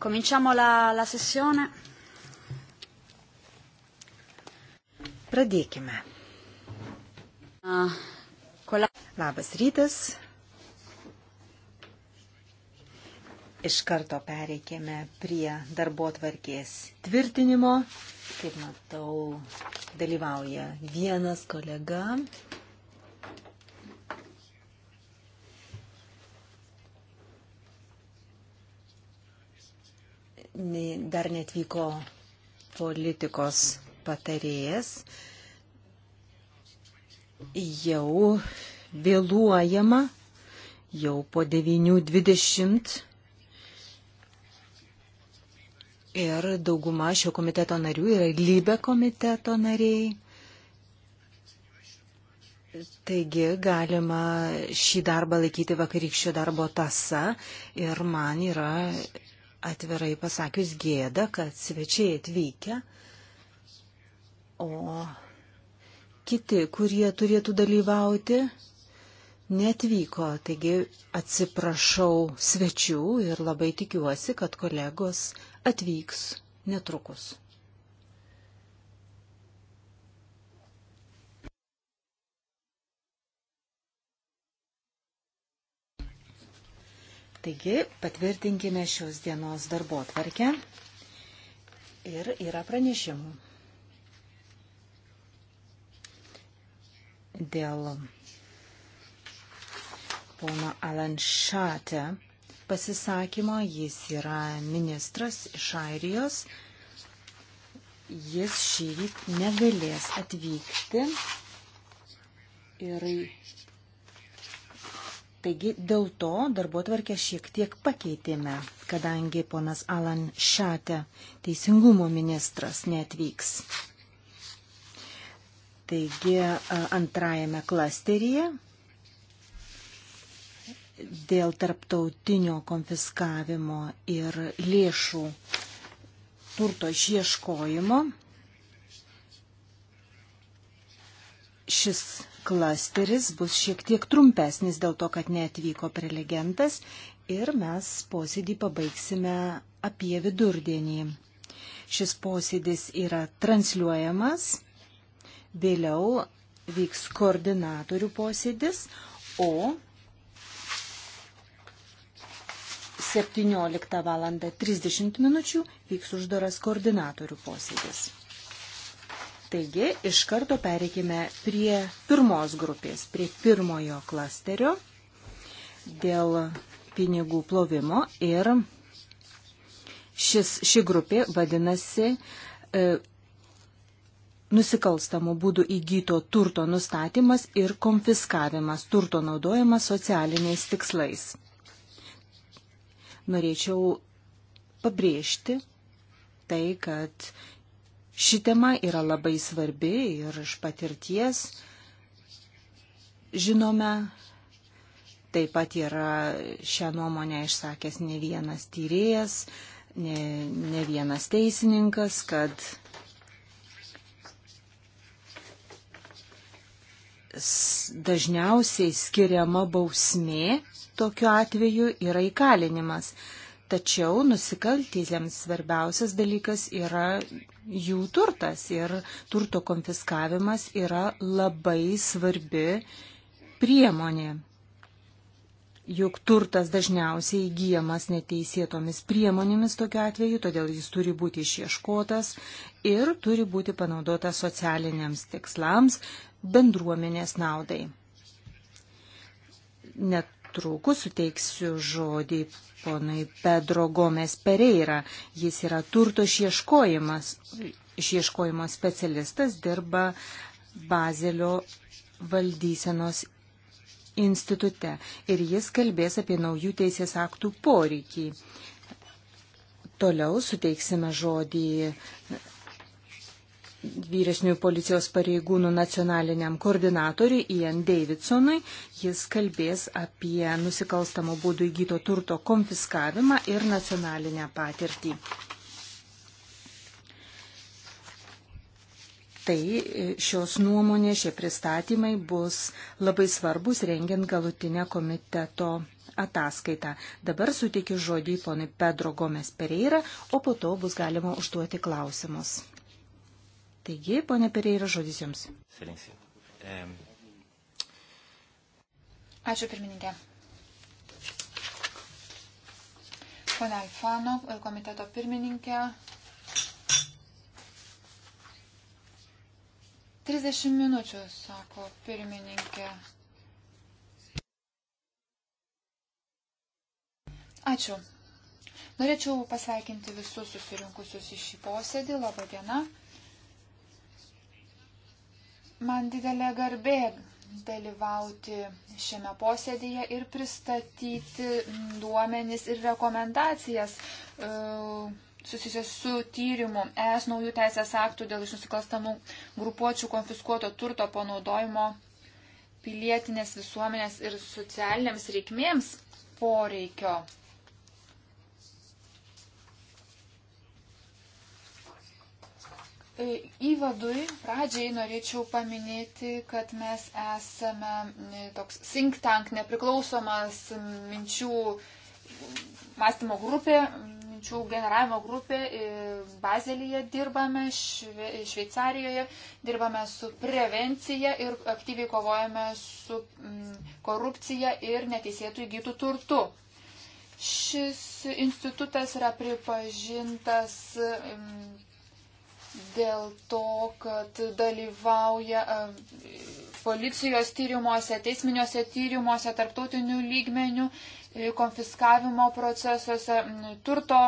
Cominciamo la, la sessione. Pradėkime. Uh, ah, kola... Labas rytas. Iš karto pereikėme prie darbo tvarkės tvirtinimo. Kaip matau, dalyvauja vienas kolega. dar netvyko politikos patarėjas. Jau vėluojama, jau po 9.20 ir dauguma šio komiteto narių yra lybė komiteto nariai. Taigi galima šį darbą laikyti vakarykščio darbo tasa ir man yra atvirai pasakius gėda, kad svečiai atvykę, o kiti, kurie turėtų dalyvauti, netvyko. Taigi atsiprašau svečių ir labai tikiuosi, kad kolegos atvyks netrukus. Taigi patvirtinkime šios dienos darbo tvarkę ir yra pranešimų. Dėl pono Alanšate pasisakymo jis yra ministras iš Airijos. Jis šį rytą negalės atvykti ir Taigi dėl to darbo tvarkę šiek tiek pakeitėme, kadangi ponas Alan Šatė, teisingumo ministras, netvyks. Taigi antrajame klasteryje dėl tarptautinio konfiskavimo ir lėšų turto išieškojimo šis klasteris bus šiek tiek trumpesnis dėl to, kad neatvyko prelegentas ir mes posėdį pabaigsime apie vidurdienį. Šis posėdis yra transliuojamas, vėliau vyks koordinatorių posėdis, o 17 val. 30 min. vyks uždaras koordinatorių posėdis. Taigi, iš karto pereikime prie pirmos grupės, prie pirmojo klasterio dėl pinigų plovimo ir šis, ši grupė vadinasi e, nusikalstamų būdų įgyto turto nustatymas ir konfiskavimas, turto naudojimas socialiniais tikslais. Norėčiau pabrėžti tai, kad Ši tema yra labai svarbi ir iš patirties žinome, taip pat yra šią nuomonę išsakęs ne vienas tyrėjas, ne, ne vienas teisininkas, kad dažniausiai skiriama bausmė tokiu atveju yra įkalinimas. Tačiau nusikaltėliams svarbiausias dalykas yra jų turtas ir turto konfiskavimas yra labai svarbi priemonė. Juk turtas dažniausiai įgyjamas neteisėtomis priemonėmis tokiu atveju, todėl jis turi būti išieškotas ir turi būti panaudotas socialiniams tikslams bendruomenės naudai. Net netrukus suteiksiu žodį ponui Pedro Gomes Pereira. Jis yra turto išieškojimas, išieškojimo specialistas, dirba Bazelio valdysenos institute ir jis kalbės apie naujų teisės aktų poreikį. Toliau suteiksime žodį vyresniųjų policijos pareigūnų nacionaliniam koordinatoriui Ian Davidsonui. Jis kalbės apie nusikalstamo būdų įgyto turto konfiskavimą ir nacionalinę patirtį. Tai e, šios nuomonės, šie pristatymai bus labai svarbus rengiant galutinę komiteto ataskaitą. Dabar suteikiu žodį ponui Pedro Gomes Pereira, o po to bus galima užduoti klausimus. Taigi, ponė Pereira, žodis jums. Ačiū pirmininkė. Pone Alfano, komiteto pirmininkė. 30 minučių, sako pirmininkė. Ačiū. Norėčiau pasveikinti visus susirinkusius į šį posėdį. Labą dieną. Man didelė garbė dalyvauti šiame posėdėje ir pristatyti duomenis ir rekomendacijas e, susijusias su tyrimu ES naujų teisės aktų dėl iš nusikalstamų grupuočių konfiskuoto turto panaudojimo pilietinės visuomenės ir socialiniams reikmėms poreikio. E, įvadui pradžiai norėčiau paminėti, kad mes esame toks think tank, nepriklausomas minčių mąstymo grupė, minčių generavimo grupė. E, Bazelyje dirbame, šve, Šveicarijoje dirbame su prevencija ir aktyviai kovojame su korupcija ir neteisėtų įgytų turtų. Šis institutas yra pripažintas dėl to, kad dalyvauja e, policijos tyrimuose, teisminiuose tyrimuose, tarptautinių lygmenių, e, konfiskavimo procesuose, turto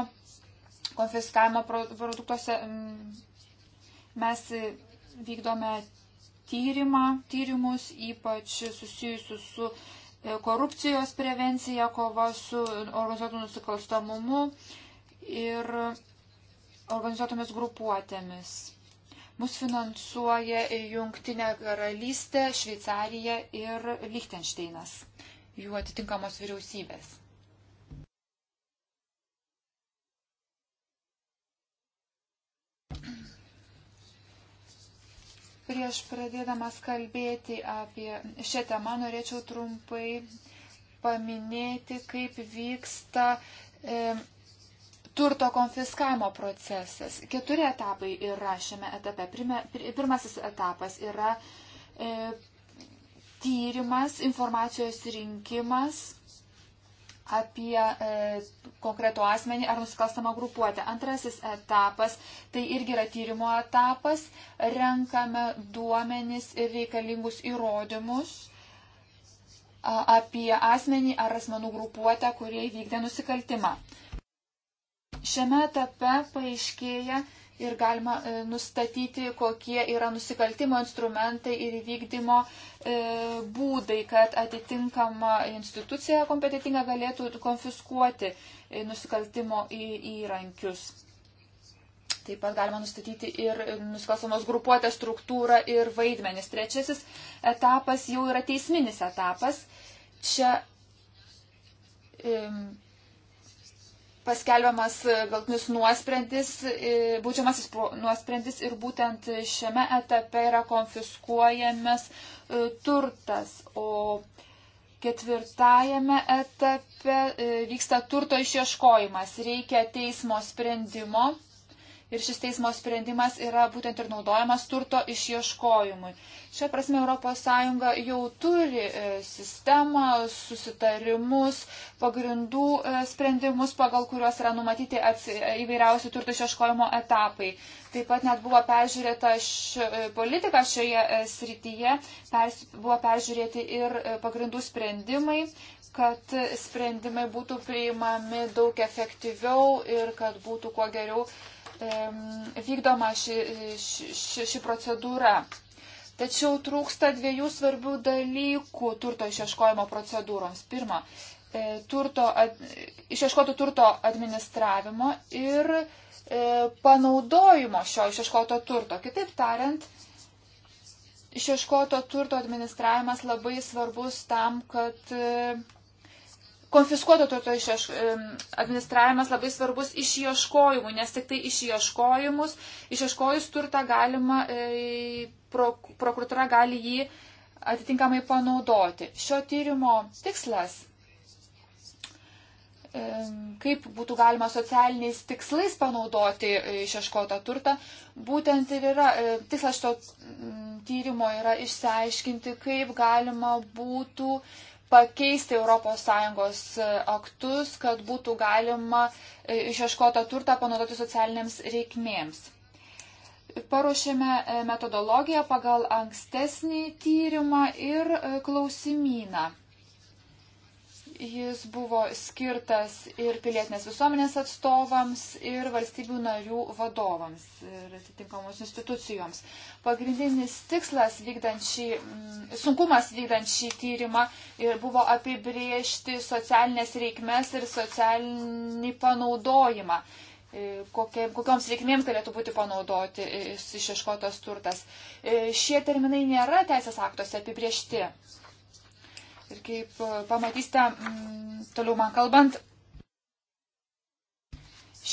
konfiskavimo produktuose. Mes vykdome tyrimą, tyrimus ypač susijusius su e, korupcijos prevencija, kova su organizuotų nusikalstamumu ir organizuotomis grupuotėmis. Mus finansuoja Jungtinė karalystė, Šveicarija ir Lichtensteinas, jų atitinkamos vyriausybės. Prieš pradėdamas kalbėti apie šią temą, norėčiau trumpai paminėti, kaip vyksta e, turto konfiskavimo procesas. Keturi etapai yra šiame etape. Pirmasis etapas yra e, tyrimas, informacijos rinkimas apie e, konkretų asmenį ar nusikalstamą grupuotę. Antrasis etapas, tai irgi yra tyrimo etapas, renkame duomenis ir reikalingus įrodymus a, apie asmenį ar asmenų grupuotę, kurie įvykdė nusikaltimą. Šiame etape paaiškėja ir galima e, nustatyti, kokie yra nusikaltimo instrumentai ir įvykdymo e, būdai, kad atitinkama institucija kompetitinga galėtų konfiskuoti e, nusikaltimo įrankius. Taip pat galima nustatyti ir nusikalstamos grupuotės struktūrą ir vaidmenis. Trečiasis etapas jau yra teisminis etapas. Čia im, paskelbiamas e, galtinis nuosprendis, e, būdžiamasis nuosprendis ir būtent šiame etape yra konfiskuojamas e, turtas. O ketvirtajame etape vyksta turto išieškojimas. Reikia teismo sprendimo ir šis teismo sprendimas yra būtent ir naudojamas turto išieškojimui. Šia prasme ES jau turi e, sistemą, susitarimus, pagrindų e, sprendimus, pagal kuriuos yra numatyti e, įvairiausių turto išieškojimo etapai. Taip pat net buvo peržiūrėta š, politika šioje srityje, pers, buvo peržiūrėti ir pagrindų sprendimai, kad sprendimai būtų priimami daug efektyviau ir kad būtų kuo geriau vykdoma ši, ši, ši procedūra. Tačiau trūksta dviejų svarbių dalykų turto išieškojimo procedūroms. Pirma, e, turto, ad, išieškoto turto administravimo ir e, panaudojimo šio išieškoto turto. Kitaip tariant, išieškoto turto administravimas labai svarbus tam, kad e, konfiskuoto turto išieš... administravimas labai svarbus išieškojimui, nes tik tai išieškojimus, išieškojus turtą galima, e, prok, prokuratura gali jį atitinkamai panaudoti. Šio tyrimo tikslas, e, kaip būtų galima socialiniais tikslais panaudoti e, išieškotą turtą, būtent ir yra, e, tikslas šio tyrimo yra išsiaiškinti, kaip galima būtų e, pakeisti ES e, aktus, kad būtų galima e, išieškotą turtą panaudoti socialiniams reikmėms. Paruošėme e, metodologiją pagal ankstesnį tyrimą ir klausimyną. Jis buvo skirtas ir pilietinės visuomenės atstovams, ir valstybių narių vadovams, ir atitinkamos institucijoms. Pagrindinis tikslas vykdant šį, mm, sunkumas vykdant šį tyrimą buvo apibriežti socialinės reikmes ir socialinį panaudojimą e, kokie, kokioms reikmėms galėtų būti panaudoti e, išieškotas turtas. E, šie terminai nėra teisės aktuose apibriešti. Ir kaip e, pamatysite, mm, toliau man kalbant,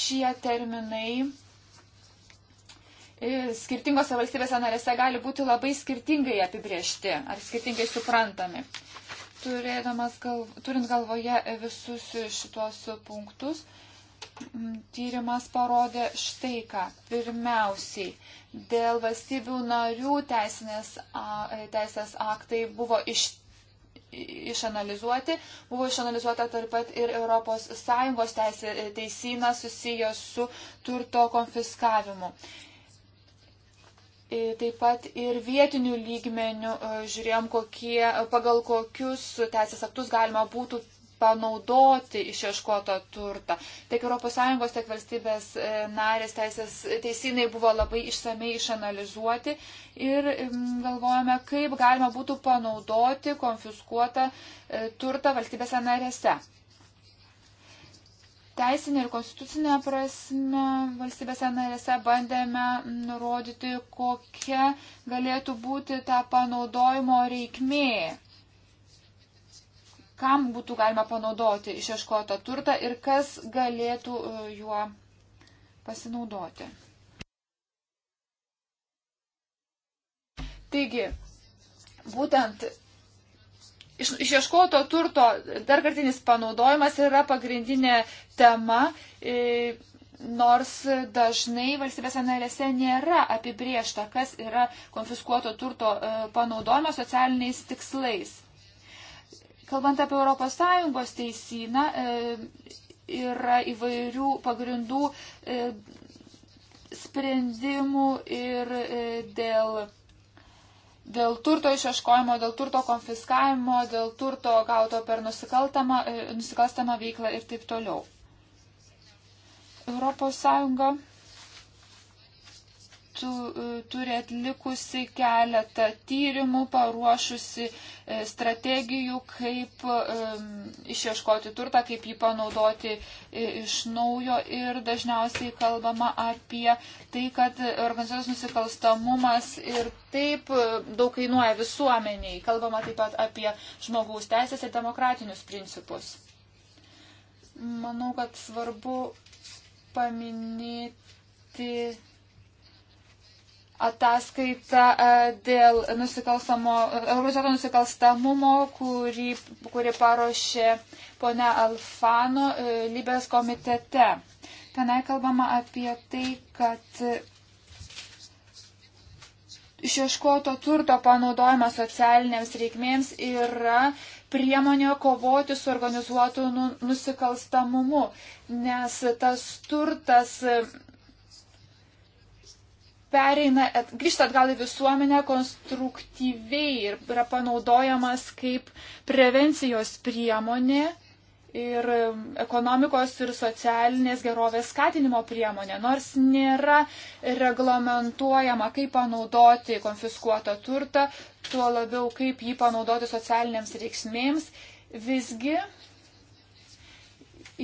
šie terminai e, skirtingose valstybėse narėse gali būti labai skirtingai apibriešti ar skirtingai suprantami. Gal, turint galvoje visus šitos punktus, tyrimas parodė štai ką. Pirmiausiai, dėl valstybių narių teisinės, teisės aktai buvo iš išanalizuoti. Buvo išanalizuota taip pat ir ES teisė, e, teisinas susijęs su turto konfiskavimu. E, taip pat ir vietinių lygmenių e, žiūrėjom, kokie, pagal kokius teisės aktus galima būtų panaudoti išieškotą turtą. Tiek ES, tiek valstybės e, narės teisės teisinai buvo labai išsamei išanalizuoti ir galvojame, kaip galima būtų panaudoti konfiskuotą e, turtą valstybėse narėse. Teisinė ir konstitucinė prasme valstybėse narėse bandėme nurodyti, kokia galėtų būti ta panaudojimo reikmė kam būtų galima panaudoti išieškotą turtą ir kas galėtų e, juo pasinaudoti. Taigi, būtent iš, išieškoto turto darkartinis panaudojimas yra pagrindinė tema, e, nors dažnai valstybės analėse nėra apibriešta, kas yra konfiskuoto turto e, panaudojimas socialiniais tikslais. Kalbant apie ES teisyną, e, yra įvairių pagrindų e, sprendimų ir e, dėl dėl turto išieškojimo, dėl turto konfiskavimo, dėl turto gauto per nusikalstamą veiklą ir taip toliau. Europos Sąjunga tu, e, turi atlikusi keletą tyrimų, paruošusi e, strategijų, kaip e, išieškoti turtą, kaip jį panaudoti iš naujo. Ir dažniausiai kalbama apie tai, kad organizacijos nusikalstamumas ir taip daug kainuoja visuomeniai. Kalbama taip pat apie žmogaus teisės ir demokratinius principus. Manau, kad svarbu paminėti ataskaita e, dėl organizuoto nusikalstamumo, kurį, kurį paruošė ponia Alfano e, Libės komitete. Tenai kalbama apie tai, kad išieškoto turto panaudojimas socialinėms reikmėms yra priemonė kovoti su organizuotu nu, nusikalstamumu, nes tas turtas pereina, at, grįžta atgal į visuomenę konstruktyviai ir yra panaudojamas kaip prevencijos priemonė ir um, ekonomikos ir socialinės gerovės skatinimo priemonė, nors nėra reglamentuojama, kaip panaudoti konfiskuotą turtą, tuo labiau kaip jį panaudoti socialiniams reiksmėms, visgi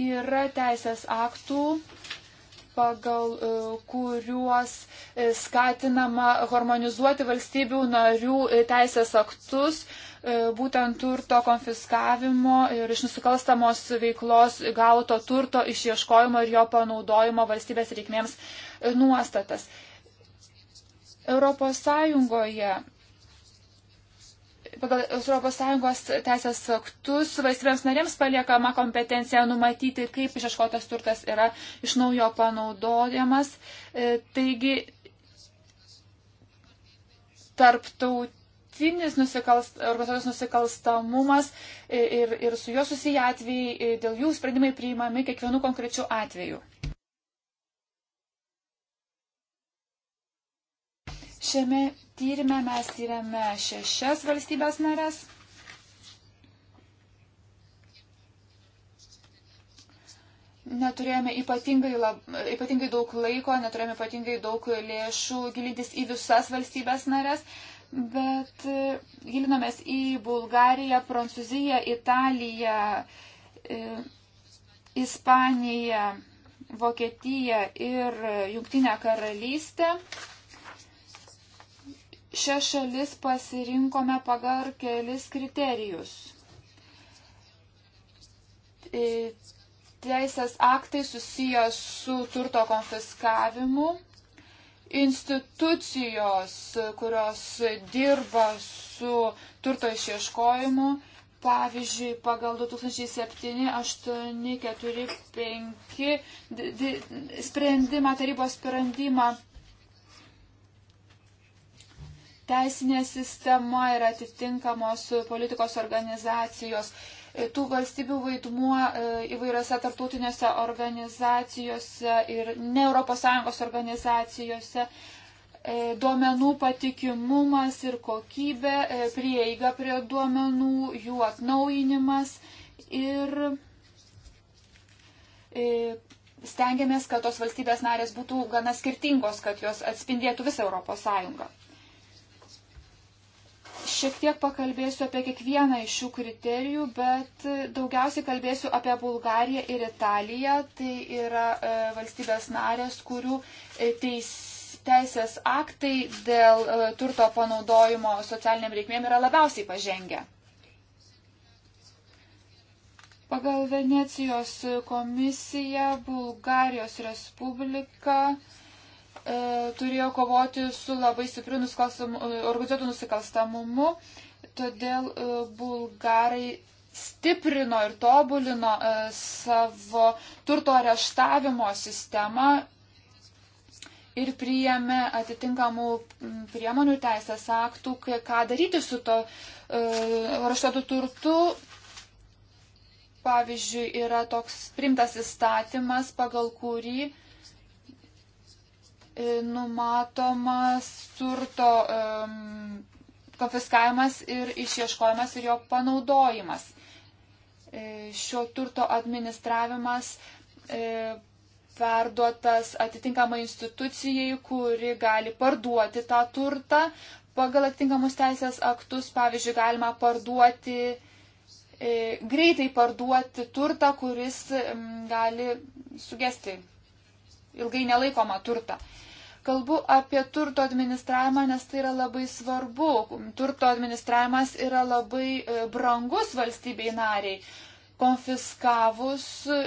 yra teisės aktų, pagal e, kuriuos e, skatinama harmonizuoti valstybių narių e, teisės aktus, būtent turto konfiskavimo ir iš nusikalstamos veiklos gauto turto išieškojimo ir jo panaudojimo valstybės reikmėms nuostatas. Europos Sąjungoje pagal ES teisės aktus valstybėms narėms paliekama kompetencija numatyti, kaip išieškotas turtas yra iš naujo panaudojamas. E, taigi, tarptautinis nusikalst, organizuotas nusikalstamumas e, ir, ir su juo susiję atvejai, e, dėl jų sprendimai priimami kiekvienu konkrečiu atveju. Šiame tyrimę mes tyrėme šešias valstybės narės. Neturėjome ypatingai, lab, ypatingai daug laiko, neturėjome ypatingai daug lėšų gilintis į visas valstybės narės, bet e, gilinomės į Bulgariją, Prancūziją, Italiją, e, Ispaniją, Vokietiją ir Jungtinę karalystę šią šalis pasirinkome pagal kelis kriterijus. E, teisės aktai susijęs su turto konfiskavimu, institucijos, kurios dirba su turto išieškojimu, pavyzdžiui, pagal 2007, 8, 4, 5 sprendimą, tarybos sprendimą teisinė sistema ir atitinkamos politikos organizacijos. Tų valstybių vaidmuo e, įvairiose tarptautinėse organizacijose ir ne ES organizacijose, e, duomenų patikimumas ir kokybė, e, prieiga prie duomenų, jų atnaujinimas ir stengiamės, kad tos valstybės narės būtų gana skirtingos, kad jos atspindėtų visą Europos Sąjungą šiek tiek pakalbėsiu apie kiekvieną iš šių kriterijų, bet daugiausiai kalbėsiu apie Bulgariją ir Italiją. Tai yra e, valstybės narės, kurių e, teis, teisės aktai dėl e, turto panaudojimo socialiniam reikmėm yra labiausiai pažengę. Pagal Venecijos komisiją Bulgarijos Respublika e, turėjo kovoti su labai stipriu e, organizuotu nusikalstamumu, todėl e, bulgarai stiprino ir tobulino e, savo turto areštavimo sistemą ir priėmė atitinkamų priemonių teisės aktų, ką daryti su to e, raštuotu turtu. Pavyzdžiui, yra toks primtas įstatymas, pagal kurį uh, E, numatomas turto um, konfiskavimas ir išieškojimas ir jo panaudojimas. E, šio turto administravimas e, perduotas atitinkamai institucijai, kuri gali parduoti tą turtą. Pagal atitinkamus teisės aktus, pavyzdžiui, galima parduoti, greitai parduoti turtą, kuris gali sugesti ilgai nelaikomą turtą. Kalbu apie turto administravimą, nes tai yra labai svarbu. Turto administravimas yra labai e, brangus valstybei nariai. Konfiskavus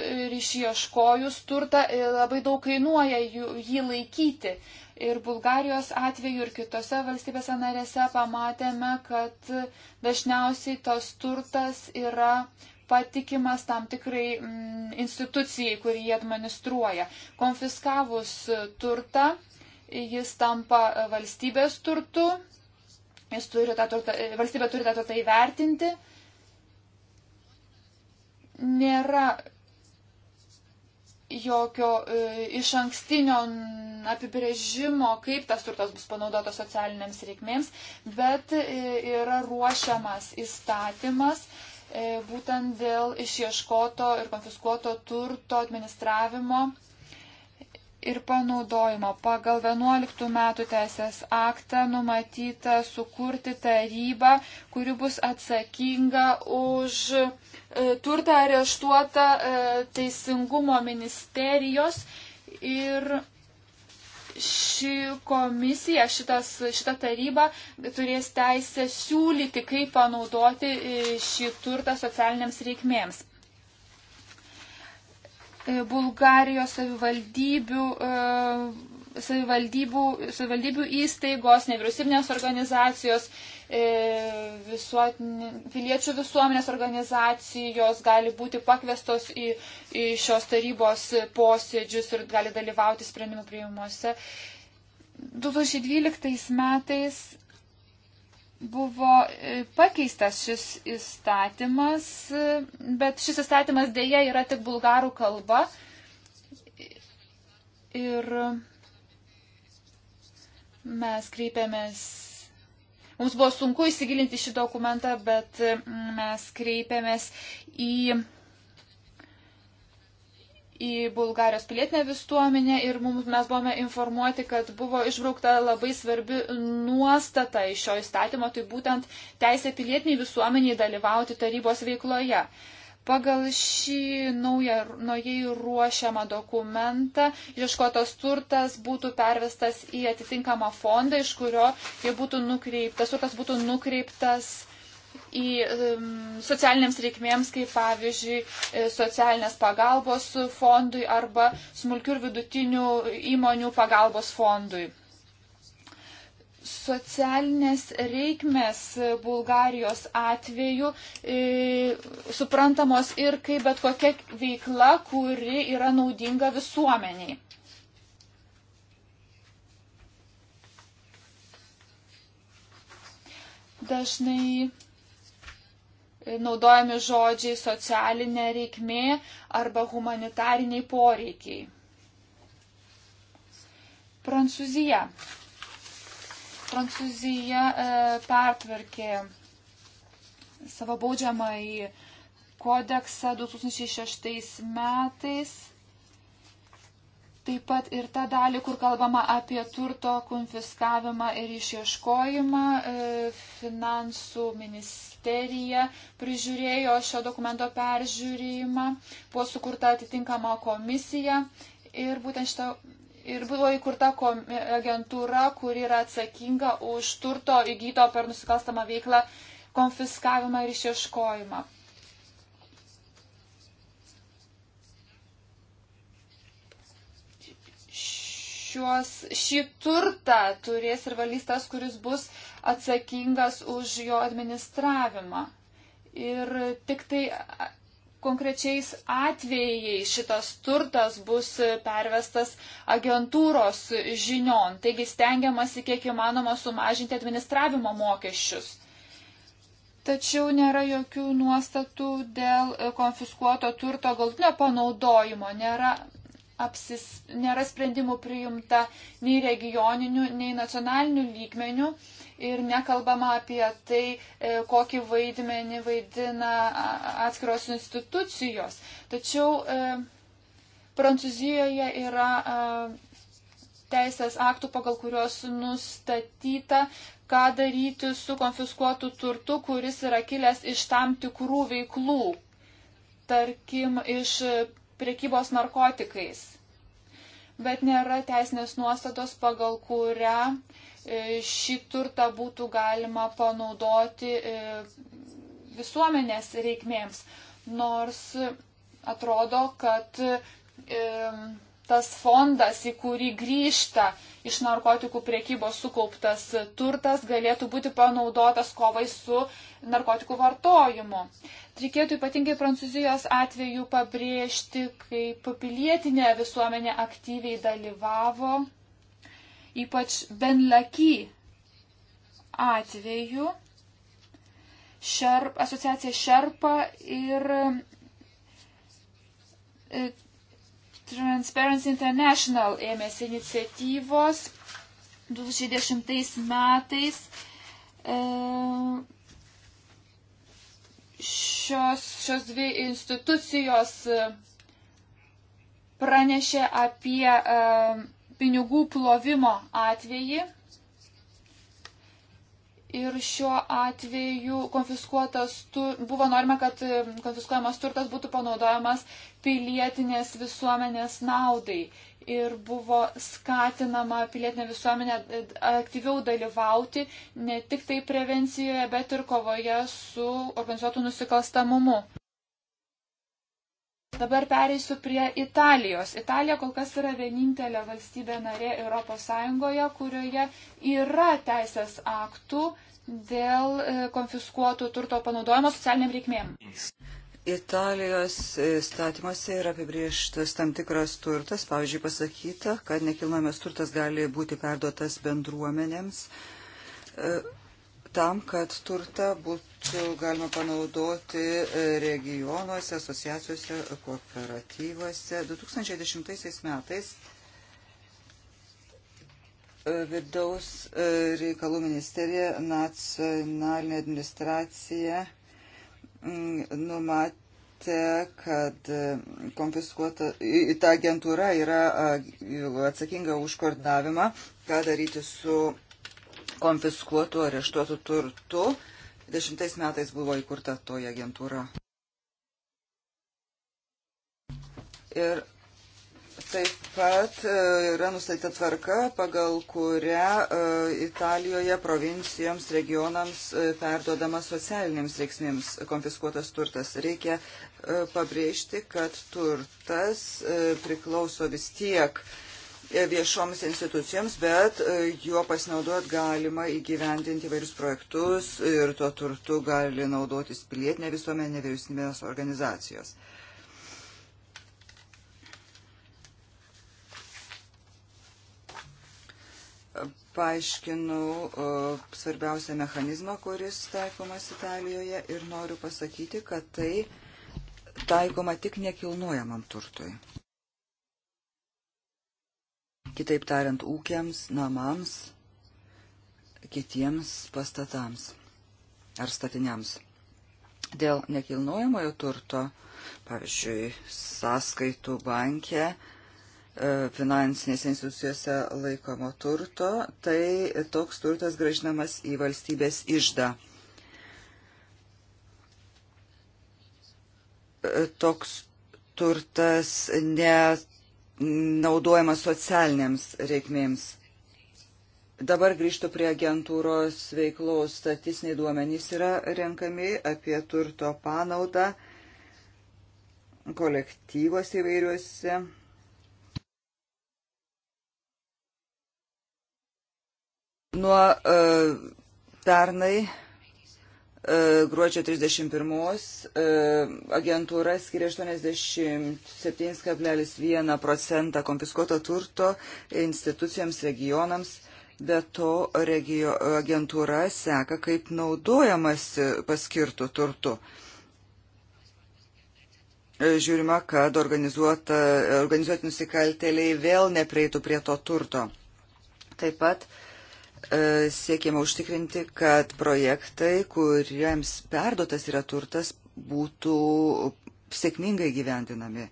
ir išieškojus turtą e, labai daug kainuoja jį laikyti. Ir Bulgarijos atveju ir kitose valstybėse narėse pamatėme, kad dažniausiai tas turtas yra patikimas tam tikrai m, mm, institucijai, kurį jie administruoja. Konfiskavus turtą, jis tampa e, valstybės turtu, jis turi tą turtą, e, valstybė turi tą turtą įvertinti. Nėra jokio e, iš ankstinio apibrėžimo, kaip tas turtas bus panaudotas socialiniams reikmėms, bet yra ruošiamas įstatymas būtent dėl išieškoto ir konfiskuoto turto administravimo ir panaudojimo. Pagal 11 metų teisės aktą numatyta sukurti tarybą, kuri bus atsakinga už e, turtą areštuotą e, Teisingumo ministerijos ir ši komisija, šitas, šita taryba turės teisę siūlyti, kaip panaudoti e, šį turtą socialiniams reikmėms. E, Bulgarijos savivaldybių, e, savivaldybių, savivaldybių įstaigos, nevyriausybinės organizacijos, e, visuotinė, piliečių visuomenės organizacijos gali būti pakvestos į, į šios tarybos posėdžius ir gali dalyvauti sprendimų priimuose. 2012 metais buvo e, pakeistas šis įstatymas, e, bet šis įstatymas dėja yra tik bulgarų kalba. Ir mes kreipėmės. Mums buvo sunku įsigilinti šį dokumentą, bet mes kreipėmės į į Bulgarijos pilietinę visuomenę ir mums, mes buvome informuoti, kad buvo išbraukta labai svarbi nuostata iš šio įstatymo, tai būtent teisė pilietiniai visuomeniai dalyvauti tarybos veikloje. Pagal šį naują, naujai ruošiamą dokumentą ieškotas turtas būtų pervestas į atitinkamą fondą, iš kurio būtų nukreiptas, turtas būtų nukreiptas į socialiniams reikmėms, kaip pavyzdžiui, e, socialinės pagalbos fondui arba smulkių ir vidutinių įmonių pagalbos fondui. Socialinės reikmės Bulgarijos atveju e, suprantamos ir kaip bet kokia veikla, kuri yra naudinga visuomeniai. dažnai naudojami žodžiai socialinė reikmė arba humanitariniai poreikiai. Prancūzija. Prancūzija e, pertvarkė savo baudžiamą į kodeksą 2006 metais taip pat ir tą dalį, kur kalbama apie turto konfiskavimą ir išieškojimą. E, finansų ministerija prižiūrėjo šio dokumento peržiūrėjimą, buvo sukurta atitinkama komisija ir būtent šitą. Ir buvo įkurta agentūra, kuri yra atsakinga už turto įgyto per nusikalstamą veiklą konfiskavimą ir išieškojimą. šiuos, šį turtą turės ir valys tas, kuris bus atsakingas už jo administravimą. Ir tik tai konkrečiais atvejais šitas turtas bus pervestas agentūros žinion. Taigi stengiamasi kiek įmanoma sumažinti administravimo mokesčius. Tačiau nėra jokių nuostatų dėl konfiskuoto turto galtinio panaudojimo, nėra apsis, nėra sprendimų priimta nei regioninių, nei nacionalinių lygmenių ir nekalbama apie tai, e, kokį vaidmenį vaidina atskiros institucijos. Tačiau e, Prancūzijoje yra e, teisės aktų, pagal kuriuos nustatyta, ką daryti su konfiskuotu turtu, kuris yra kilęs iš tam tikrų veiklų, tarkim, iš priekybos narkotikais. Bet nėra teisinės nuostatos, pagal kurią e, šį turtą būtų galima panaudoti e, visuomenės reikmėms. Nors atrodo, kad e, tas fondas, į kurį grįžta iš narkotikų priekybos sukauptas turtas galėtų būti panaudotas kovai su narkotikų vartojimu. Reikėtų ypatingai Prancūzijos atveju pabrėžti, kaip pilietinė visuomenė aktyviai dalyvavo, ypač Benlaky atveju. Šerp, asociacija Šerpa ir e, Transparency International ėmėsi iniciatyvos 2010 metais. E, šios, šios dvi institucijos e, pranešė apie e, pinigų plovimo atvejį Ir šiuo atveju konfiskuotas, tu, buvo norima, kad e, konfiskuojamas turtas būtų panaudojamas pilietinės visuomenės naudai. Ir buvo skatinama pilietinė visuomenė e, aktyviau dalyvauti ne tik tai prevencijoje, bet ir kovoje su organizuotu nusikalstamumu. Dabar pereisiu prie Italijos. Italija kol kas yra vienintelė valstybė narė ES, kurioje yra teisės aktų dėl e, konfiskuotų turto panaudojimo socialiniam reikmėm. Italijos e, statymuose yra apibrieštas tam tikras turtas, pavyzdžiui, pasakyta, kad nekilnojamas turtas gali būti perduotas bendruomenėms e, tam, kad turtą būtų galima panaudoti e, regionuose, asociacijose, kooperatyvuose. 2010 metais e, vidaus e, reikalų ministerija, nacionalinė administracija numatė matė, kad konfiskuota, ta agentūra yra atsakinga už koordinavimą, ką daryti su konfiskuotų areštuotų turtų. Dešimtais metais buvo įkurta toji agentūra. Ir Taip pat e, yra nustatyta tvarka, pagal kurią e, Italijoje provincijoms, regionams e, perduodamas socialinėms reiksmėms konfiskuotas turtas. Reikia pabrėžti, kad turtas priklauso vis tiek E, viešoms institucijoms, bet e, juo pasinaudojot galima įgyvendinti įvairius projektus ir tuo turtu gali naudotis pilietinė visuomenė nevyriausybinės organizacijos. Paaiškinau e, svarbiausią mechanizmą, kuris taikomas Italijoje ir noriu pasakyti, kad tai taikoma tik nekilnojamam turtui kitaip tariant, ūkiams, namams, kitiems pastatams ar statiniams. Dėl nekilnojamojo turto, pavyzdžiui, sąskaitų bankė, e, finansinėse institucijose laikomo turto, tai toks turtas gražinamas į valstybės išdą. E, toks turtas net naudojamas socialinėms reikmėms. Dabar grįžtų prie agentūros veiklos. Statistiniai duomenys yra renkami apie turto panaudą kolektyvos įvairiuose. Nuo uh, pernai E, gruodžio 31 e, agentūra skiria 87,1 procentą konfiskuoto turto institucijams regionams, bet to regio, agentūra seka, kaip naudojamasi paskirtų turtų. E, žiūrima, kad organizuoti nusikaltėliai vėl nepreitų prie to turto. Taip pat uh, E, siekiama užtikrinti, kad projektai, kuriems perdotas yra turtas, būtų sėkmingai gyvendinami,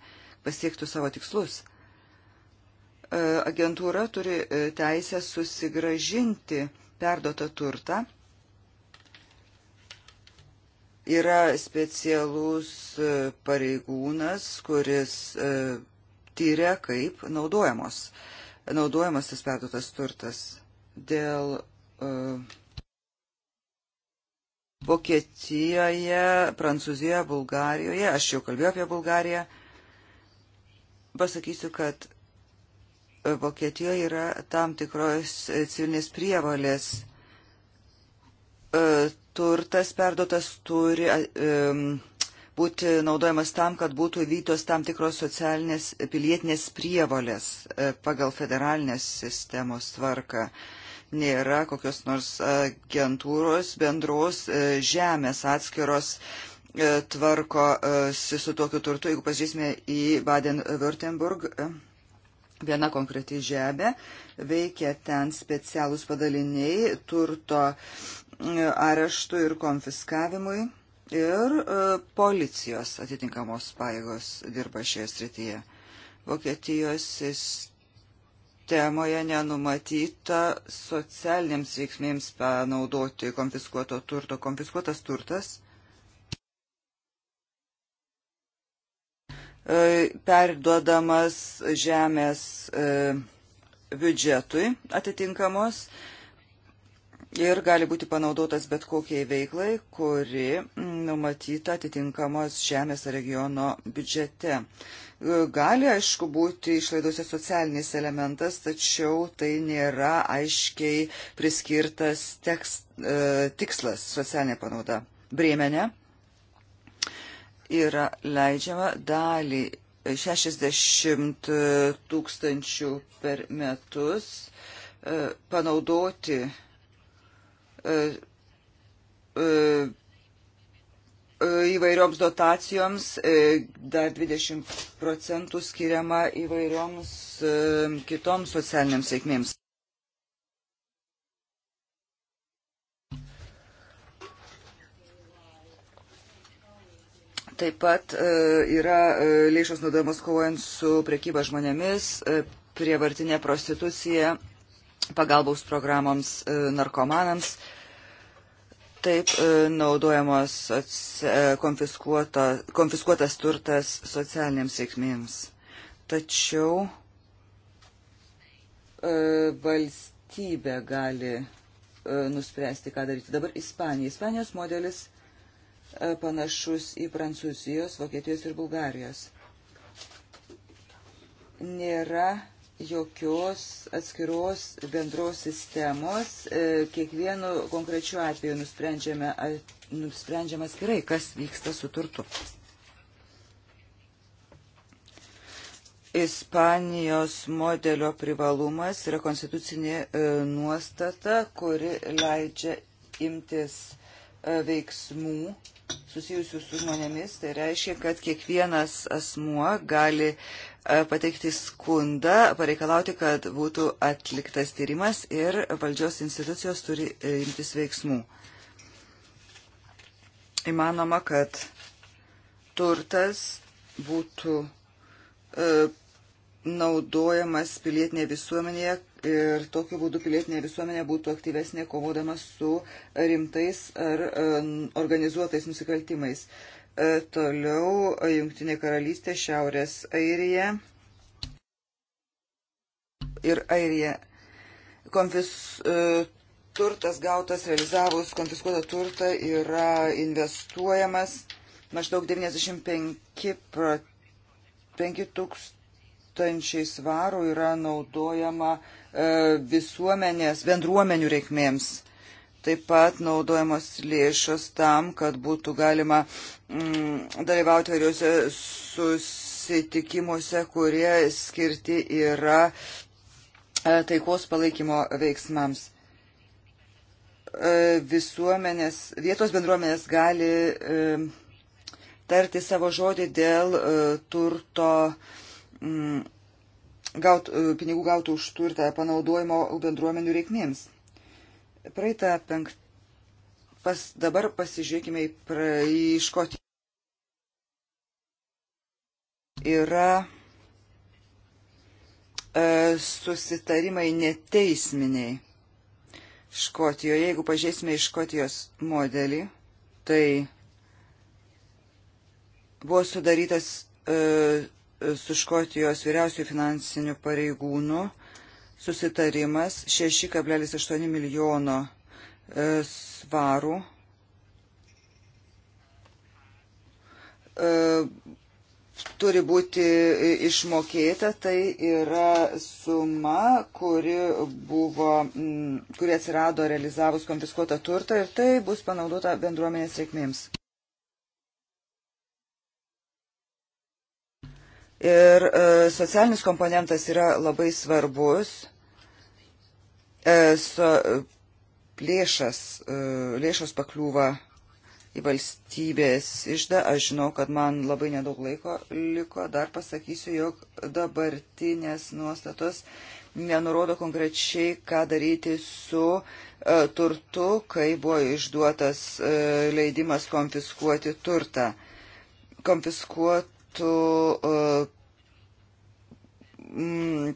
pasiektų savo tikslus. E, agentūra turi e, teisę susigražinti perdotą turtą. Yra specialus pareigūnas, kuris tyria, kaip naudojamos, naudojamas tas perdotas turtas dėl e, Vokietijoje, Prancūzijoje, Bulgarijoje, aš jau kalbėjau apie Bulgariją, pasakysiu, kad e, Vokietijoje yra tam tikros e, civilinės prievalės. Turtas perdotas turi būti naudojamas tam, kad būtų vytos tam tikros socialinės pilietinės prievalės pagal federalinės sistemos tvarką nėra kokios nors agentūros bendros e, žemės atskiros e, tvarkosi e, su tokiu turtu. Jeigu pažiūrėsime į Baden-Württemberg, viena konkreti žemė, veikia ten specialūs padaliniai turto areštų ir konfiskavimui ir policijos atitinkamos paėgos dirba šioje srityje. Vokietijos temoje nenumatyta socialiniams veiksmėms panaudoti konfiskuoto turto. Konfiskuotas turtas e, perduodamas žemės e, biudžetui atitinkamos ir gali būti panaudotas bet kokiai veiklai, kuri numatyta atitinkamos žemės regiono biudžete. Gali, aišku, būti išlaidose socialinis elementas, tačiau tai nėra aiškiai priskirtas tekst, e, tikslas socialinė panauda. Brėmene yra leidžiama dalį 60 tūkstančių per metus e, panaudoti e, e, E, įvairioms dotacijoms, e, dar 20 procentų skiriama įvairioms e, kitoms socialiniams reikmėms. Taip pat yra lėšos naudojamos kovojant su prekyba žmonėmis, prievartinė prostitucija, pagalbaus programoms narkomanams. Taip e, naudojamos e, konfiskuota, konfiskuotas turtas socialiniams reikmėms. Tačiau e, valstybė gali nuspręsti, ką daryti. Dabar Ispanija. Ispanijos modelis panašus į Prancūzijos, Vokietijos ir Bulgarijos. Nėra jokios atskiros bendros sistemos. E, kiekvienu konkrečiu atveju nusprendžiame, nusprendžiame atskirai, kas vyksta su turtu. Ispanijos modelio privalumas yra konstitucinė e, nuostata, kuri leidžia imtis e, veiksmų susijusių su žmonėmis. Tai reiškia, kad kiekvienas asmuo gali E, pateikti skundą, pareikalauti, kad būtų atliktas tyrimas ir valdžios institucijos turi e, imtis veiksmų. Įmanoma, kad turtas būtų e, naudojamas pilietinėje visuomenėje ir tokiu būdu pilietinė visuomenė būtų aktyvesnė kovodama su rimtais ar e, organizuotais nusikaltimais. E, E, toliau e, Jungtinė karalystė, Šiaurės Airija ir Airija. Konfis, e, turtas gautas realizavus konfiskuotą turtą yra investuojamas maždaug 95 tūkstančiai svarų yra naudojama visuomenės, bendruomenių reikmėms. Taip pat naudojamos lėšos tam, kad būtų galima mm, dalyvauti variuose susitikimuose, kurie skirti yra e, taikos palaikymo veiksmams. E, visuomenės, vietos bendruomenės gali e, tarti savo žodį dėl turto, mm, gaut, pinigų gautų už turtą panaudojimo bendruomenių reikmėms. Praeitą penktą. Pas, dabar pasižiūrėkime į, pra, į Škotiją. Yra e, susitarimai neteisminiai Škotijoje. Jeigu pažiūrėsime į Škotijos modelį, tai buvo sudarytas e, su Škotijos vyriausių finansinių pareigūnų e, susitarimas 6,8 milijono e, svarų e, turi būti e, išmokėta, tai yra suma, kuri, buvo, kuri atsirado realizavus konfiskuotą turtą ir tai bus panaudota bendruomenės reikmėms. Ir e, socialinis komponentas yra labai svarbus. E, so, lėšas, e, lėšos pakliūva į valstybės išdą. Aš žinau, kad man labai nedaug laiko liko. Dar pasakysiu, jog dabartinės nuostatos nenurodo konkrečiai, ką daryti su e, turtu, kai buvo išduotas e, leidimas konfiskuoti turtą. Konfiskuot metų e, mm,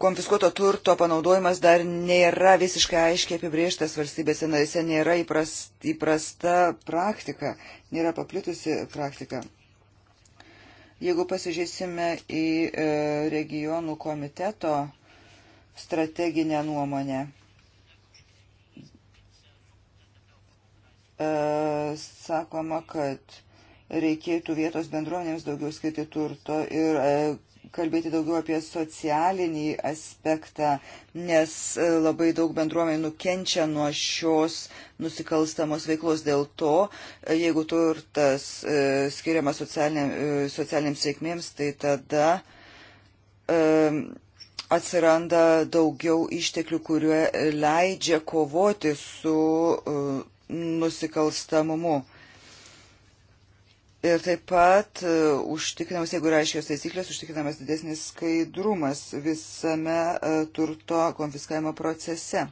konfiskuoto turto panaudojimas dar nėra visiškai aiškiai apibrieštas valstybėse narėse, nėra įprast, įprasta praktika, nėra paplitusi praktika. Jeigu pasižiūrėsime į e, regionų komiteto strateginę nuomonę, e, sakoma, kad reikėtų vietos bendruomenėms daugiau skirti turto ir e, kalbėti daugiau apie socialinį aspektą, nes e, labai daug bendruomenių nukenčia nuo šios nusikalstamos veiklos. Dėl to, e, jeigu turtas skiriamas socialiniam, socialiniams reikmėms, tai tada um, atsiranda daugiau išteklių, kurie leidžia kovoti su um, nusikalstamumu. Ir taip pat uh, užtikrinamas, jeigu yra aiškios taisyklės, užtikrinamas didesnis skaidrumas visame uh, turto konfiskavimo procese.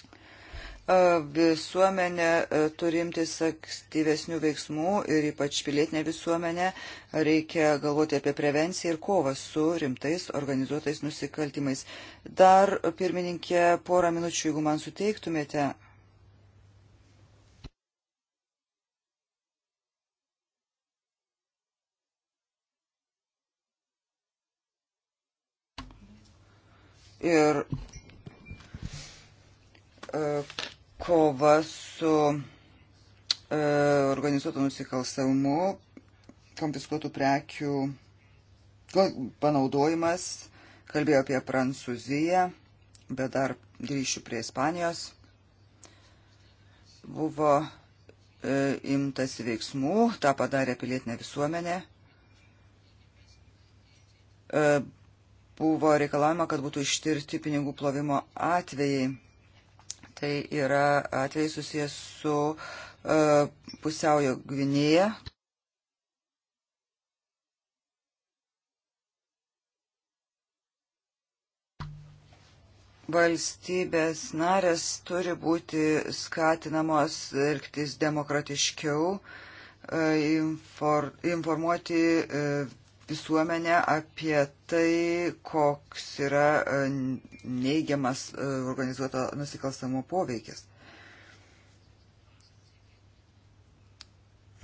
Uh, visuomenė uh, turimtis aktyvesnių veiksmų ir ypač pilietinė visuomenė reikia galvoti apie prevenciją ir kovą su rimtais organizuotais nusikaltimais. Dar, pirmininkė, porą minučių, jeigu man suteiktumėte. Uh, ir e, kova su e, organizuotų nusikalstamumu, konfiskuotų prekių panaudojimas, kalbėjau apie Prancūziją, bet dar grįšiu prie Ispanijos. Buvo e, imtas veiksmų, tą padarė pilietinė visuomenė. E, buvo reikalavimo, kad būtų ištirti pinigų plovimo atvejai. Tai yra atvejai susijęs su uh, pusiaujo Gvinėje. valstybės narės turi būti skatinamos elgtis demokratiškiau, e, informuoti e, visuomenę apie tai, koks yra e, neigiamas e, organizuoto nusikalstamo poveikis.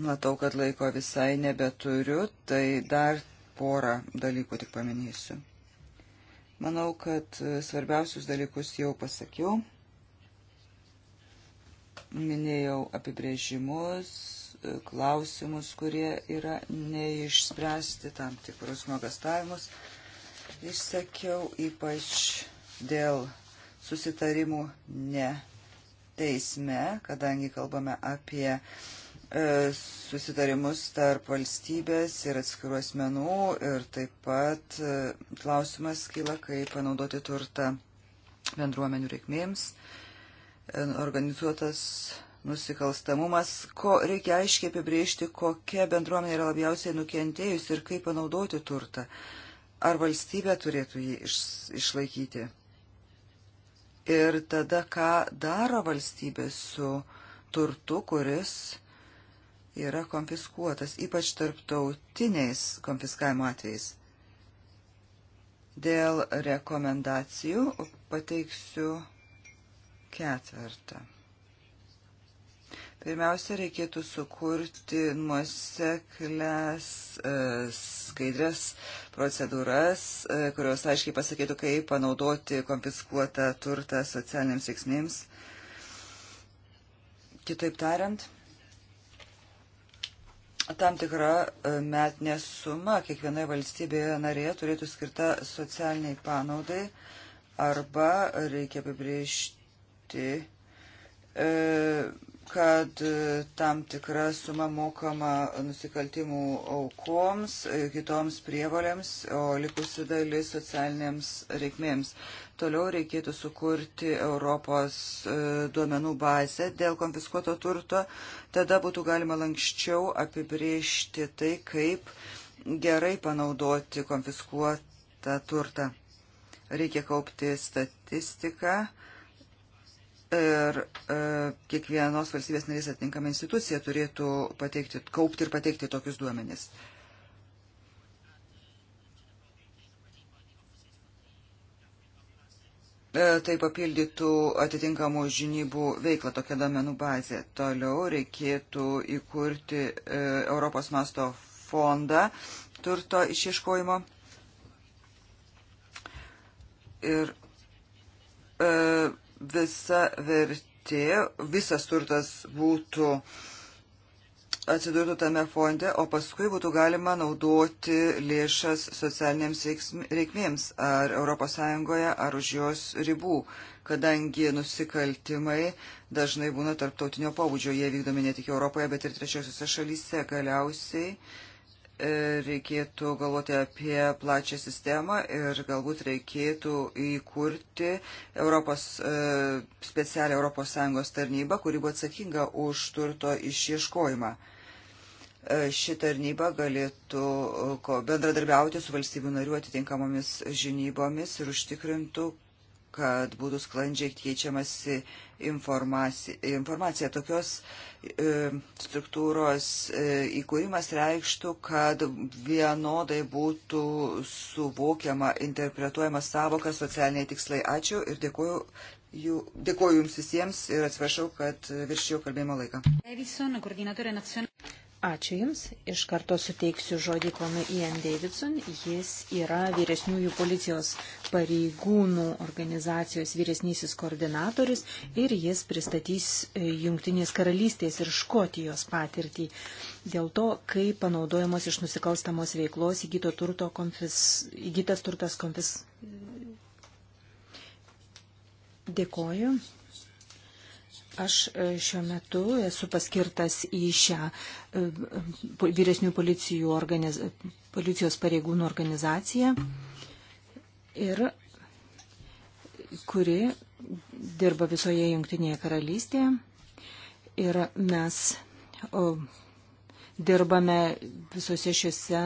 Matau, kad laiko visai nebeturiu, tai dar porą dalykų tik paminėsiu. Manau, kad e, svarbiausius dalykus jau pasakiau. Minėjau apibrėžimus, klausimus, kurie yra neišspręsti, tam tikrus nuogastavimus. Išsakiau ypač dėl susitarimų ne teisme, kadangi kalbame apie e, susitarimus tarp valstybės ir atskirų asmenų ir taip pat e, klausimas kyla, kaip panaudoti turtą bendruomenių reikmėms. E, organizuotas nusikalstamumas, ko reikia aiškiai apibriežti, kokia bendruomenė yra labiausiai nukentėjusi ir kaip panaudoti turtą. Ar valstybė turėtų jį iš, išlaikyti? Ir tada, ką daro valstybė su turtu, kuris yra konfiskuotas, ypač tarptautiniais konfiskavimo atvejais. Dėl rekomendacijų pateiksiu ketvirtą. Pirmiausia, reikėtų sukurti nuoseklės e, skaidrės procedūras, e, kurios aiškiai pasakytų, kaip panaudoti konfiskuotą turtą socialiniams veiksmėms. Kitaip tariant, tam tikra e, metinė suma kiekvienoje valstybėje narėje turėtų skirta socialiniai panaudai arba reikia apibriežti. E, kad e, tam tikra suma mokama nusikaltimų aukoms, e, kitoms prievolėms, o likusi dalis socialinėms reikmėms. Toliau reikėtų sukurti Europos e, duomenų bazę dėl konfiskuoto turto. Tada būtų galima lankščiau apibriežti tai, kaip gerai panaudoti konfiskuotą turtą. Reikia kaupti statistiką ir e, kiekvienos valstybės narės atinkama institucija turėtų pateikti, kaupti ir pateikti tokius duomenis. E, tai papildytų atitinkamų žinybų veiklą tokia domenų bazė. Toliau reikėtų įkurti e, Europos masto fondą turto išieškojimo. Ir e, visa vertė, visas turtas būtų atsidurtų tame fonde, o paskui būtų galima naudoti lėšas socialinėms reikmėms ar ES ar už jos ribų, kadangi nusikaltimai dažnai būna tarptautinio pobūdžio, jie vykdomi ne tik Europoje, bet ir trečiosiuose šalyse. Galiausiai uh, reikėtų galvoti apie plačią sistemą ir galbūt reikėtų įkurti Europos, e, specialią ES tarnybą, kuri buvo atsakinga už turto išieškojimą. E, ši tarnyba galėtų e, bendradarbiauti su valstybių narių atitinkamomis žinybomis ir užtikrintų, kad būtų sklandžiai keičiamasi informacija. informacija. Tokios e, struktūros e, įkūrimas reikštų, kad vienodai būtų suvokiama, interpretuojama savoka socialiniai tikslai. Ačiū ir dėkuoju. Jų, dėkuoju Jums visiems ir atsiprašau, kad viršėjau kalbėjimo laiką. Ačiū Jums. Iš karto suteiksiu žodį ponui Ian Davidson. Jis yra vyresniųjų policijos pareigūnų organizacijos vyresnysis koordinatorius ir jis pristatys e, Junktinės karalystės ir Škotijos patirtį dėl to, kaip panaudojamos iš nusikalstamos veiklos turto konfis, įgytas turtas konfis. Dėkoju. Aš e, šiuo metu esu paskirtas į šią e, vyresnių policijų organiz... policijos pareigūnų organizaciją, ir... kuri dirba visoje Junktinėje karalystėje. Ir mes o, dirbame visose šiuose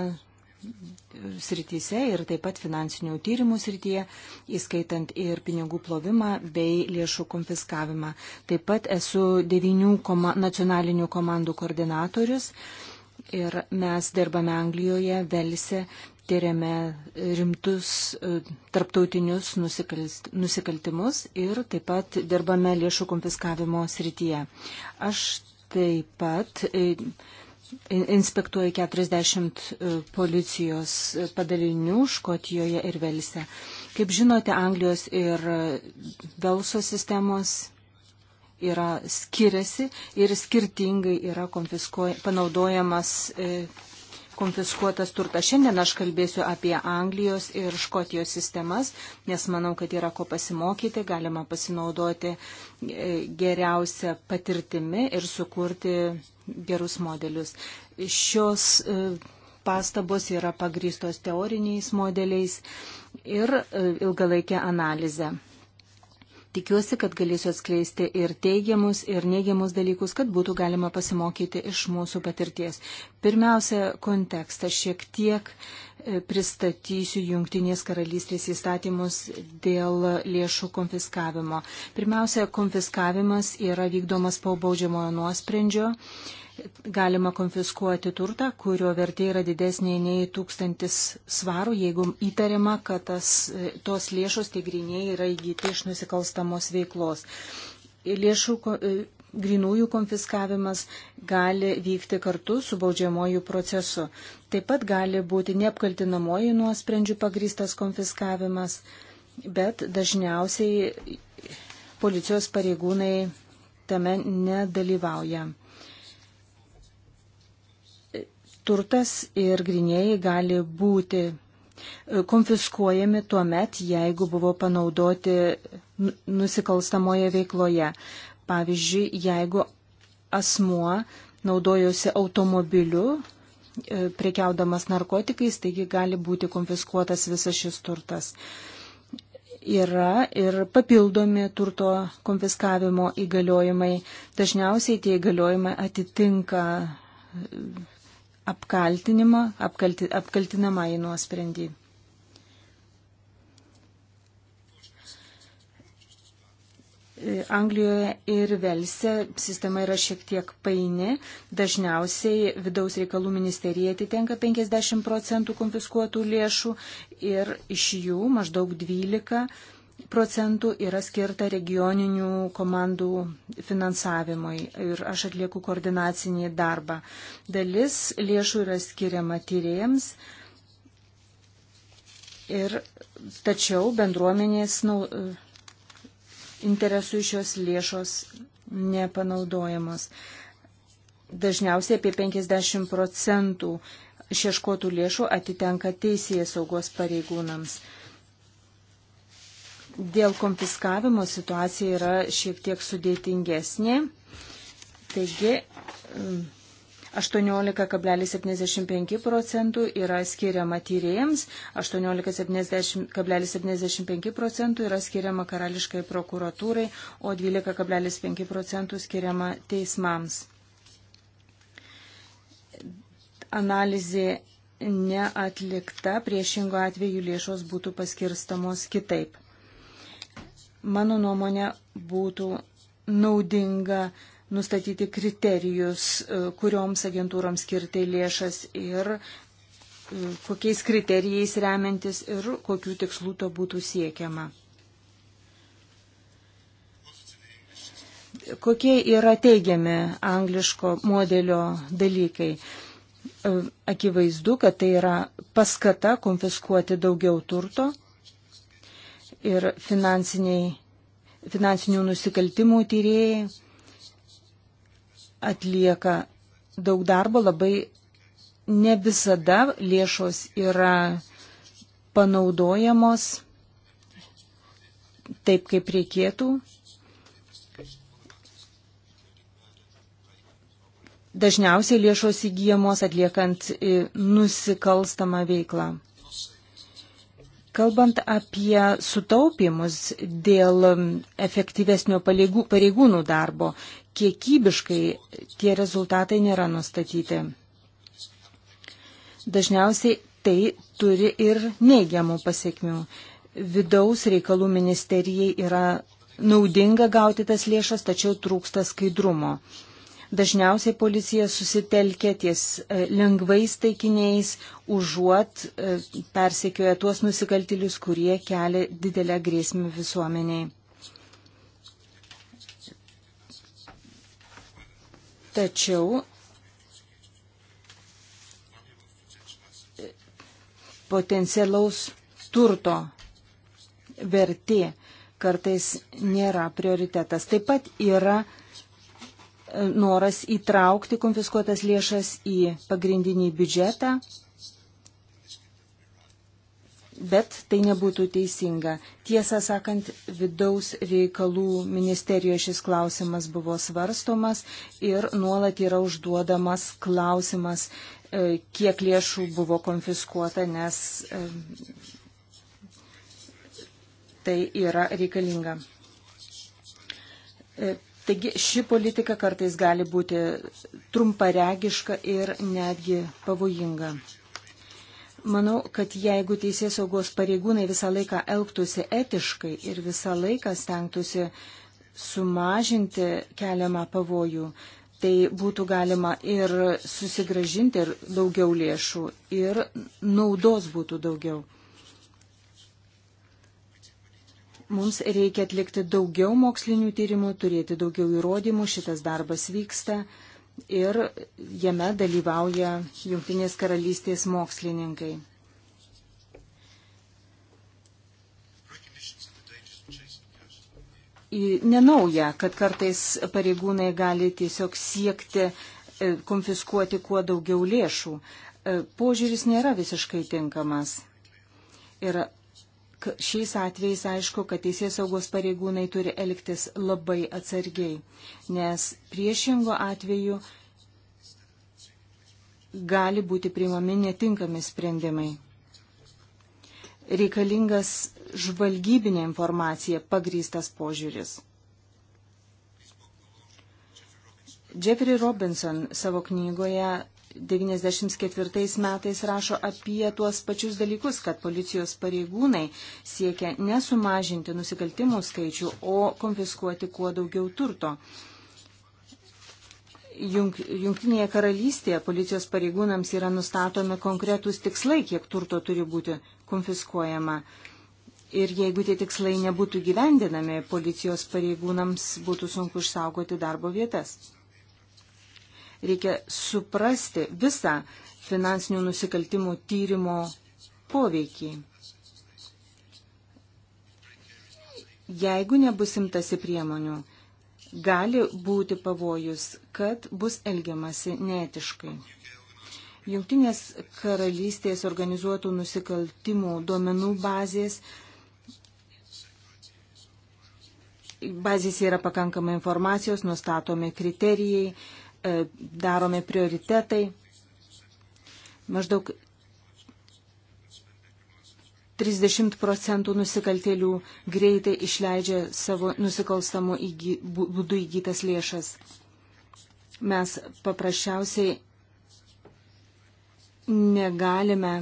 srityse ir taip pat finansinių tyrimų srityje, įskaitant ir pinigų plovimą bei lėšų konfiskavimą. Taip pat esu devinių koma, nacionalinių komandų koordinatorius ir mes dirbame Anglijoje, Velse, tyriame rimtus e, tarptautinius nusikaltimus ir taip pat dirbame lėšų konfiskavimo srityje. Aš taip pat e, inspektuoja 40 e, policijos e, padalinių Škotijoje ir Velse. Kaip žinote, Anglijos ir e, Velso sistemos yra skiriasi ir skirtingai yra panaudojamas konfiskuotas turtas. Šiandien aš kalbėsiu apie Anglijos ir Škotijos sistemas, nes manau, kad yra ko pasimokyti, galima pasinaudoti e, geriausią patirtimi ir sukurti gerus modelius. Šios e, pastabos yra pagrystos teoriniais modeliais ir e, ilgalaikė analizė. Tikiuosi, kad galėsiu atskleisti ir teigiamus, ir neigiamus dalykus, kad būtų galima pasimokyti iš mūsų patirties. Pirmiausia, kontekstą šiek tiek e, pristatysiu Junktinės karalystės įstatymus dėl lėšų konfiskavimo. Pirmiausia, konfiskavimas yra vykdomas po baudžiamojo nuosprendžio galima konfiskuoti turtą, kurio vertė yra didesnė nei tūkstantis svarų, jeigu įtariama, kad tas, tos lėšos tie griniai yra įgyti iš nusikalstamos veiklos. Lėšų e, grinųjų konfiskavimas gali vykti kartu su baudžiamojų procesu. Taip pat gali būti neapkaltinamoji nuosprendžių pagrystas konfiskavimas, bet dažniausiai policijos pareigūnai tame nedalyvauja turtas ir grinėjai gali būti e, konfiskuojami tuo met, jeigu buvo panaudoti nusikalstamoje veikloje. Pavyzdžiui, jeigu asmuo naudojosi automobiliu, e, prekiaudamas narkotikais, taigi gali būti konfiskuotas visas šis turtas. Yra ir papildomi turto konfiskavimo įgaliojimai. Dažniausiai tie įgaliojimai atitinka apkaltinimą, apkalti, apkaltinamą į nuosprendį. Anglijoje ir Velse sistema yra šiek tiek paini. Dažniausiai vidaus reikalų ministerija atitenka 50 procentų konfiskuotų lėšų ir iš jų maždaug 12 procentų yra skirta regioninių komandų finansavimui ir aš atlieku koordinacinį darbą. Dalis lėšų yra skiriama tyrėjams. Ir tačiau bendruomenės nu, e, interesų šios lėšos nepanaudojamos. Dažniausiai apie 50 procentų išieškotų lėšų atitenka teisėjai saugos pareigūnams. Dėl konfiskavimo situacija yra šiek tiek sudėtingesnė. Taigi 18,75 mm, procentų yra skiriama tyrėjams, 18,75 procentų yra skiriama karališkai prokuratūrai, o 12,5 procentų skiriama teismams. Analizė neatlikta, priešingo atveju lėšos būtų paskirstamos kitaip mano nuomonė, būtų naudinga nustatyti kriterijus, e, kurioms agentūroms skirti lėšas ir e, kokiais kriterijais remiantis ir kokių tikslų to būtų siekiama. Kokie yra teigiami angliško modelio dalykai? E, akivaizdu, kad tai yra paskata konfiskuoti daugiau turto ir finansinių nusikaltimų tyrėjai atlieka daug darbo, labai ne visada lėšos yra panaudojamos taip, kaip reikėtų. Dažniausiai lėšos įgyjamos atliekant e, nusikalstamą veiklą. Kalbant apie sutaupimus dėl efektyvesnio pareigūnų darbo, kiekybiškai tie rezultatai nėra nustatyti. Dažniausiai tai turi ir neigiamų pasiekmių. Vidaus reikalų ministerijai yra naudinga gauti tas lėšas, tačiau trūksta skaidrumo. Dažniausiai policija susitelkia ties e, lengvais taikiniais, užuot e, persekioja tuos nusikaltėlius, kurie kelia didelę grėsmę visuomeniai. Tačiau potencialaus turto vertė kartais nėra prioritetas. Taip pat yra noras įtraukti konfiskuotas lėšas į pagrindinį biudžetą, bet tai nebūtų teisinga. Tiesą sakant, vidaus reikalų ministerijoje šis klausimas buvo svarstomas ir nuolat yra užduodamas klausimas, e, kiek lėšų buvo konfiskuota, nes e, tai yra reikalinga. E, Taigi ši politika kartais gali būti trumparegiška ir netgi pavojinga. Manau, kad jeigu teisės saugos pareigūnai visą laiką elgtųsi etiškai ir visą laiką stengtųsi sumažinti keliamą pavojų, tai būtų galima ir susigražinti ir daugiau lėšų, ir naudos būtų daugiau. Mums reikia atlikti daugiau mokslinių tyrimų, turėti daugiau įrodymų, šitas darbas vyksta ir jame dalyvauja Junktinės karalystės mokslininkai. Nenauja, kad kartais pareigūnai gali tiesiog siekti e, konfiskuoti kuo daugiau lėšų. E, požiūris nėra visiškai tinkamas. Ir Šiais atvejais aišku, kad teisės saugos pareigūnai turi elgtis labai atsargiai, nes priešingo atveju gali būti priimami netinkami sprendimai. Reikalingas žvalgybinė informacija pagrystas požiūris. Jeffrey Robinson savo knygoje 94 metais rašo apie tuos pačius dalykus, kad policijos pareigūnai siekia nesumažinti nusikaltimų skaičių, o konfiskuoti kuo daugiau turto. Junk, Junktinėje karalystėje policijos pareigūnams yra nustatomi konkretūs tikslai, kiek turto turi būti konfiskuojama. Ir jeigu tie tikslai nebūtų gyvendinami, policijos pareigūnams būtų sunku išsaugoti darbo vietas. Reikia suprasti visą finansinių nusikaltimų tyrimo poveikį. Jeigu nebus imtasi priemonių, gali būti pavojus, kad bus elgiamasi neetiškai. Jungtinės karalystės organizuotų nusikaltimų duomenų bazės. Bazėse yra pakankamai informacijos, nustatomi kriterijai, E, daromi prioritetai. Maždaug 30 procentų nusikaltėlių greitai išleidžia savo nusikalstamų įgy, būdų įgytas lėšas. Mes paprasčiausiai negalime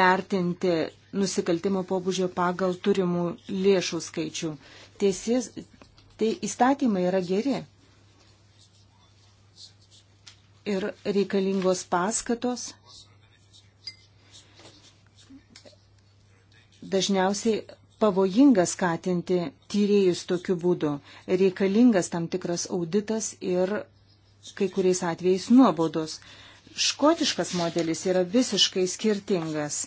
vertinti nusikaltimo pobūdžio pagal turimų lėšų skaičių. Teisės, tai įstatymai yra geri, ir reikalingos paskatos dažniausiai pavojinga skatinti tyrėjus tokiu būdu, reikalingas tam tikras auditas ir kai kuriais atvejais nuobodos. Škotiškas modelis yra visiškai skirtingas.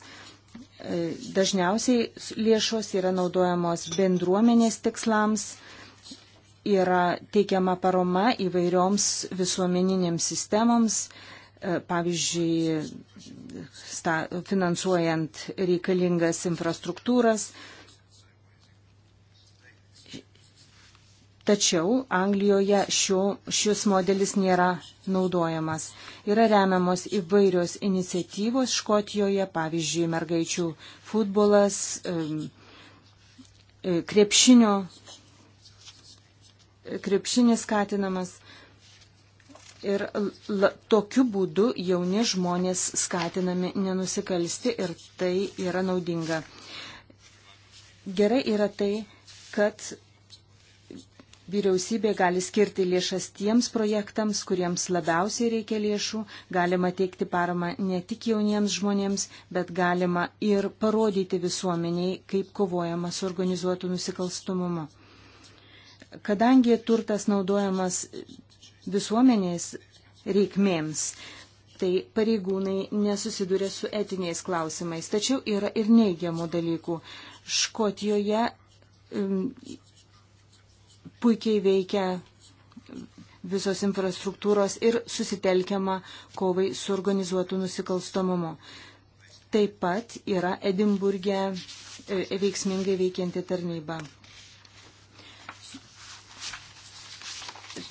Dažniausiai lėšos yra naudojamos bendruomenės tikslams, yra teikiama paroma įvairioms visuomeninėms sistemoms, e, pavyzdžiui, sta, finansuojant reikalingas infrastruktūras. Tačiau Anglijoje šio, šis modelis nėra naudojamas. Yra remiamos įvairios iniciatyvos Škotijoje, pavyzdžiui, mergaičių futbolas, e, krepšinio krepšinis skatinamas. Ir la, tokiu būdu jauni žmonės skatinami nenusikalsti ir tai yra naudinga. Gerai yra tai, kad Vyriausybė gali skirti lėšas tiems projektams, kuriems labiausiai reikia lėšų, galima teikti paramą ne tik jauniems žmonėms, bet galima ir parodyti visuomeniai, kaip kovojama su organizuotu nusikalstumumu. Kadangi turtas naudojamas visuomenės reikmėms, tai pareigūnai nesusiduria su etiniais klausimais, tačiau yra ir neigiamų dalykų. Škotijoje um, puikiai veikia visos infrastruktūros ir susitelkiama kovai su organizuotu nusikalstamumu. Taip pat yra Edimburgė e, veiksmingai veikianti tarnyba.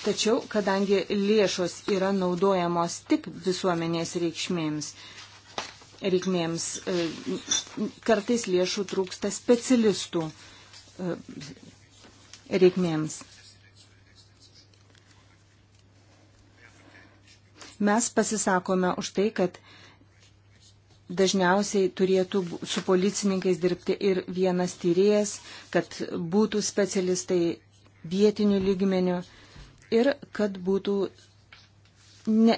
Tačiau, kadangi lėšos yra naudojamos tik visuomenės reikšmėms, reikmėms e, kartais lėšų trūksta specialistų e, reikmėms. Mes pasisakome už tai, kad dažniausiai turėtų su policininkais dirbti ir vienas tyrėjas, kad būtų specialistai vietinių lygmenių ir kad būtų ne,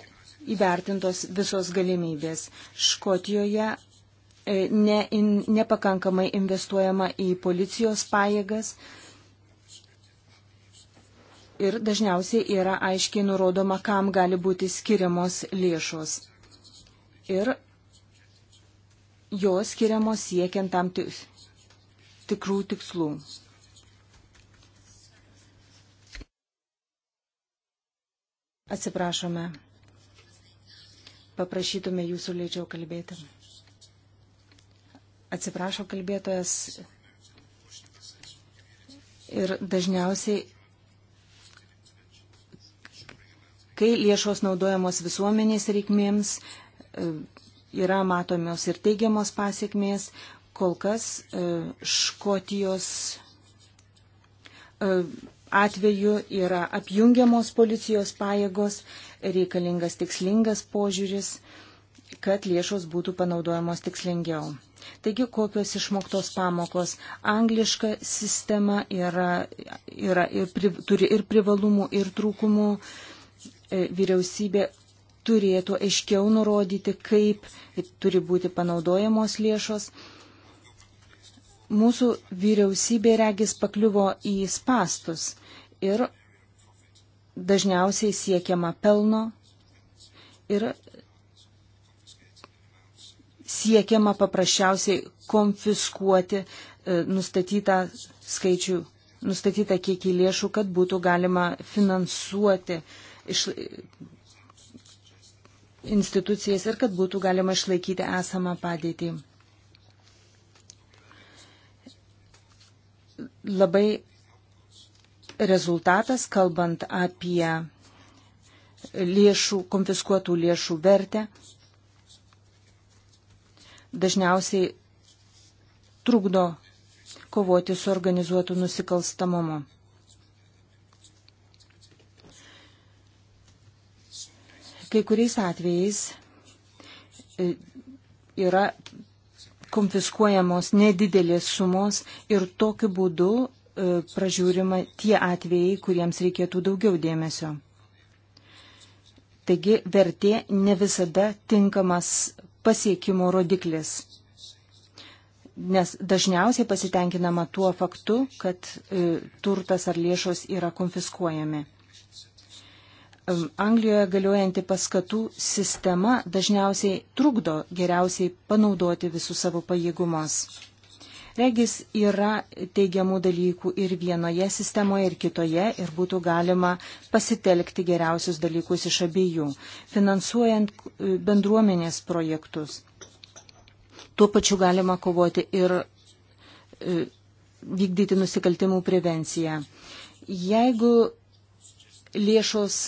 įvertintos visos galimybės. Škotijoje e, ne, in, nepakankamai investuojama į policijos pajėgas ir dažniausiai yra aiškiai nurodoma, kam gali būti skiriamos lėšos. Ir jos skiriamos siekiant tam tikrų tikslų. Atsiprašome. Paprašytume jūsų lėčiau kalbėti. Atsiprašo kalbėtojas ir dažniausiai, kai lėšos naudojamos visuomenės reikmėms, e, yra matomios ir teigiamos pasiekmės, kol kas e, Škotijos e, atveju yra apjungiamos policijos pajėgos, reikalingas tikslingas požiūris, kad lėšos būtų panaudojamos tikslingiau. Taigi, kokios išmoktos pamokos? Angliška sistema yra, yra ir pri, turi ir privalumų, ir trūkumų. E, vyriausybė turėtų aiškiau nurodyti, kaip turi būti panaudojamos lėšos. Mūsų vyriausybė regis pakliuvo į spastus ir dažniausiai siekiama pelno ir siekiama paprasčiausiai konfiskuoti e, nustatytą skaičių, nustatytą kiekį lėšų, kad būtų galima finansuoti iš, institucijas ir kad būtų galima išlaikyti esamą padėtį. Labai rezultatas, kalbant apie lėšų, konfiskuotų lėšų vertę, dažniausiai trukdo kovoti su organizuotu nusikalstamumu. Kai kuriais atvejais e, yra konfiskuojamos nedidelės sumos ir tokiu būdu E, pražiūrima tie atvejai, kuriems reikėtų daugiau dėmesio. Taigi vertė ne visada tinkamas pasiekimo rodiklis, nes dažniausiai pasitenkinama tuo faktu, kad e, turtas ar lėšos yra konfiskuojami. Anglijoje galiojanti paskatų sistema dažniausiai trukdo geriausiai panaudoti visus savo pajėgumus. Regis yra teigiamų dalykų ir vienoje sistemoje, ir kitoje, ir būtų galima pasitelkti geriausius dalykus iš abiejų, finansuojant e, bendruomenės projektus. Tuo pačiu galima kovoti ir e, vykdyti nusikaltimų prevenciją. Jeigu lėšos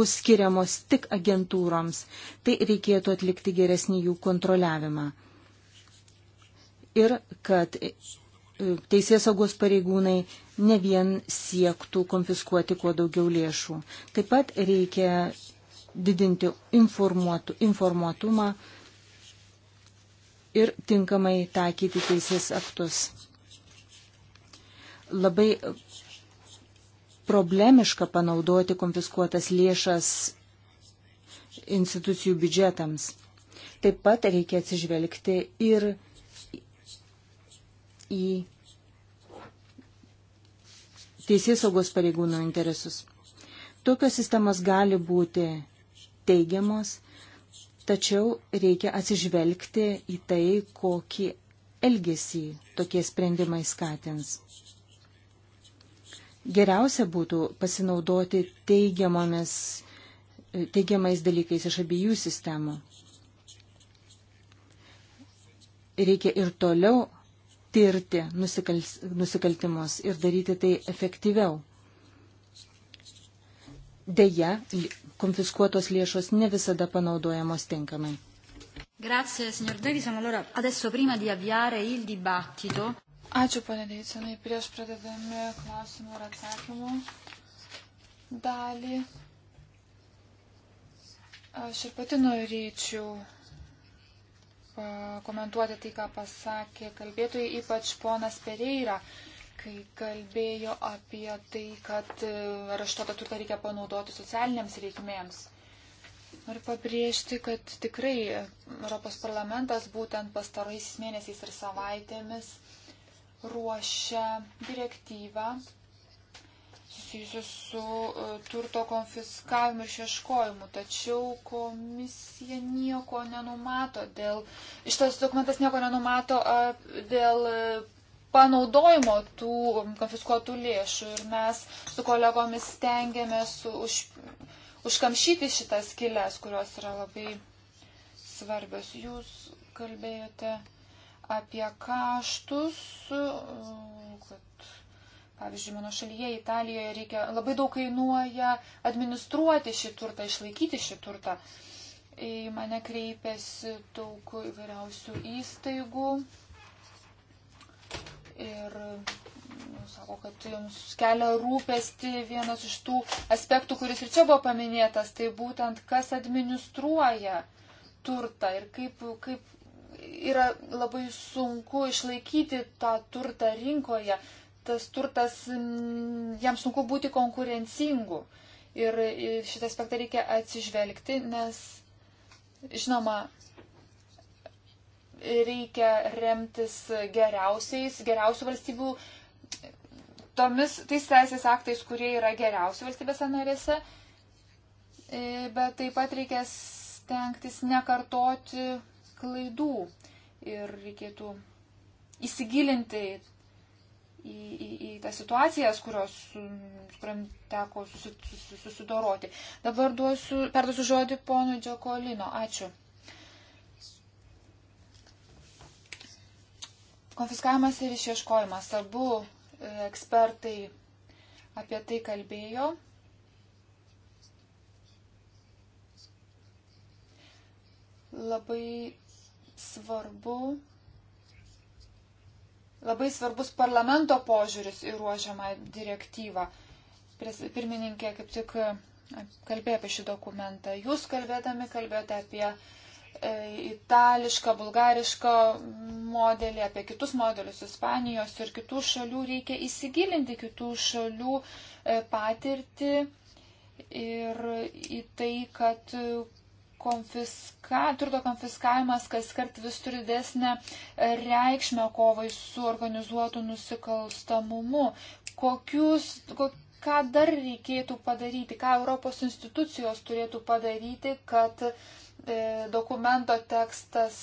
bus skiriamos tik agentūroms, tai reikėtų atlikti geresnį jų kontroliavimą ir kad e, teisės saugos pareigūnai ne vien siektų konfiskuoti kuo daugiau lėšų. Taip pat reikia didinti informuotų, informuotumą ir tinkamai taikyti teisės aktus. Labai problemiška panaudoti konfiskuotas lėšas institucijų biudžetams. Taip pat reikia atsižvelgti ir į teisės saugos pareigūnų interesus. Tokios sistemos gali būti teigiamos, tačiau reikia atsižvelgti į tai, kokį elgesį tokie sprendimai skatins. Geriausia būtų pasinaudoti teigiamais dalykais iš abiejų sistemų. Reikia ir toliau tirti nusikal, nusikaltimus ir daryti tai efektyviau. Deja, konfiskuotos lėšos ne visada panaudojamos tinkamai. Grazie, signor Davison. Allora, adesso prima di avviare il dibattito. Ačiū, ponė Deicinai, prieš pradedami klausimų ir atsakymų dalį. Aš ir pati norėčiau pakomentuoti tai, ką pasakė kalbėtojai, ypač ponas Pereira, kai kalbėjo apie tai, kad e, raštuotą turtą reikia panaudoti socialiniams reikmėms. Noriu pabrėžti, kad tikrai Europos parlamentas būtent pastaraisiais mėnesiais ir savaitėmis ruošia direktyvą susijusius su e, turto konfiskavimu ir išieškojimu, tačiau komisija nieko nenumato dėl, šitas dokumentas nieko nenumato dėl e, panaudojimo tų konfiskuotų lėšų ir mes su kolegomis stengiamės už, užkamšyti šitas skilės, kurios yra labai svarbios. Jūs kalbėjote apie kaštus, e, kad Pavyzdžiui, mano šalyje, Italijoje reikia labai daug kainuoja administruoti šį turtą, išlaikyti šį turtą. Į mane kreipiasi daug įvairiausių įstaigų ir nu, sako, kad jums kelia rūpesti vienas iš tų aspektų, kuris ir čia buvo paminėtas, tai būtent kas administruoja turtą ir kaip, kaip yra labai sunku išlaikyti tą turtą rinkoje tas turtas, jam sunku būti konkurencingu. Ir šitą aspektą reikia atsižvelgti, nes, žinoma, reikia remtis geriausiais, geriausių valstybių, tomis, tais teisės aktais, kurie yra geriausi valstybėse narėse, e, bet taip pat reikia stengtis nekartoti klaidų ir reikėtų įsigilinti į, į, į tas situacijas, kurios, mm, kuriam teko susi, susi, susidoroti. Dabar duosiu, perduosiu žodį ponui Džiokolino. Ačiū. Konfiskavimas ir išieškojimas. Abu e, ekspertai apie tai kalbėjo. Labai svarbu labai svarbus parlamento požiūris į ruošiamą direktyvą. Pirmininkė kaip tik e, kalbėjo apie šį dokumentą. Jūs kalbėdami kalbėjote apie e, itališką, bulgarišką modelį, apie kitus modelius Ispanijos ir kitų šalių. Reikia įsigilinti kitų šalių e, patirtį ir į tai, kad konfiska, turto konfiskavimas kas kart vis turi didesnę reikšmę kovai su organizuotu nusikalstamumu. Kokius, kok, ką dar reikėtų padaryti, ką Europos institucijos turėtų padaryti, kad e, dokumento tekstas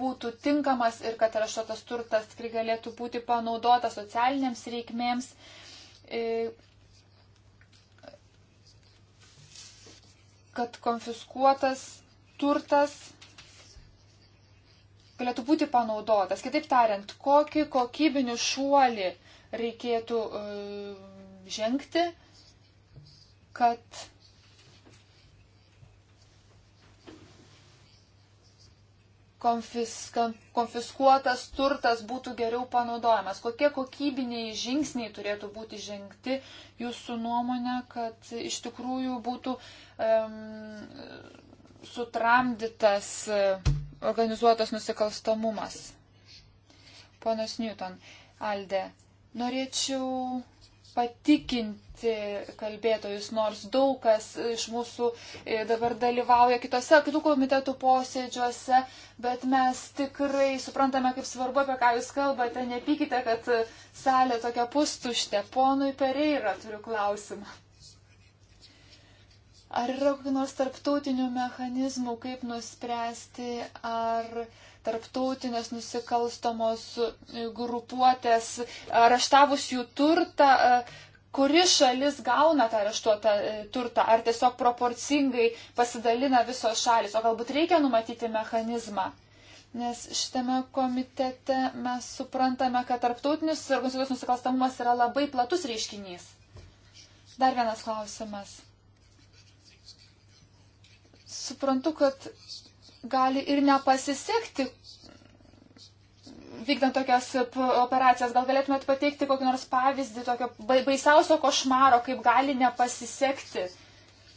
būtų tinkamas ir kad rašotas turtas tikrai galėtų būti panaudotas socialiniams reikmėms. E, kad konfiskuotas turtas galėtų būti panaudotas. Kitaip tariant, kokį kokybinį šuolį reikėtų uh, žengti, kad konfiska, konfiskuotas turtas būtų geriau panaudojamas? Kokie kokybiniai žingsniai turėtų būti žengti jūsų nuomonė, kad iš tikrųjų būtų um, sutramdytas e, organizuotas nusikalstamumas? Ponas Newton, Alde, norėčiau patikinti kalbėtojus, nors daug kas iš mūsų e, dabar dalyvauja kitose, kitų komitetų posėdžiuose, bet mes tikrai suprantame, kaip svarbu, apie ką jūs kalbate. Nepykite, kad salė tokia pustuštė. Ponui Pereira turiu klausimą. Ar yra kokių nors tarptautinių mechanizmų, kaip nuspręsti, ar tarptautinės nusikalstamos e, grupuotės areštavusių jų turtą, e, kuri šalis gauna tą areštuotą e, turtą, ar tiesiog proporcingai pasidalina visos šalis, o galbūt reikia numatyti mechanizmą. Nes šitame komitete mes suprantame, kad tarptautinis organizuotas nusikalstamumas yra labai platus reiškinys. Dar vienas klausimas suprantu, kad gali ir nepasisekti vykdant tokias operacijas. Gal galėtumėt pateikti kokį nors pavyzdį tokio baisiausio košmaro, kaip gali nepasisekti.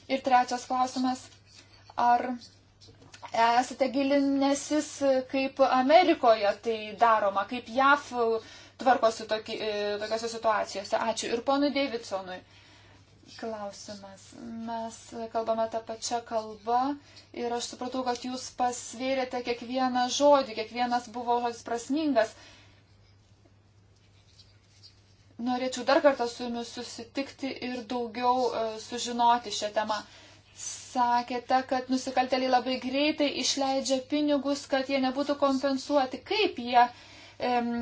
Ir trečias klausimas. Ar esate gilinęsis, kaip Amerikoje tai daroma, kaip JAF tvarkosi tokiose situacijose? Ačiū. Ir ponui Davidsonui klausimas. Mes kalbame tą pačią kalbą ir aš supratau, kad jūs pasvėrėte kiekvieną žodį, kiekvienas buvo žodis prasmingas. Norėčiau dar kartą su jumis susitikti ir daugiau e, sužinoti šią temą. Sakėte, kad nusikalteliai labai greitai išleidžia pinigus, kad jie nebūtų kompensuoti. Kaip jie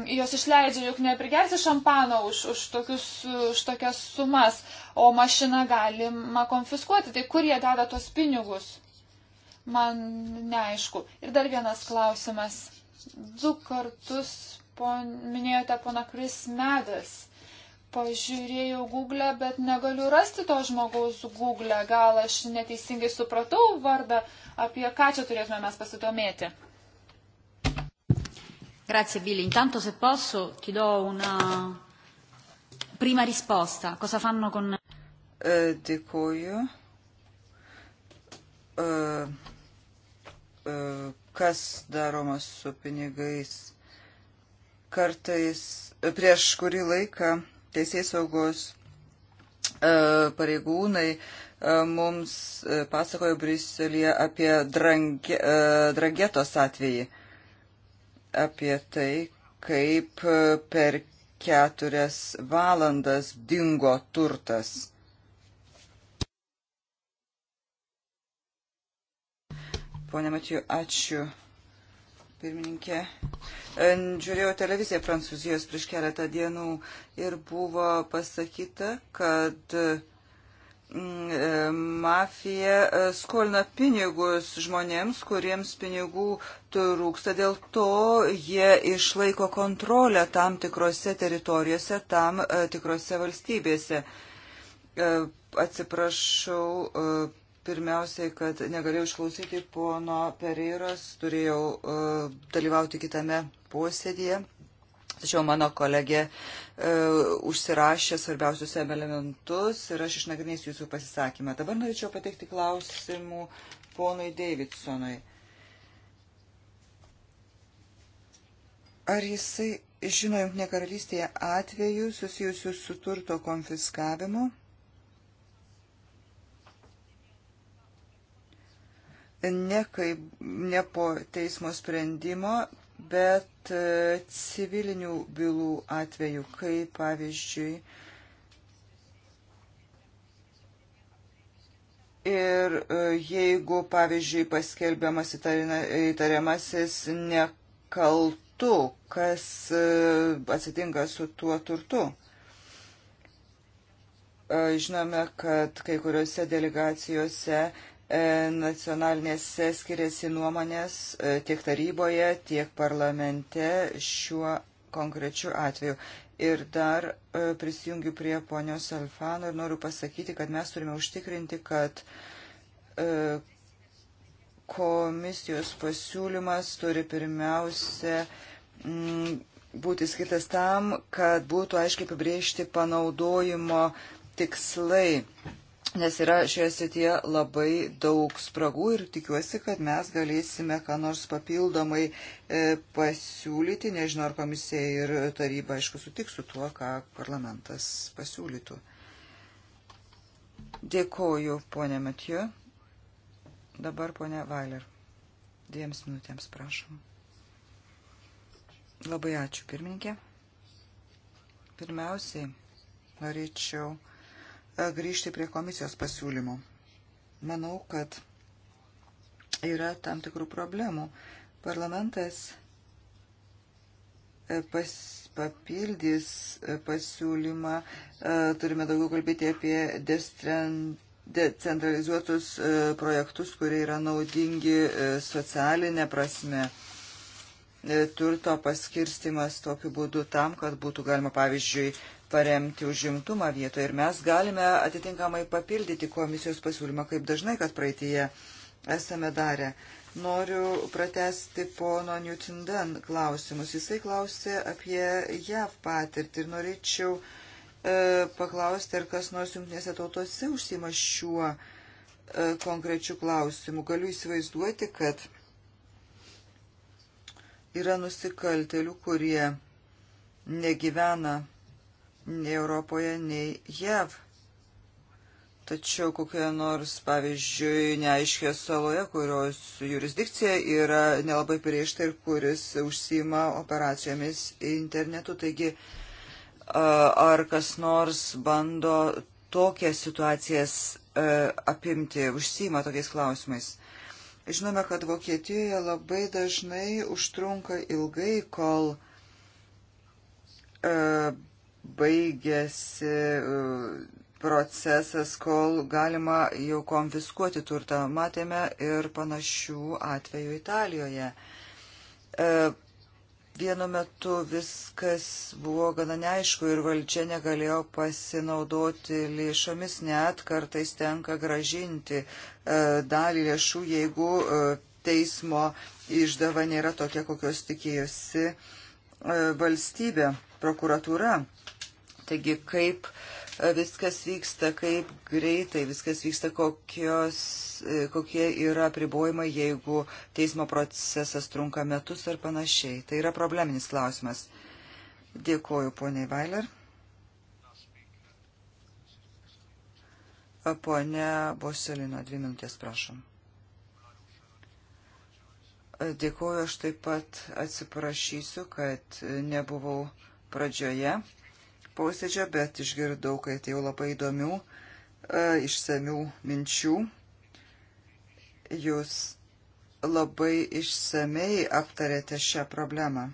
jos išleidžia, juk neprigersi šampano už, už, tokius, už tokias sumas, o mašiną galima konfiskuoti. Tai kur jie deda tos pinigus? Man neaišku. Ir dar vienas klausimas. Du kartus pon, minėjote pona Kris Medas. Pažiūrėjau Google, bet negaliu rasti to žmogaus Google. Gal aš neteisingai supratau vardą, apie ką čia turėtume mes pasidomėti. Grazie Billy. Intanto se posso ti do una prima risposta. Cosa fanno con... Uh, eh, dėkuoju. Uh, eh, uh, eh, kas daroma su pinigais? Kartais prieš kurį laiką teisės saugos pareigūnai mums pasakojo Briselėje apie drangė, drangetos atvejį apie tai, kaip e, per keturias valandas dingo turtas. Pone Matiju, ačiū. Pirmininkė, e, žiūrėjau televiziją Prancūzijos prieš keletą dienų ir buvo pasakyta, kad uh, E, mafija e, skolina pinigus žmonėms, kuriems pinigų trūksta, dėl to jie išlaiko kontrolę tam tikrose teritorijose, tam e, tikrose valstybėse. Atsiprašau, pirmiausiai, kad negalėjau išklausyti pono Pereiros, turėjau dalyvauti kitame posėdėje. Tačiau mano kolegė e, užsirašė svarbiausius elementus ir aš išnagrinėsiu jūsų pasisakymą. Dabar norėčiau pateikti klausimų ponui Davidsonui. Ar jisai žino Junktinė karalystėje atvejų susijusių su turto konfiskavimu? Ne, kaip, ne po teismo sprendimo, bet e, civilinių bylų atveju, kai pavyzdžiui ir e, jeigu pavyzdžiui paskelbiamas įtariamasis nekaltu, kas e, atsitinka su tuo turtu. Žinome, kad kai kuriuose delegacijose E, nacionalinėse skiriasi nuomonės e, tiek taryboje, tiek parlamente šiuo konkrečiu atveju. Ir dar e, prisijungiu prie ponios Alfano ir noriu pasakyti, kad mes turime užtikrinti, kad komisijos pasiūlymas turi pirmiausia būti skirtas tam, kad būtų aiškiai apibriežti panaudojimo tikslai nes yra šioje srityje labai daug spragų ir tikiuosi, kad mes galėsime ką nors papildomai e, pasiūlyti. Nežinau, ar komisija ir taryba, aišku, sutiks su tuo, ką parlamentas pasiūlytų. Dėkoju, ponė Matijo. Dabar ponė Vailer. Dviems minutėms prašom. Labai ačiū, pirmininkė. Pirmiausiai norėčiau grįžti prie komisijos pasiūlymų. Manau, kad yra tam tikrų problemų. Parlamentas e, pas, papildys e, pasiūlymą, e, turime daugiau kalbėti apie decentralizuotus projektus, kurie yra naudingi socialinė prasme. Turto paskirstimas tokiu būdu tam, kad būtų galima, pavyzdžiui, paremti užimtumą vietoje ir mes galime atitinkamai papildyti komisijos pasiūlymą, kaip dažnai, kad praeitėje esame darę. Noriu pratesti pono Newton-Dan klausimus. Jisai klausė apie JAV patirtį ir norėčiau e, paklausti, ar kas nors jungtinėse tautose užsima šiuo e, konkrečiu klausimu. Galiu įsivaizduoti, kad yra nusikaltelių, kurie negyvena nei Europoje, nei JAV. Tačiau kokioje nors, pavyzdžiui, neaiškioje saloje, kurios jurisdikcija yra nelabai priešta ir kuris užsima operacijomis internetu. Taigi, ar kas nors bando tokias situacijas e, apimti, užsima tokiais klausimais? Žinome, kad Vokietijoje labai dažnai užtrunka ilgai, kol e, baigėsi e, procesas, kol galima jau konfiskuoti turtą. Matėme ir panašių atvejų Italijoje. E, vienu metu viskas buvo gana neaišku ir valdžia negalėjo pasinaudoti lėšomis, net kartais tenka gražinti e, dalį lėšų, jeigu teismo išdava nėra tokia, kokios tikėjosi valstybė, prokuratūra. Taigi, kaip e, viskas vyksta, kaip greitai viskas vyksta, kokios, e, kokie yra pribojimai, jeigu teismo procesas trunka metus ar panašiai. Tai yra probleminis klausimas. Dėkuoju, poniai Vailer. Pone Boselino, dvi minutės, prašom. Dėkuoju, aš taip pat atsiprašysiu, kad nebuvau pradžioje posėdžio, bet išgirdau, kad atėjo labai įdomių, e, išsamių minčių. Jūs labai išsamei aptarėte šią problemą.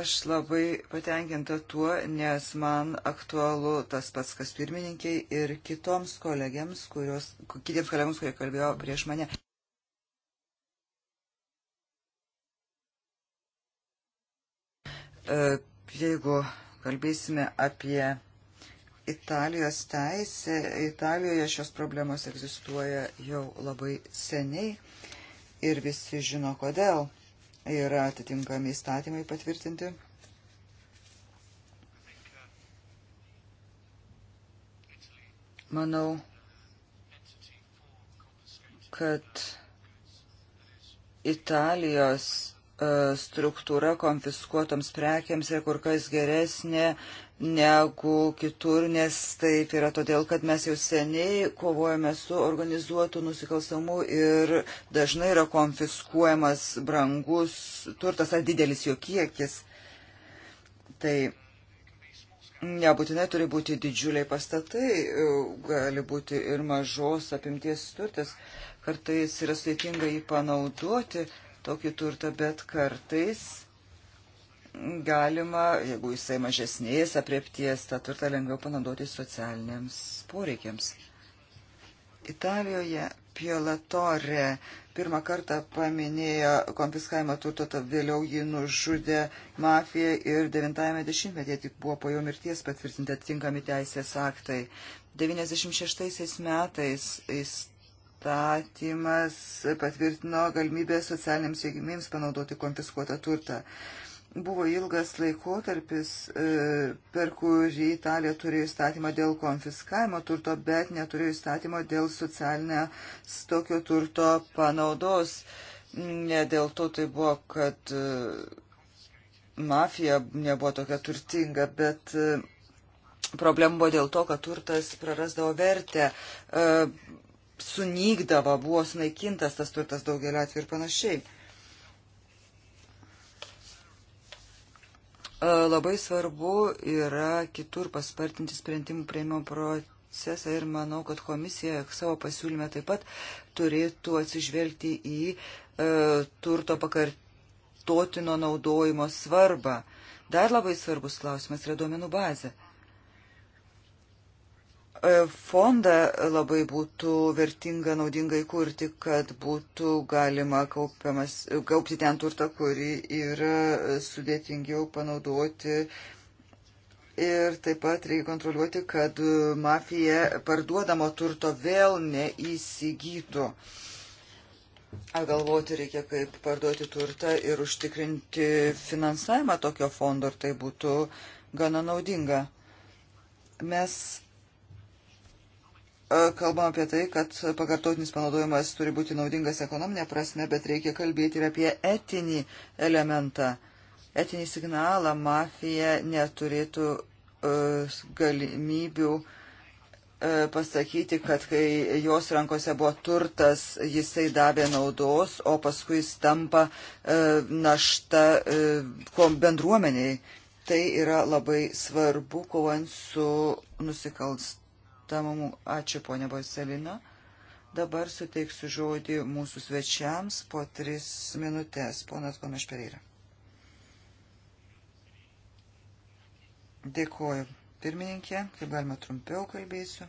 Aš labai patenkinta tuo, nes man aktualu tas pats, kas pirmininkiai ir kitoms kolegiams, kurios, kitiems kolegams, kurie kalbėjo prieš mane. E, jeigu kalbėsime apie Italijos teisę, Italijoje šios problemos egzistuoja jau labai seniai ir visi žino kodėl. Yra atitinkami įstatymai patvirtinti. Manau, kad Italijos E, struktūra konfiskuotoms prekiams yra kur kas geresnė negu kitur, nes taip yra todėl, kad mes jau seniai kovojame su organizuotu nusikalstamu ir dažnai yra konfiskuojamas brangus turtas ar didelis jo kiekis. Tai nebūtinai turi būti didžiuliai pastatai, e, gali būti ir mažos apimties turtas, kartais yra sudėtinga jį panaudoti tokį turtą, bet kartais galima, jeigu jisai mažesnės apriepties, tą turtą lengviau panaudoti socialiniams poreikiams. Italijoje Piolatorė pirmą kartą paminėjo konfiskavimo turto, vėliau jį nužudė mafija ir 90-ame dešimtmetyje tik buvo po jo mirties patvirtinti atitinkami teisės aktai. 96 metais įstatymas patvirtino galimybę socialiniams jėgimėms panaudoti konfiskuotą turtą. Buvo ilgas laikotarpis, e, per kurį Italija turėjo įstatymą dėl konfiskavimo turto, bet neturėjo įstatymo dėl socialinės tokio turto panaudos. Ne dėl to tai buvo, kad e, mafija nebuvo tokia turtinga, bet e, problemų buvo dėl to, kad turtas prarasdavo vertę sunykdavo, buvo sunaikintas tas turtas daugelį atvejų ir panašiai. E, labai svarbu yra kitur paspartinti sprendimų prieimimo procesą ir manau, kad komisija savo pasiūlyme taip pat turėtų atsižvelgti į e, turto pakartotino naudojimo svarbą. Dar labai svarbus klausimas yra duomenų bazė. E, E, fondą labai būtų vertinga, naudinga įkurti, kad būtų galima kaupiamas, kaupti ten turtą, kurį yra sudėtingiau panaudoti. Ir taip pat reikia kontroliuoti, kad mafija parduodamo turto vėl neįsigytų. Galvoti reikia, kaip parduoti turtą ir užtikrinti finansavimą tokio fondo, ar tai būtų gana naudinga. Mes kalbam apie tai, kad pakartotinis panaudojimas turi būti naudingas ekonominė prasme, bet reikia kalbėti ir apie etinį elementą. Etinį signalą mafija neturėtų uh, galimybių uh, pasakyti, kad kai jos rankose buvo turtas, jisai davė naudos, o paskui jis tampa e, našta bendruomeniai. Tai yra labai svarbu, kovant su nusikalst suprantamumų. Ačiū, ponia Boiselina. Dabar suteiksiu žodį mūsų svečiams po tris minutės. Ponas Gomes Pereira. Dėkuoju. Pirmininkė, kaip galima trumpiau kalbėsiu.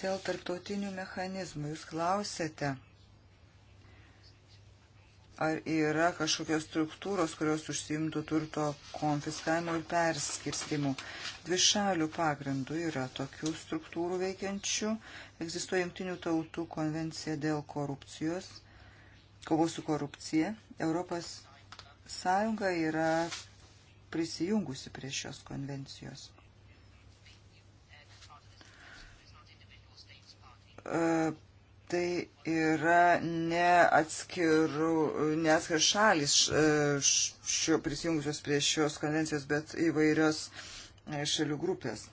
Dėl tarptautinių mechanizmų jūs klausėte, Ar yra kažkokios struktūros, kurios užsiimtų turto konfiskavimu ir perskirstimu? Dvišalių pagrindų yra tokių struktūrų veikiančių. Egzistuoja Junktinių tautų konvencija dėl korupcijos, kovos su korupcija. Europos Sąjunga yra prisijungusi prie šios konvencijos. E, tai yra ne atskirų, ne atskirų šalis e, šio prisijungusios prie šios konvencijos, bet įvairios e, šalių grupės.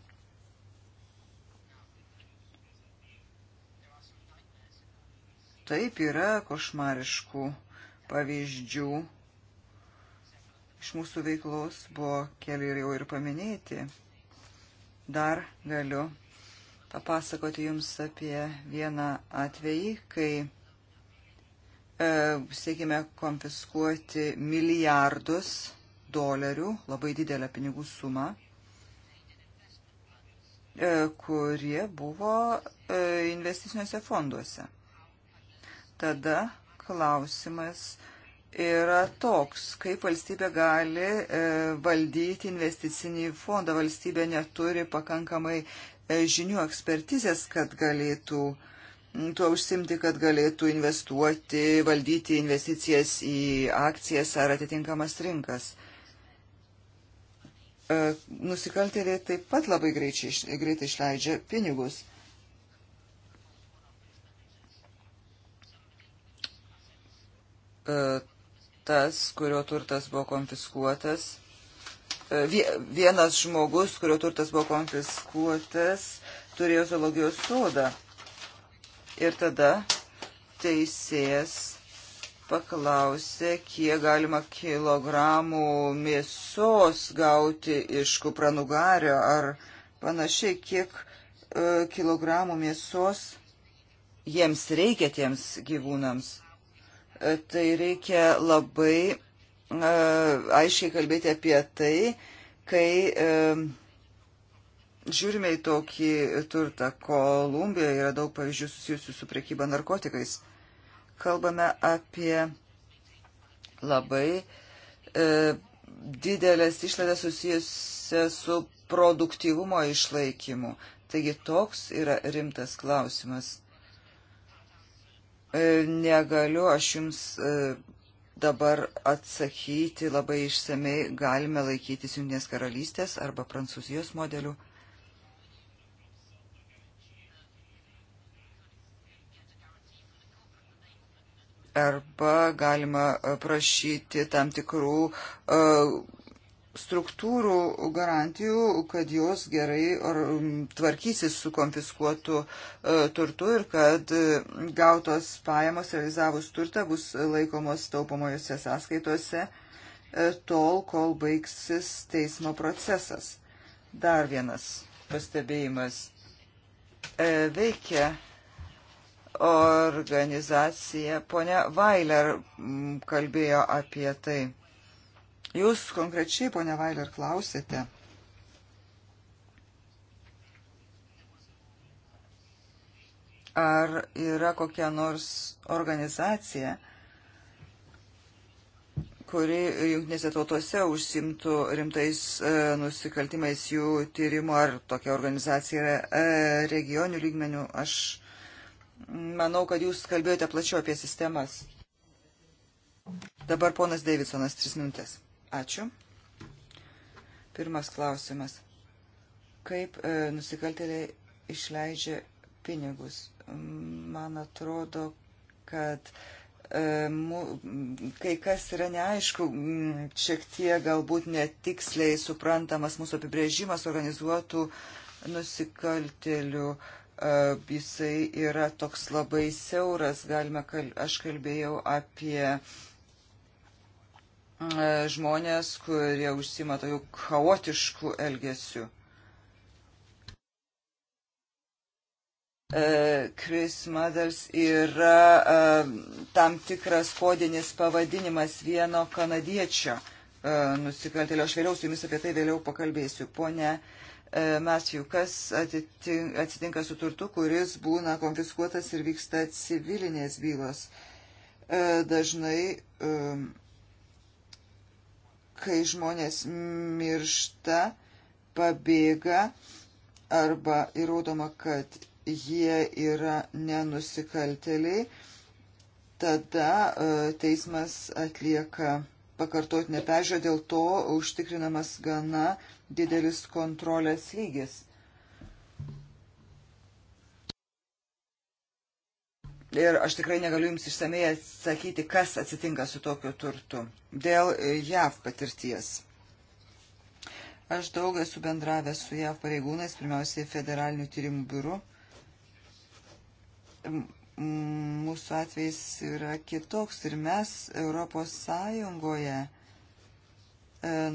Taip yra košmariškų pavyzdžių. Iš mūsų veiklos buvo keli ir jau ir paminėti. Dar galiu papasakoti Jums apie vieną atvejį, kai e, siekime konfiskuoti milijardus dolerių, labai didelę pinigų sumą, e, kurie buvo e, investiciniuose fonduose. Tada klausimas yra toks, kaip valstybė gali e, valdyti investicinį fondą. Valstybė neturi pakankamai E, žinių ekspertizės, kad galėtų mm, tuo užsimti, kad galėtų investuoti, valdyti investicijas į akcijas ar atitinkamas rinkas. E, nusikaltėliai taip pat labai greitai, greitai išleidžia pinigus. E, tas, kurio turtas buvo konfiskuotas, E, vienas žmogus, kurio turtas buvo konfiskuotas, turėjo zoologijos sodą. Ir tada teisėjas paklausė, kiek galima kilogramų mėsos gauti iš kupranugario ar panašiai, kiek e, kilogramų mėsos jiems reikia tiems gyvūnams. E, tai reikia labai E, aiškiai kalbėti apie tai, kai e, žiūrime į tokį turtą. Kolumbijoje yra daug pavyzdžių susijusių su prekyba narkotikais. Kalbame apie labai e, didelės išlaidas susijusias su produktyvumo išlaikymu. Taigi toks yra rimtas klausimas. E, negaliu aš jums e, dabar atsakyti labai išsamei, galime laikytis Junginės karalystės arba Prancūzijos modelių. Arba galima prašyti tam tikrų uh, struktūrų garantijų, kad jos gerai ar, tvarkysis su konfiskuotu e, turtu ir kad e, gautos pajamos realizavus turtą bus laikomos taupomojose sąskaitose e, tol, kol baigsis teismo procesas. Dar vienas pastebėjimas. E, veikia organizacija. Pone Vailer kalbėjo apie tai. Jūs konkrečiai, ponia Vailer, klausėte. Ar yra kokia nors organizacija, kuri jungtinėse tautose užsimtų rimtais e, nusikaltimais jų tyrimu, ar tokia organizacija yra e, regionių lygmenių. Aš manau, kad jūs kalbėjote plačiau apie sistemas. Dabar ponas Davidsonas, tris minutės. Ačiū. Pirmas klausimas. Kaip e, nusikaltėliai išleidžia pinigus? Man atrodo, kad e, mu, kai kas yra neaišku, šiek tiek galbūt netiksliai suprantamas mūsų apibrėžimas organizuotų nusikaltėlių. E, jisai yra toks labai siauras, galime, kal, aš kalbėjau apie e, E, žmonės, kurie užsima tokių chaotiškų elgesių. E, Chris Mothers yra e, tam tikras kodinis pavadinimas vieno kanadiečio nusikaltėlio. Aš vėliau su jumis apie tai vėliau pakalbėsiu. Pone Matthew, kas atsitinka su turtu, kuris būna konfiskuotas ir vyksta civilinės bylos? Dažnai kai žmonės miršta, pabėga arba įrodoma, kad jie yra nenusikalteliai, tada e, teismas atlieka pakartotinę peržiūrą, dėl to užtikrinamas gana didelis kontrolės lygis. Ir aš tikrai negaliu jums išsamei atsakyti, kas atsitinka su tokiu turtu. Dėl JAV patirties. Aš daug esu bendravęs su JAV pareigūnais, pirmiausiai federalinių tyrimų biuru. Mūsų atvejs yra kitoks ir mes Europos Sąjungoje e,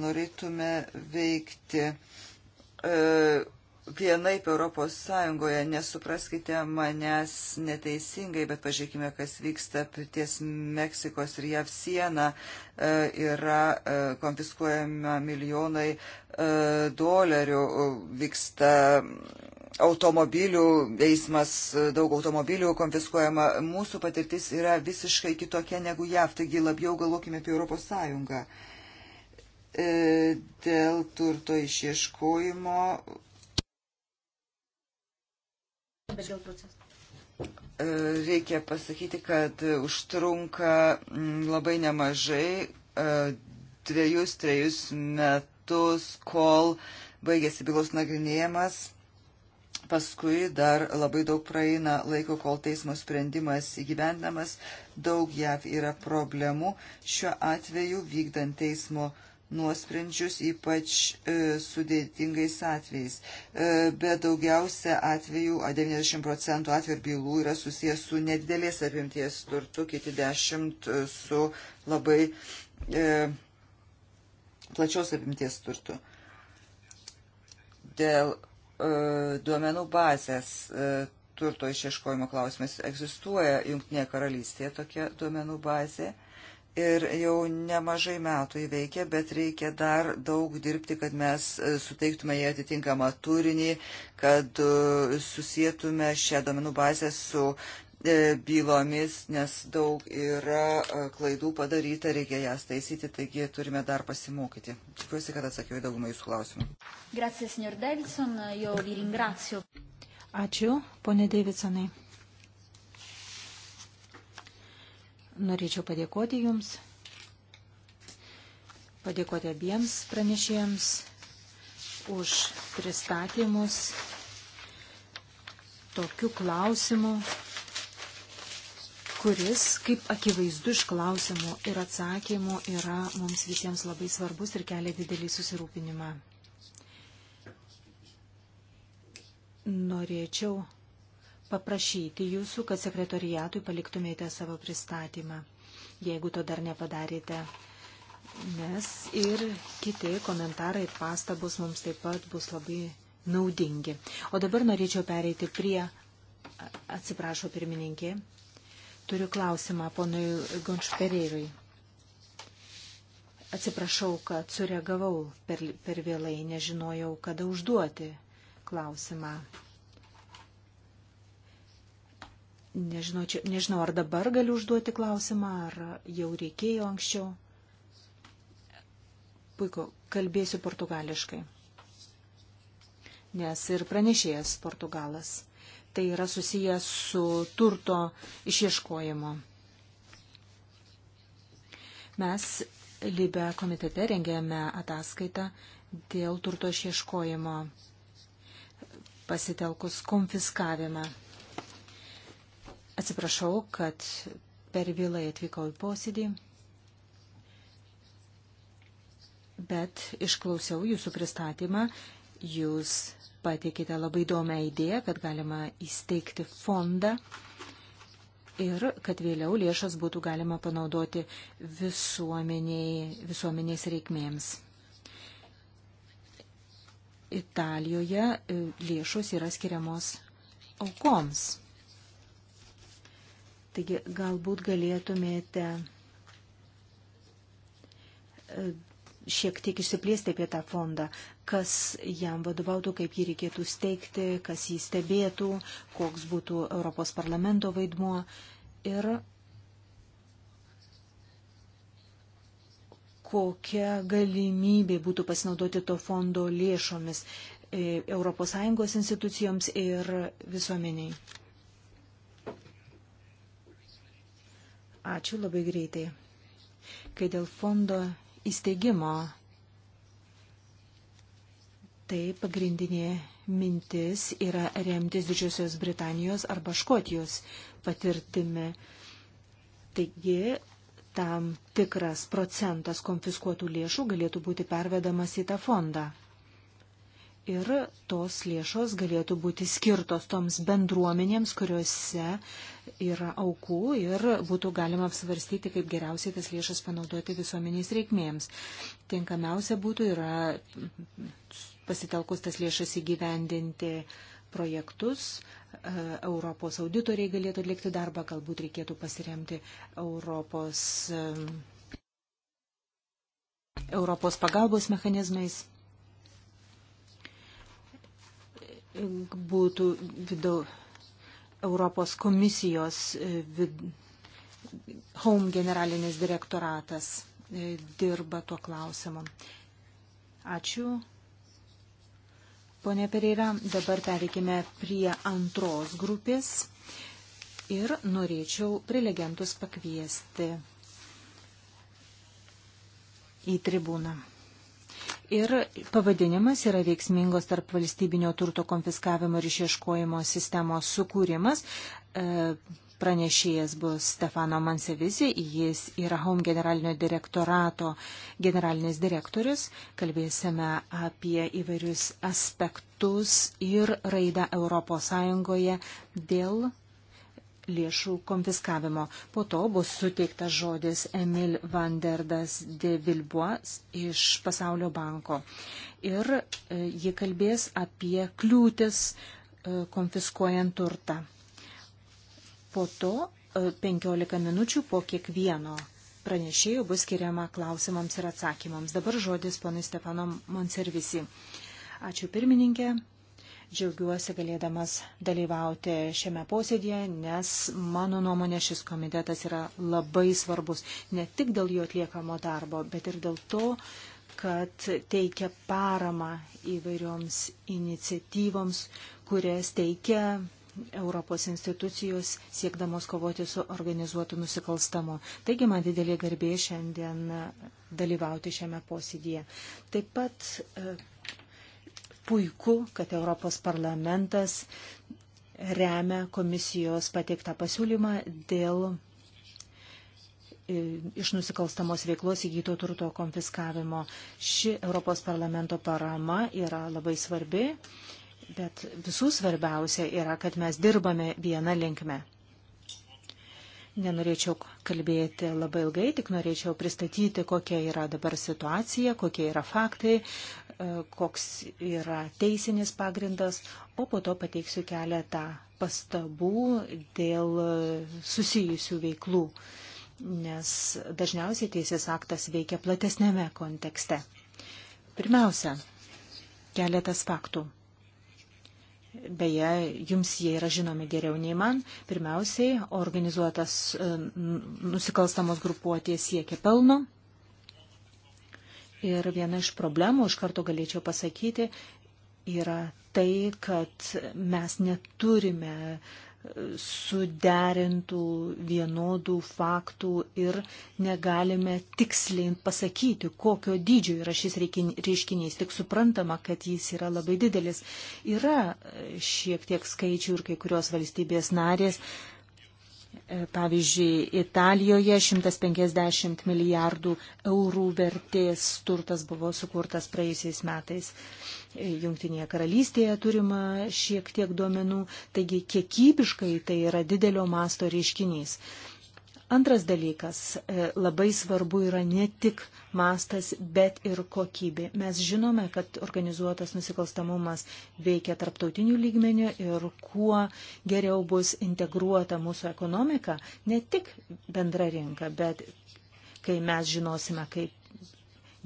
norėtume veikti e, vienaip Europos Sąjungoje. Nesupraskite manęs neteisingai, bet pažiūrėkime, kas vyksta ties Meksikos ir JAV siena. E, yra e, konfiskuojama milijonai e, dolerių, e, vyksta automobilių, eismas e, daug automobilių konfiskuojama. Mūsų patirtis yra visiškai kitokia negu JAV, taigi labiau galvokime apie Europos Sąjungą. E, dėl turto išieškojimo Bet dėl proceso. E, reikia pasakyti, kad užtrunka mm, labai nemažai, dviejus, e, trejus metus, kol baigėsi bylos nagrinėjimas. Paskui dar labai daug praeina laiko, kol teismo sprendimas įgyvendinamas. Daug jav yra problemų. Šiuo atveju vykdant teismo sprendimus nuosprendžius, ypač e, sudėtingais atvejais. E, bet daugiausia atvejų, 90 procentų atvejų bylų yra susijęs su nedidelės apimties turtu, kiti 10 e, su labai e, plačios apimties turtu. Dėl e, duomenų bazės e, turto išieškojimo klausimas egzistuoja Junktinėje karalystėje tokia duomenų bazė ir jau nemažai metų įveikia, bet reikia dar daug dirbti, kad mes e, suteiktume jie atitinkamą turinį, kad e, susijėtume šią domenų bazę su e, bylomis, nes daug yra klaidų padaryta, reikia jas taisyti, taigi turime dar pasimokyti. Tikiuosi, kad atsakiau į daugumą jūsų klausimų. Grazie, Ačiū, ponė Davidsonai. Norėčiau padėkoti Jums, padėkoti abiems pranešėjams už pristatymus tokių klausimų, kuris, kaip akivaizdu iš klausimų ir atsakymų, yra mums visiems labai svarbus ir kelia didelį susirūpinimą. Norėčiau paprašyti jūsų, kad sekretoriatui paliktumėte savo pristatymą, jeigu to dar nepadarėte. Nes ir kiti komentarai ir pastabos mums taip pat bus labai naudingi. O dabar norėčiau pereiti prie, atsiprašau pirmininkė, turiu klausimą ponui Gonšperėrui. Atsiprašau, kad sureagavau per, per vėlai, nežinojau, kada užduoti klausimą. Nežinau, čia, nežinau, ar dabar galiu užduoti klausimą, ar jau reikėjo anksčiau. Puiku, kalbėsiu portugališkai. Nes ir pranešėjas portugalas. Tai yra susijęs su turto išieškojimo. Mes Libe komitete rengėme ataskaitą dėl turto išieškojimo pasitelkus konfiskavimą. Atsiprašau, kad per vėlai atvykau į posėdį, bet išklausiau jūsų pristatymą. Jūs pateikite labai įdomią idėją, kad galima įsteigti fondą ir kad vėliau lėšas būtų galima panaudoti visuomeniai, visuomenės reikmėms. Italijoje e, lėšos yra skiriamos aukoms. Taigi galbūt galėtumėte e, šiek tiek išsiplėsti apie tą fondą, kas jam vadovautų, kaip jį reikėtų steigti, kas jį stebėtų, koks būtų Europos parlamento vaidmuo ir kokia galimybė būtų pasinaudoti to fondo lėšomis ES institucijoms ir visuomeniai. Ačiū labai greitai. Kai dėl fondo įsteigimo, tai pagrindinė mintis yra remtis Didžiosios Britanijos arba Škotijos patirtimi. Taigi, tam tikras procentas konfiskuotų lėšų galėtų būti pervedamas į tą fondą ir tos lėšos galėtų būti skirtos toms bendruomenėms, kuriuose yra aukų ir būtų galima apsvarstyti, kaip geriausiai tas lėšas panaudoti visuomeniais reikmėms. Tinkamiausia būtų yra pasitelkus tas lėšas įgyvendinti projektus. Europos auditoriai galėtų atlikti darbą, galbūt reikėtų pasiremti Europos, Europos pagalbos mechanizmais būtų vidau Europos komisijos e, vid, Home generalinis direktoratas e, dirba tuo klausimu. Ačiū. Pone Pereira, dabar pereikime prie antros grupės ir norėčiau prelegentus pakviesti į tribūną ir pavadinimas yra veiksmingos tarp valstybinio turto konfiskavimo ir išieškojimo sistemos sukūrimas. E, pranešėjas bus Stefano Mansevizi, jis yra Home generalinio direktorato generalinis direktorius. Kalbėsime apie įvairius aspektus ir raidą ES dėl lėšų konfiskavimo. Po to bus suteiktas žodis Emil Vanderdas de Vilbuas iš Pasaulio banko. Ir e, ji kalbės apie kliūtis e, konfiskuojant turtą. Po to 15 e, minučių po kiekvieno pranešėjų bus skiriama klausimams ir atsakymams. Dabar žodis ponui Stefano Monservisi. Ačiū pirmininkė. Džiaugiuosi galėdamas dalyvauti šiame posėdėje, nes mano nuomonė šis komitetas yra labai svarbus ne tik dėl jo atliekamo darbo, bet ir dėl to, kad teikia paramą įvairioms iniciatyvoms, kurias teikia Europos institucijos siekdamos kovoti su organizuotu nusikalstamu. Taigi man didelė garbė šiandien dalyvauti šiame posėdėje. Taip pat e, puiku, kad Europos parlamentas remia komisijos pateiktą pasiūlymą dėl e, iš nusikalstamos veiklos įgyto turto konfiskavimo. Ši Europos parlamento parama yra labai svarbi, bet visų svarbiausia yra, kad mes dirbame vieną linkmę. Nenorėčiau kalbėti labai ilgai, tik norėčiau pristatyti, kokia yra dabar situacija, kokie yra faktai. E, koks yra teisinis pagrindas, o po to pateiksiu keletą pastabų dėl susijusių veiklų, nes dažniausiai teisės aktas veikia platesnėme kontekste. Pirmiausia, keletas faktų. Beje, jums jie yra žinomi geriau nei man. Pirmiausiai, organizuotas e, nusikalstamos grupuotės siekia pelno, Ir viena iš problemų, iš karto galėčiau pasakyti, yra tai, kad mes neturime suderintų vienodų faktų ir negalime tiksliai pasakyti, kokio dydžio yra šis reiškinys. Tik suprantama, kad jis yra labai didelis. Yra šiek tiek skaičių ir kai kurios valstybės narės E, pavyzdžiui, Italijoje 150 milijardų eurų vertės turtas buvo sukurtas praėjusiais metais. E, Jungtinėje karalystėje turima šiek tiek duomenų, taigi kiekybiškai tai yra didelio masto reiškinys. Antras dalykas, e, labai svarbu yra ne tik mastas, bet ir kokybė. Mes žinome, kad organizuotas nusikalstamumas veikia tarptautinių lygmenių ir kuo geriau bus integruota mūsų ekonomika, ne tik bendra rinka, bet kai mes žinosime, kaip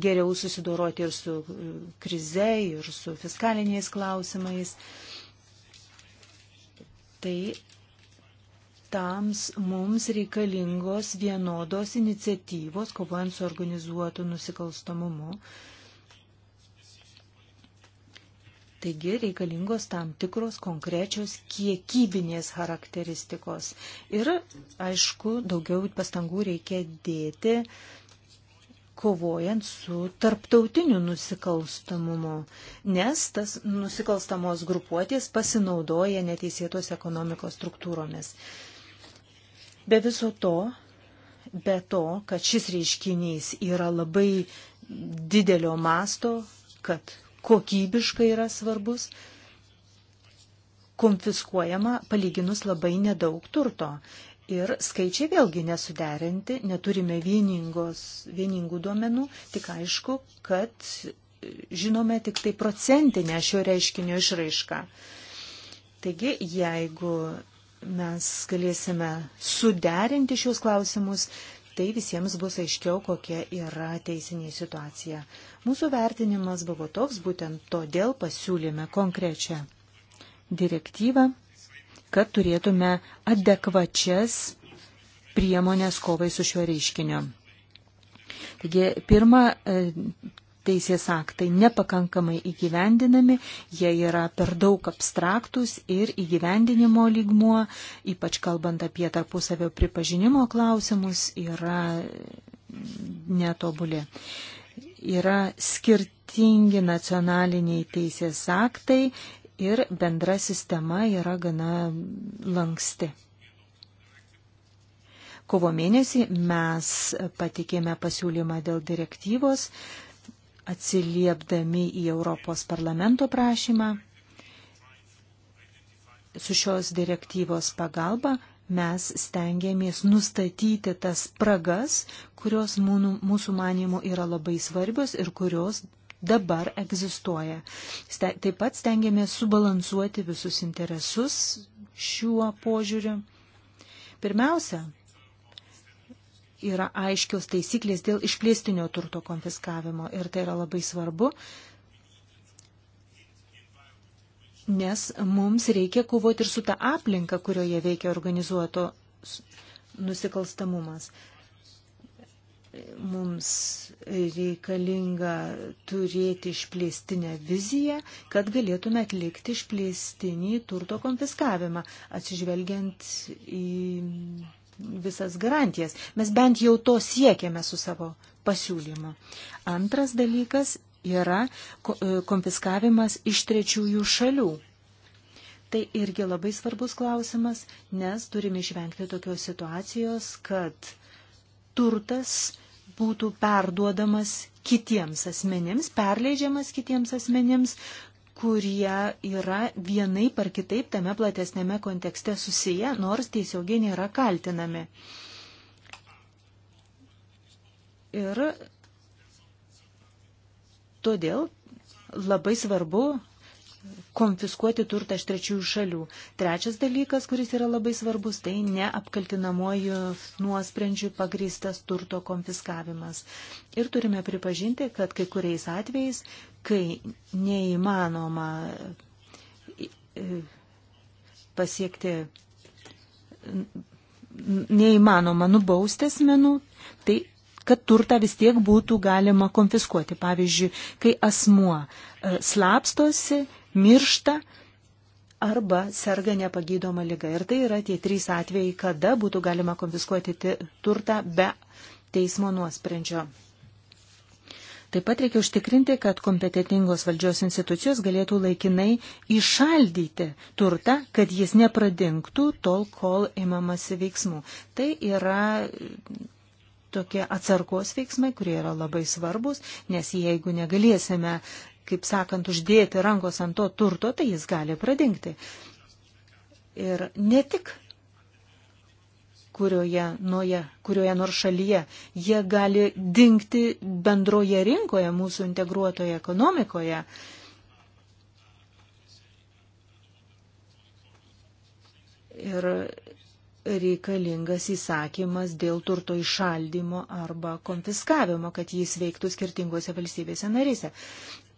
geriau susidoroti ir su e, krize, ir su fiskaliniais klausimais, tai tams mums reikalingos vienodos iniciatyvos, kovojant su organizuotu nusikalstamumu. Taigi reikalingos tam tikros konkrečios kiekybinės charakteristikos. Ir, aišku, daugiau pastangų reikia dėti kovojant su tarptautiniu nusikalstamumu, nes tas nusikalstamos grupuotės pasinaudoja neteisėtos ekonomikos struktūromis. Be viso to, be to, kad šis reiškinys yra labai didelio masto, kad kokybiškai yra svarbus, konfiskuojama palyginus labai nedaug turto. Ir skaičiai vėlgi nesuderinti, neturime vieningos, vieningų duomenų, tik aišku, kad žinome tik tai procentinę šio reiškinio išraišką. Taigi, jeigu mes galėsime suderinti šios klausimus, tai visiems bus aiškiau, kokia yra teisinė situacija. Mūsų vertinimas buvo toks, būtent todėl pasiūlėme konkrečią direktyvą, kad turėtume adekvačias priemonės kovai su šiuo reiškiniu. Taigi, pirma, e, teisės aktai nepakankamai įgyvendinami, jie yra per daug abstraktus ir įgyvendinimo lygmuo, ypač kalbant apie tarpusavio pripažinimo klausimus, yra netobulė. Yra skirtingi nacionaliniai teisės aktai ir bendra sistema yra gana lanksti. Kovo mėnesį mes patikėme pasiūlymą dėl direktyvos, atsiliepdami į Europos parlamento prašymą. Su šios direktyvos pagalba mes stengiamės nustatyti tas spragas, kurios mūsų manimų yra labai svarbios ir kurios dabar egzistuoja. Taip pat stengiamės subalansuoti visus interesus šiuo požiūriu. Pirmiausia, yra aiškios taisyklės dėl išplėstinio turto konfiskavimo ir tai yra labai svarbu, nes mums reikia kovoti ir su ta aplinka, kurioje veikia organizuoto nusikalstamumas. Mums reikalinga turėti išplėstinę viziją, kad galėtume atlikti išplėstinį turto konfiskavimą, atsižvelgiant į visas garantijas. Mes bent jau to siekiame su savo pasiūlymu. Antras dalykas yra e, konfiskavimas iš trečiųjų šalių. Tai irgi labai svarbus klausimas, nes turime išvengti tokios situacijos, kad turtas būtų perduodamas kitiems asmenims, perleidžiamas kitiems asmenims, kurie yra vienai par kitaip tame platesnėme kontekste susiję, nors tiesiogiai nėra kaltinami. Ir todėl labai svarbu konfiskuoti turtą iš trečiųjų šalių. Trečias dalykas, kuris yra labai svarbus, tai neapkaltinamuoju nuosprendžiu pagrįstas turto konfiskavimas. Ir turime pripažinti, kad kai kuriais atvejais, kai neįmanoma pasiekti, neįmanoma nubausti asmenų, tai kad turtą vis tiek būtų galima konfiskuoti. Pavyzdžiui, kai asmuo e, slapstosi miršta arba serga nepagydoma lyga. Ir tai yra tie trys atvejai, kada būtų galima konfiskuoti turtą be teismo nuosprendžio. Taip pat reikia užtikrinti, kad kompetitingos valdžios institucijos galėtų laikinai išaldyti turtą, kad jis nepradingtų tol, kol imamasi veiksmų. Tai yra tokie atsargos veiksmai, kurie yra labai svarbus, nes jeigu negalėsime kaip sakant, uždėti rankos ant to turto, tai jis gali pradingti. Ir ne tik kurioje, nuoje, kurioje nors šalyje, jie gali dingti bendroje rinkoje, mūsų integruotoje ekonomikoje. Ir reikalingas įsakymas dėl turto išaldymo arba konfiskavimo, kad jis veiktų skirtingose valstybėse narėse.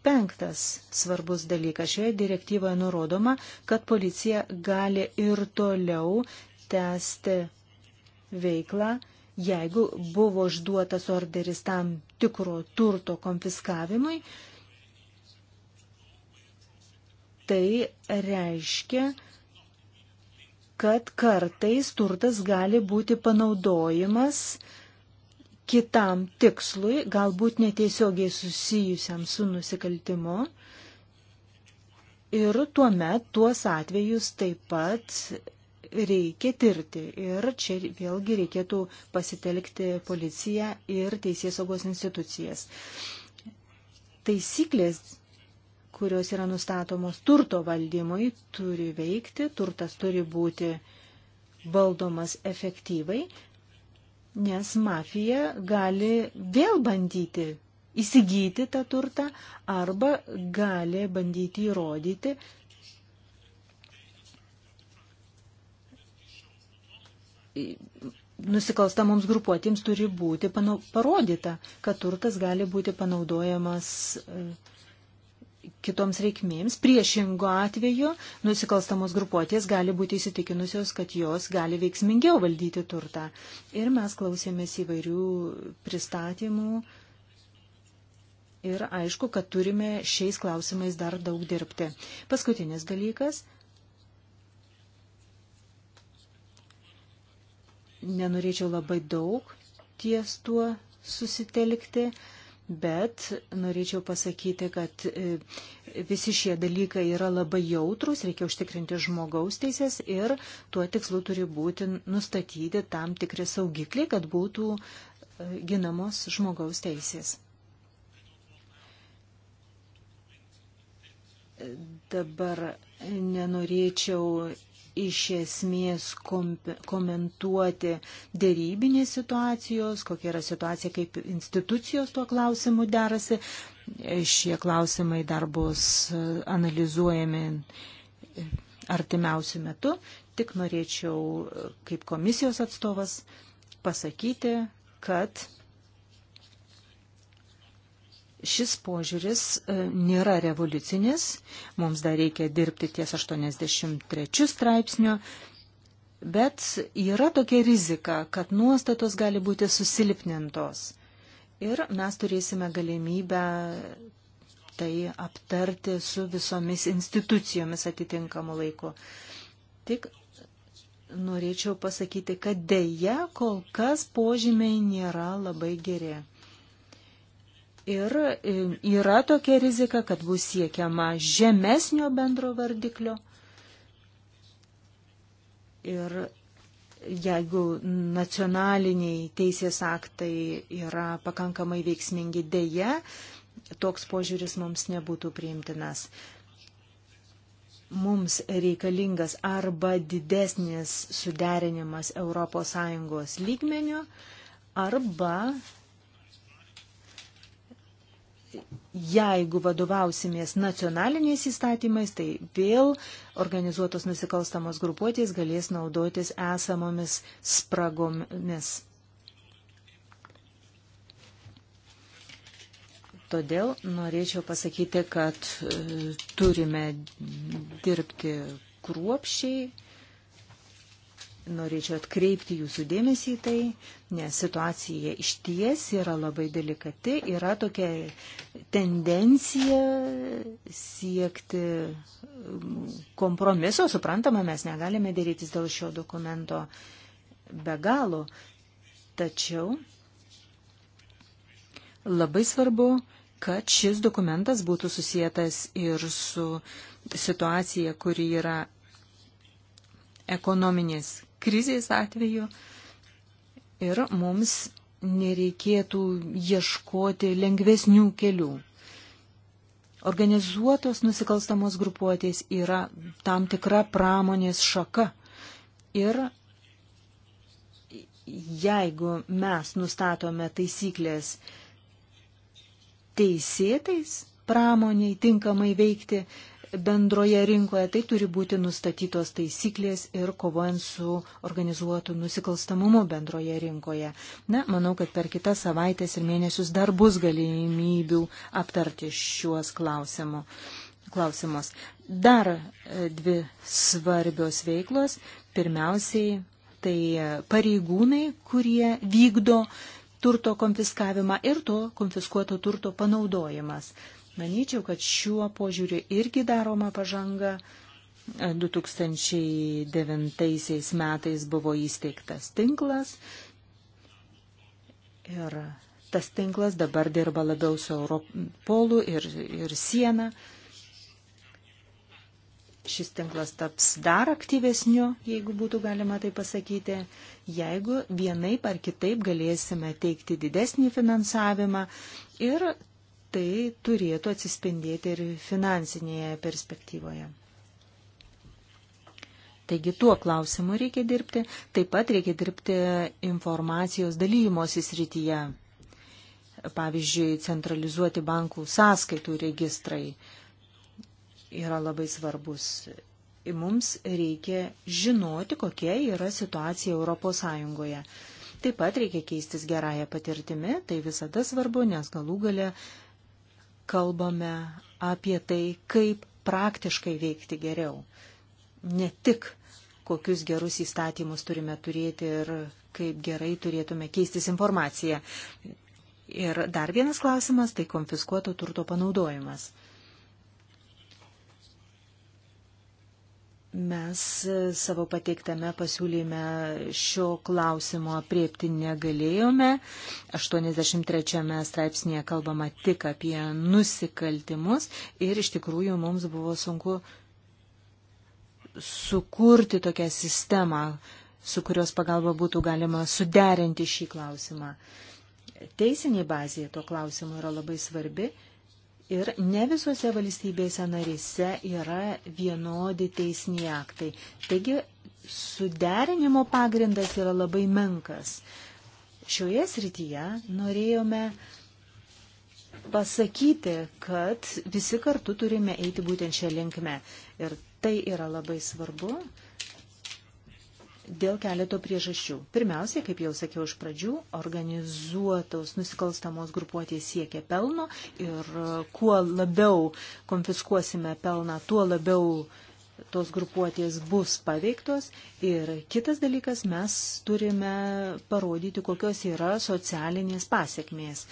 Penktas svarbus dalykas. Šioje direktyvoje nurodoma, kad policija gali ir toliau tęsti veiklą, jeigu buvo užduotas orderis tam tikro turto konfiskavimui. Tai reiškia, kad kartais turtas gali būti panaudojimas uh, kitam tikslui, galbūt netiesiogiai susijusiam su nusikaltimu. Ir tuomet tuos atvejus taip pat reikia tirti. Ir čia vėlgi reikėtų pasitelkti policiją ir teisės saugos institucijas. Taisyklės, kurios yra nustatomos turto valdymui, turi veikti, turtas turi būti valdomas efektyvai, nes mafija gali vėl bandyti įsigyti tą turtą arba gali bandyti įrodyti, nusikalstamoms grupuotėms turi būti parodyta, kad turtas gali būti panaudojamas uh, kitoms reikmėms. Priešingo atveju nusikalstamos grupuotės gali būti įsitikinusios, kad jos gali veiksmingiau valdyti turtą. Ir mes klausėmės įvairių pristatymų. Ir aišku, kad turime šiais klausimais dar daug dirbti. Paskutinis dalykas. Nenorėčiau labai daug ties tuo susitelkti bet norėčiau pasakyti, kad e, visi šie dalykai yra labai jautrus, reikia užtikrinti žmogaus teisės ir tuo tikslu turi būti nustatyti tam tikri saugikliai, kad būtų e, ginamos žmogaus teisės. Dabar nenorėčiau iš esmės komentuoti dėrybinės situacijos, kokia yra situacija, kaip institucijos tuo klausimu derasi. Šie klausimai dar bus e, analizuojami e, artimiausių metų. Tik norėčiau, e, kaip komisijos atstovas, pasakyti, kad Šis požiūris e, nėra revoliucinis, mums dar reikia dirbti ties 83 straipsnio, bet yra tokia rizika, kad nuostatos gali būti susilipnintos. Ir mes turėsime galimybę tai aptarti su visomis institucijomis atitinkamu laiku. Tik norėčiau pasakyti, kad dėja kol kas požymiai nėra labai geri. Ir e, yra tokia rizika, kad bus siekiama žemesnio bendro vardiklio. Ir jeigu nacionaliniai teisės aktai yra pakankamai veiksmingi dėje, toks požiūris mums nebūtų priimtinas mums reikalingas arba didesnis suderinimas ES lygmenių, arba jeigu vadovausimės nacionaliniais įstatymais, tai vėl organizuotos nusikalstamos grupuotės galės naudotis esamomis spragomis. Todėl norėčiau pasakyti, kad e, turime dirbti kruopšiai norėčiau atkreipti jūsų dėmesį į tai, nes situacija iš ties yra labai delikati, yra tokia tendencija siekti mm, kompromiso, suprantama, mes negalime dėrėtis dėl šio dokumento be galo, tačiau labai svarbu, kad šis dokumentas būtų susijęs ir su situacija, kuri yra ekonominės krizės atveju ir mums nereikėtų ieškoti lengvesnių kelių. Organizuotos nusikalstamos grupuotės yra tam tikra pramonės šaka ir jeigu mes nustatome taisyklės teisėtais pramoniai tinkamai veikti, bendroje rinkoje, tai turi būti nustatytos taisyklės ir kovojant su organizuotu nusikalstamumu bendroje rinkoje. Na, manau, kad per kitas savaitės ir mėnesius dar bus galimybių aptarti šiuos klausimu, klausimus. Dar e, dvi svarbios veiklos. Pirmiausiai, tai e, pareigūnai, kurie vykdo turto konfiskavimą ir to konfiskuoto turto panaudojimas. Manyčiau, kad šiuo požiūriu irgi daroma pažanga. 2009 metais buvo įsteigtas tinklas ir tas tinklas dabar dirba labiau su Europolu ir, ir siena. Šis tinklas taps dar aktyvesniu, jeigu būtų galima tai pasakyti, jeigu vienaip ar kitaip galėsime teikti didesnį finansavimą ir tai turėtų atsispindėti ir finansinėje perspektyvoje. Taigi tuo klausimu reikia dirbti, taip pat reikia dirbti informacijos dalymosi srityje. Pavyzdžiui, centralizuoti bankų sąskaitų registrai yra labai svarbus. Mums reikia žinoti, kokia yra situacija Europos Sąjungoje. Taip pat reikia keistis gerąją patirtimi, tai visada svarbu, nes galų gale kalbame apie tai, kaip praktiškai veikti geriau. Ne tik kokius gerus įstatymus turime turėti ir kaip gerai turėtume keistis informaciją. Ir dar vienas klausimas - tai konfiskuoto turto panaudojimas. Mes savo pateiktame pasiūlyme šio klausimo apriepti negalėjome. 83 straipsnėje kalbama tik apie nusikaltimus ir iš tikrųjų mums buvo sunku sukurti tokią sistemą, su kurios pagalba būtų galima suderinti šį klausimą. Teisinė bazė to klausimo yra labai svarbi Ir ne visose valstybėse narise yra vienodi teisiniai aktai. Taigi suderinimo pagrindas yra labai menkas. Šioje srityje norėjome pasakyti, kad visi kartu turime eiti būtent šią linkmę. Ir tai yra labai svarbu dėl keleto priežasčių. Pirmiausiai, kaip jau sakiau iš pradžių, organizuotos nusikalstamos grupuotės siekia pelno ir e, kuo labiau konfiskuosime pelną, tuo labiau tos grupuotės bus paveiktos. Ir kitas dalykas, mes turime parodyti, kokios yra socialinės pasiekmės.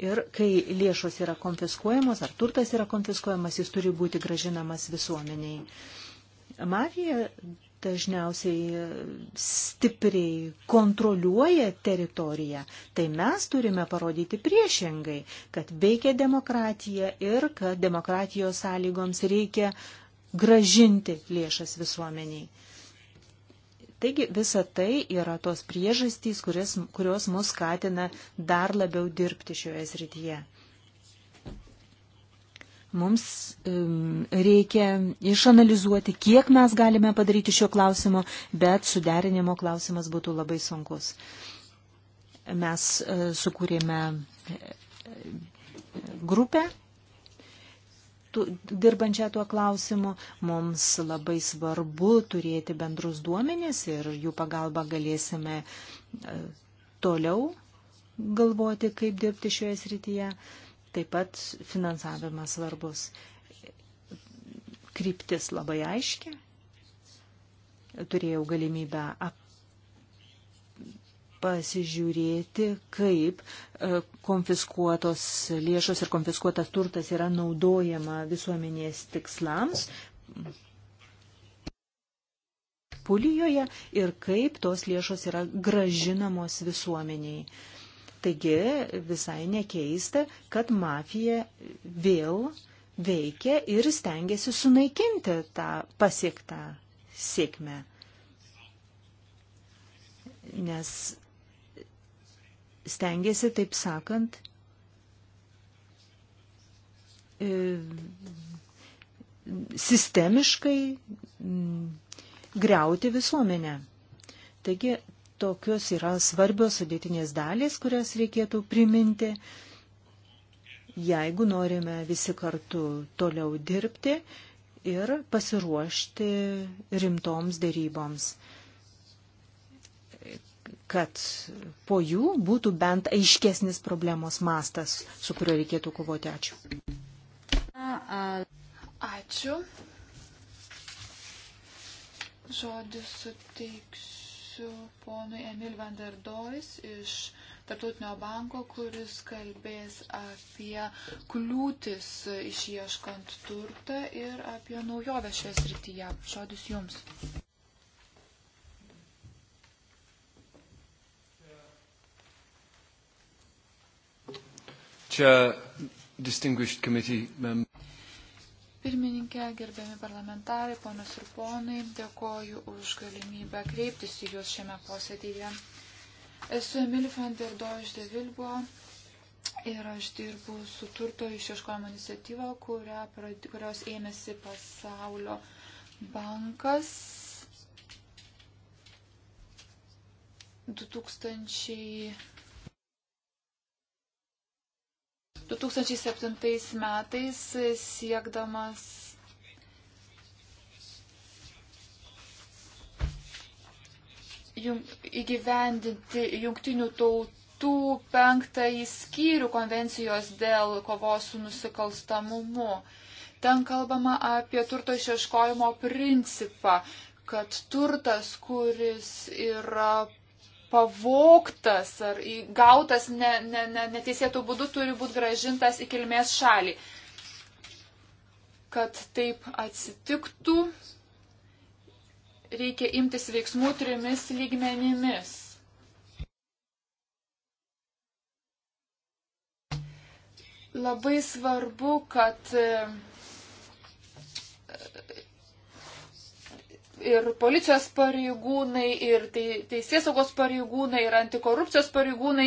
Ir kai lėšos yra konfiskuojamos ar turtas yra konfiskuojamas, jis turi būti gražinamas visuomeniai. Mafija dažniausiai e, stipriai kontroliuoja teritoriją, tai mes turime parodyti priešingai, kad veikia demokratija ir kad demokratijos sąlygoms reikia gražinti lėšas visuomeniai. Taigi visa tai yra tos priežastys, kurios, kurios mus skatina dar labiau dirbti šioje srityje. Mums reikia išanalizuoti, kiek mes galime padaryti šio klausimo, bet suderinimo klausimas būtų labai sunkus. Mes e, sukūrėme e, grupę dirbančią tuo klausimu. Mums labai svarbu turėti bendrus duomenis ir jų pagalba galėsime e, toliau galvoti, kaip dirbti šioje srityje. Taip pat finansavimas svarbus. Kryptis labai aiški. Turėjau galimybę pasižiūrėti, kaip e, konfiskuotos lėšos ir konfiskuotas turtas yra naudojama visuomenės tikslams. Pulijoje ir kaip tos lėšos yra gražinamos visuomeniai. Uh, Taigi visai nekeista, kad mafija vėl veikia ir stengiasi sunaikinti tą pasiektą sėkmę. Nes stengiasi, taip sakant, e, sistemiškai greuti visuomenę. Taigi tokios yra svarbios sudėtinės dalys, kurias reikėtų priminti, jeigu norime visi kartu toliau dirbti ir pasiruošti rimtoms dėryboms kad po jų būtų bent aiškesnis problemos mastas, su kuriuo reikėtų kovoti. Ačiū. Ačiū. Žodį suteiksiu su ponui Emil van der Dois iš Tartautinio banko, kuris kalbės apie kliūtis išieškant turtą ir apie naujovę šioje srityje. Šodis jums. Čia distinguished committee member pirmininkė, gerbiami parlamentarai, ponas ir ponai, dėkoju už galimybę kreiptis į Jūs šiame posėdėje. Esu Emilija Fanderdo iš Devilbo ir aš dirbu su turto išieškojimo iniciatyva, kuria, kurios ėmėsi pasaulio bankas 2000. 2007 metais siekdamas įgyvendinti jungtinių tautų penktąjį skyrių konvencijos dėl kovos su nusikalstamumu. Ten kalbama apie turto išieškojimo principą, kad turtas, kuris yra pavoktas ar gautas ne, ne, ne, neteisėtų būdų, turi būti gražintas į kilmės šalį. Kad taip atsitiktų, reikia imtis veiksmų trimis lygmenimis. Labai svarbu, kad ir policijos pareigūnai, ir teisės saugos pareigūnai, ir antikorupcijos pareigūnai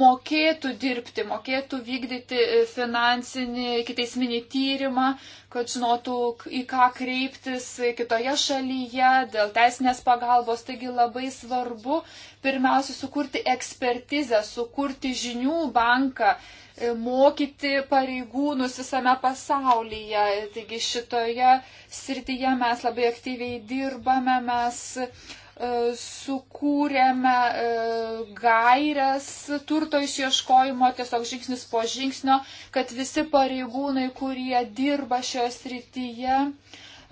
mokėtų dirbti, mokėtų vykdyti e, finansinį, kitaisminį tyrimą, kad žinotų, į ką kreiptis kitoje šalyje dėl teisinės pagalbos. Taigi labai svarbu pirmiausia sukurti ekspertizę, sukurti žinių banką E, mokyti pareigūnus visame pasaulyje. Taigi šitoje srityje mes labai aktyviai dirbame, mes e, sukūrėme e, gairias turto išieškojimo tiesiog žingsnis po žingsnio, kad visi pareigūnai, kurie dirba šioje srityje,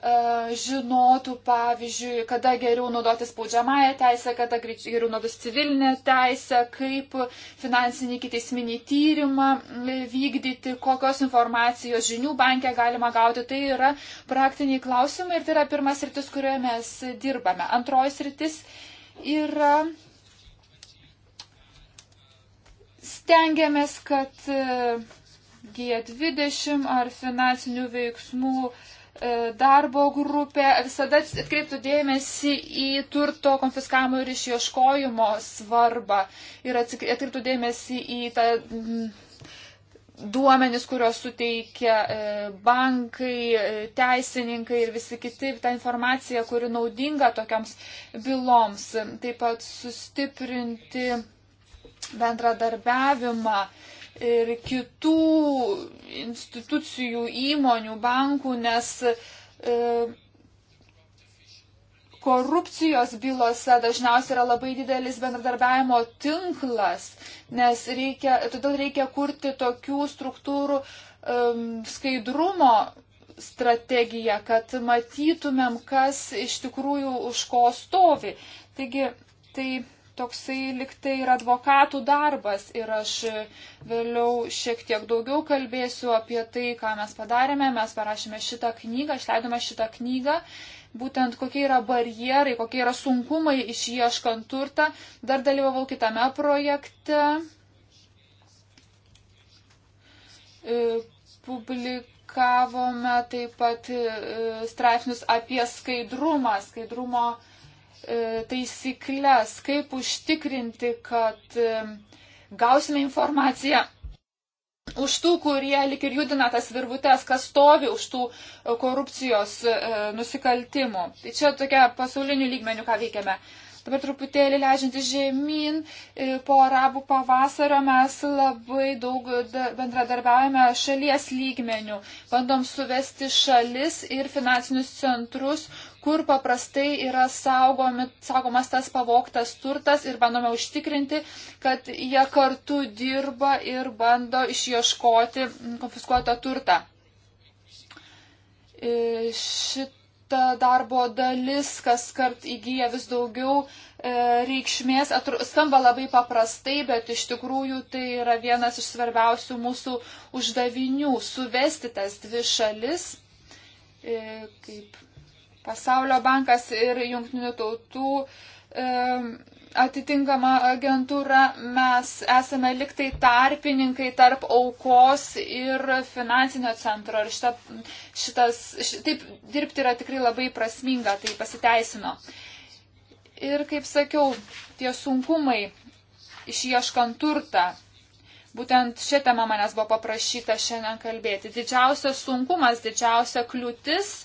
E, žinotų, pavyzdžiui, kada geriau naudoti spaudžiamąją teisę, kada geriau naudoti civilinę teisę, kaip finansinį kiteisminį tyrimą e, vykdyti, kokios informacijos žinių bankė galima gauti. Tai yra praktiniai klausimai ir tai yra pirmas rytis, kurioje mes dirbame. Antroji rytis yra. Stengiamės, kad e, G20 ar finansinių veiksmų uh, E, darbo grupė visada atkreiptų dėmesį į turto konfiskavimo ir išieškojimo svarbą ir atkreiptų dėmesį į tą duomenis, kurios suteikia e, bankai, e, teisininkai ir visi kiti, ta informacija, kuri naudinga tokiams byloms. Taip pat sustiprinti bendradarbiavimą ir kitų institucijų, įmonių, bankų, nes e, korupcijos bylose dažniausiai yra labai didelis bendradarbiavimo tinklas, nes reikia, todėl reikia kurti tokių struktūrų um, skaidrumo strategiją, kad matytumėm, kas iš tikrųjų už ko stovi. Taigi, tai toksai liktai ir advokatų darbas. Ir aš vėliau šiek tiek daugiau kalbėsiu apie tai, ką mes padarėme. Mes parašėme šitą knygą, išleidome šitą knygą. Būtent kokie yra barjerai, kokie yra sunkumai išieškant turtą. Dar dalyvavau kitame projekte. E, publikavome taip pat e, straipsnius apie skaidrumą, skaidrumo E, taisyklės, kaip užtikrinti, kad e, gausime informaciją už tų, kurie lik ir judina tas virvutės, kas stovi už tų korupcijos e, nusikaltimų. Tai čia tokia pasaulinių lygmenių, ką veikiame. Dabar truputėlį leidžiantis žemyn, po arabų pavasario mes labai daug bendradarbiavame šalies lygmenių. Bandom suvesti šalis ir finansinius centrus, kur paprastai yra saugomi, saugomas tas pavoktas turtas ir bandome užtikrinti, kad jie kartu dirba ir bando išieškoti konfiskuotą turtą. E, Šit ta darbo dalis kas kart įgyja vis daugiau e, reikšmės. Atru, skamba labai paprastai, bet iš tikrųjų tai yra vienas iš svarbiausių mūsų uždavinių - suvesti tas dvi šalis, e, kaip Pasaulio bankas ir jungtinių tautų atitinkama agentūra, mes esame liktai tarpininkai tarp aukos ir finansinio centro. Ir šita, šitas, šitaip dirbti yra tikrai labai prasminga, tai pasiteisino. Ir kaip sakiau, tie sunkumai išieškant turtą. Būtent šią temą manęs buvo paprašyta šiandien kalbėti. Didžiausias sunkumas, didžiausia kliūtis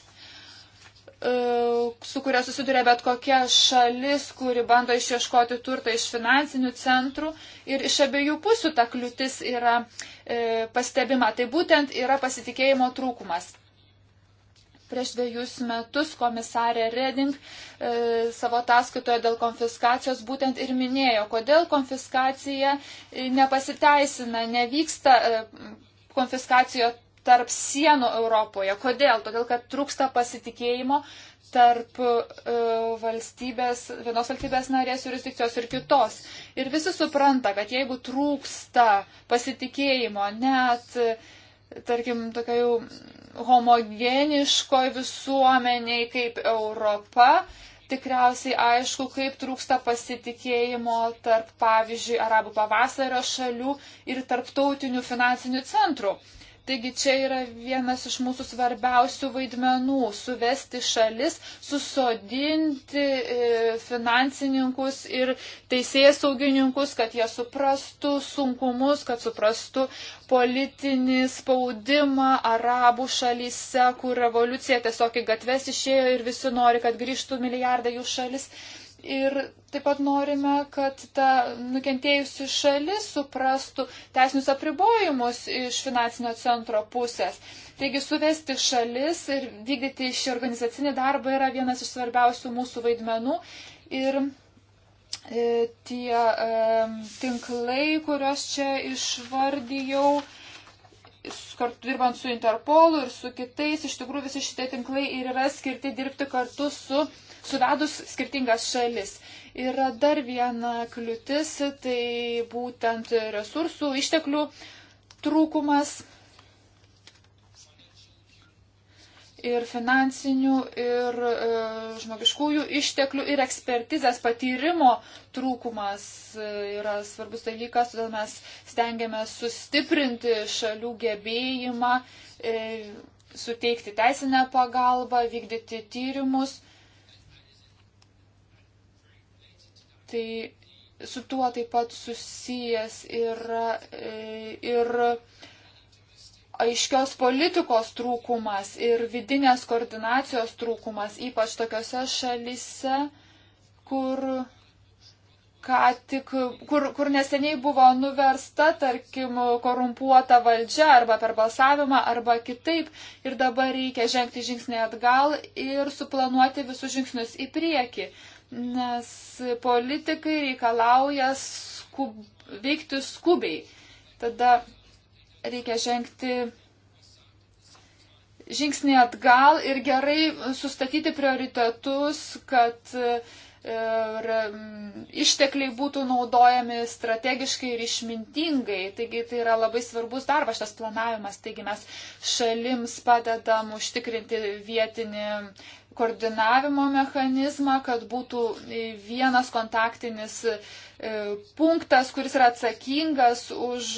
E, su kuria susiduria bet kokia šalis, kuri bando išieškoti turtą iš finansinių centrų ir iš abiejų pusių ta kliūtis yra e, pastebima. Tai būtent yra pasitikėjimo trūkumas. Prieš dviejus metus komisarė Reding e, savo ataskaitoje dėl konfiskacijos būtent ir minėjo, kodėl konfiskacija e, nepasiteisina, nevyksta e, konfiskacijo tarp sienų Europoje. Kodėl? Todėl, kad trūksta pasitikėjimo tarp e, valstybės, vienos valstybės narės jurisdikcijos ir kitos. Ir visi supranta, kad jeigu trūksta pasitikėjimo, net, e, tarkim, tokia jau homogeniškoj visuomeniai kaip Europa, tikriausiai aišku, kaip trūksta pasitikėjimo tarp, pavyzdžiui, arabų pavasario šalių ir tarptautinių finansinių centrų. Uh, Taigi čia yra vienas iš mūsų svarbiausių vaidmenų - suvesti šalis, susodinti e, finansininkus ir teisėjai saugininkus, kad jie suprastų sunkumus, kad suprastų politinį spaudimą arabų šalyse, kur revoliucija tiesiog į gatves išėjo ir visi nori, kad grįžtų milijardai jų šalis. Ir taip pat norime, kad ta nukentėjusi šalis suprastų teisinius apribojimus iš finansinio centro pusės. Taigi suvesti šalis ir vykdyti šį organizacinį darbą yra vienas iš svarbiausių mūsų vaidmenų. Ir e, tie e, tinklai, kuriuos čia išvardijau, kartu dirbant su Interpolu ir su kitais, iš tikrųjų visi šitie tinklai ir yra skirti dirbti kartu su suvedus skirtingas šalis. Yra dar viena kliūtis, tai būtent resursų, išteklių trūkumas ir finansinių, ir e, žmogiškųjų išteklių, ir ekspertizės patyrimo trūkumas e, yra svarbus dalykas, todėl mes stengiamės sustiprinti šalių gebėjimą, e, suteikti teisinę pagalbą, vykdyti tyrimus, tai su tuo taip pat susijęs yra ir, e, ir aiškios politikos trūkumas ir vidinės koordinacijos trūkumas, ypač tokiose šalise, kur, tik, kur, kur neseniai buvo nuversta, tarkim, korumpuota valdžia arba per balsavimą arba kitaip ir dabar reikia žengti žingsnį atgal ir suplanuoti visus žingsnius į priekį nes politikai reikalauja skub, veikti skubiai. Tada reikia žengti žingsnį atgal ir gerai sustatyti prioritetus, kad ir mm, ištekliai būtų naudojami strategiškai ir išmintingai. Taigi tai yra labai svarbus darbas šitas planavimas. Taigi mes šalims padedam užtikrinti vietinį koordinavimo mechanizmą, kad būtų vienas kontaktinis e, punktas, kuris yra atsakingas už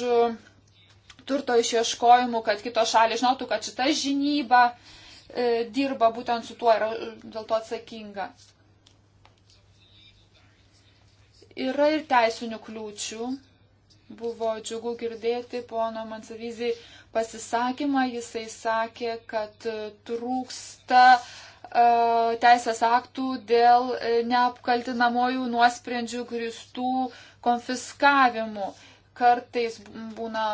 turto išieškojimų, kad kitos šalis žinotų, kad šita žinyba e, dirba būtent su tuo ir dėl to atsakinga yra ir teisinių kliūčių. Buvo džiugu girdėti pono Mansavizį pasisakymą. Jisai sakė, kad trūksta e, teisės aktų dėl e, neapkaltinamojų nuosprendžių grįstų konfiskavimų. Kartais būna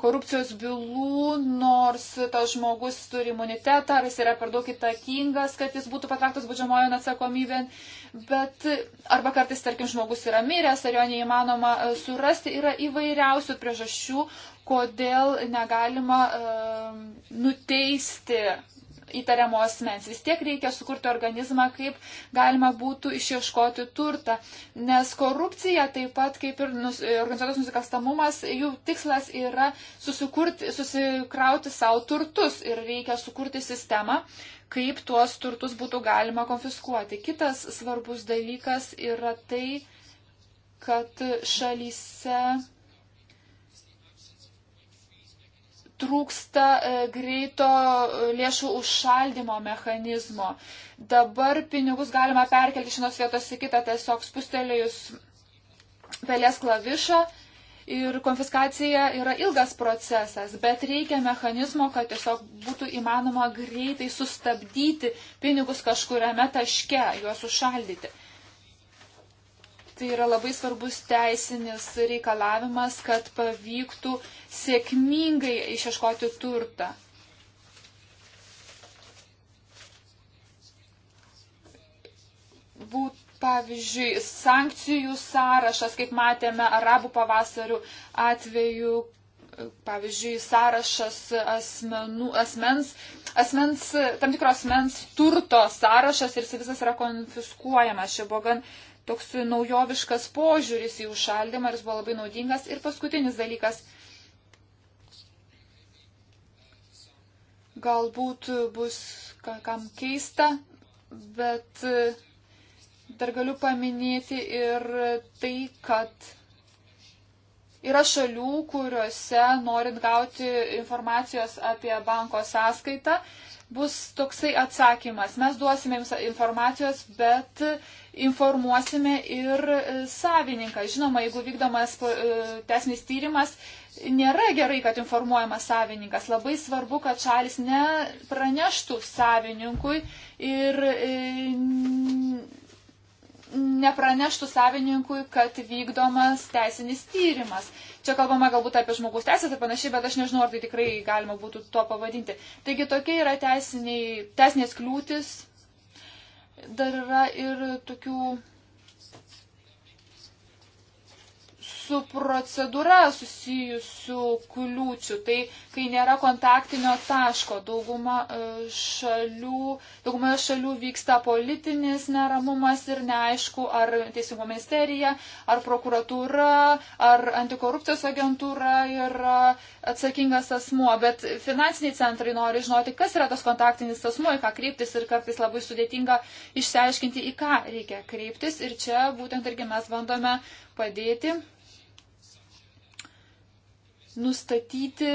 korupcijos bylų, nors tas žmogus turi imunitetą, ar jis yra per daug įtakingas, kad jis būtų patrauktas būdžiamojo atsakomybėn, bet arba kartais, tarkim, žmogus yra miręs, ar jo neįmanoma e, surasti, yra įvairiausių priežasčių, kodėl negalima uh, nuteisti įtariamo asmens. Vis tiek reikia sukurti organizmą, kaip galima būtų išieškoti turtą. Nes korupcija taip pat, kaip ir nus, e, organizuotas nusikalstamumas, jų tikslas yra susikrauti savo turtus ir reikia sukurti sistemą, kaip tuos turtus būtų galima konfiskuoti. Kitas svarbus dalykas yra tai, kad šalyse trūksta e, greito e, lėšų užšaldimo mechanizmo. Dabar pinigus galima perkelti iš vienos vietos į kitą tiesiog spustelėjus pelės klavišą. Ir konfiskacija yra ilgas procesas, bet reikia mechanizmo, kad tiesiog būtų įmanoma greitai sustabdyti pinigus kažkuriame taške, juos užšaldyti tai yra labai svarbus teisinis reikalavimas, kad pavyktų sėkmingai išieškoti turtą. Būt, pavyzdžiui, sankcijų sąrašas, kaip matėme arabų pavasarių atveju, pavyzdžiui, sąrašas asmenų, asmens, asmens, tam tikros asmens turto sąrašas ir jis visas yra konfiskuojamas. Čia buvo gan toks naujoviškas požiūris į užšaldymą ir jis buvo labai naudingas. Ir paskutinis dalykas. Galbūt bus kam keista, bet e, dar galiu paminėti ir tai, kad yra šalių, kuriuose norint gauti informacijos apie banko sąskaitą, bus toksai atsakymas. Mes duosime jums informacijos, bet informuosime ir e, savininką. Žinoma, jeigu vykdomas e, tesnis tyrimas, nėra gerai, kad informuojamas savininkas. Labai svarbu, kad šalis nepraneštų savininkui ir e, nepraneštų savininkui, kad vykdomas teisinis tyrimas. Čia kalbama galbūt apie žmogaus teisės ir panašiai, bet aš nežinau, ar tai tikrai galima būtų tuo pavadinti. Taigi tokie yra teisiniai, teisinės kliūtis. Dar yra ir tokių su procedūra susijusių kliūčių. Tai kai nėra kontaktinio taško, dauguma e, šalių, daugumoje šalių vyksta politinis neramumas ir neaišku, ar Teisingumo ministerija, ar prokuratūra, ar antikorupcijos agentūra yra atsakingas asmuo. Bet finansiniai centrai nori žinoti, kas yra tas kontaktinis asmuo, į ką kreiptis ir kartais labai sudėtinga išsiaiškinti, į ką reikia kreiptis. Ir čia būtent irgi mes bandome padėti nustatyti,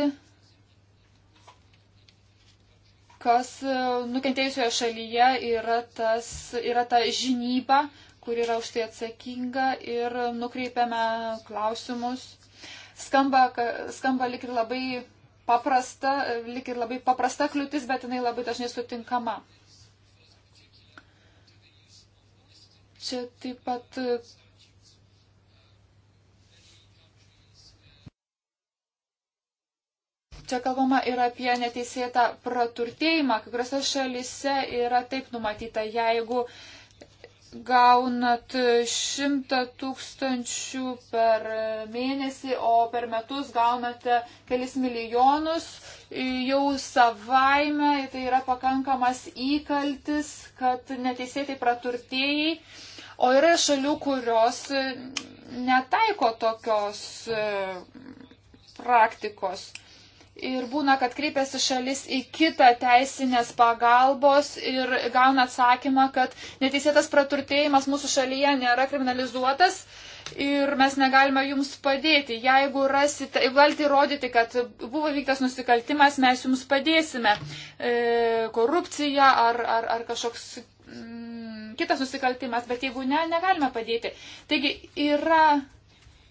kas e, nukentėjusioje šalyje yra, tas, yra ta žinyba, kur yra už tai atsakinga ir nukreipiame klausimus. Skamba, skamba lik ir labai paprasta, lik ir labai paprasta kliūtis, bet jinai labai dažnai sutinkama. Čia taip pat Čia kalbama ir apie neteisėtą praturtėjimą. Kai kuriuose šalise yra taip numatyta, jeigu gaunat šimtą tūkstančių per mėnesį, o per metus gaunate kelis milijonus, jau savaime tai yra pakankamas įkaltis, kad neteisėtai praturtėjai. O yra šalių, kurios netaiko tokios e, praktikos. Ir būna, kad kreipiasi šalis į kitą teisinės pagalbos ir gauna atsakymą, kad neteisėtas praturtėjimas mūsų šalyje nėra kriminalizuotas ir mes negalime jums padėti. Jeigu rasite, jeigu galite įrodyti, kad buvo vyktas nusikaltimas, mes jums padėsime. E, korupcija ar, ar, ar kažkoks. Mm, kitas nusikaltimas, bet jeigu ne, negalime padėti. Taigi yra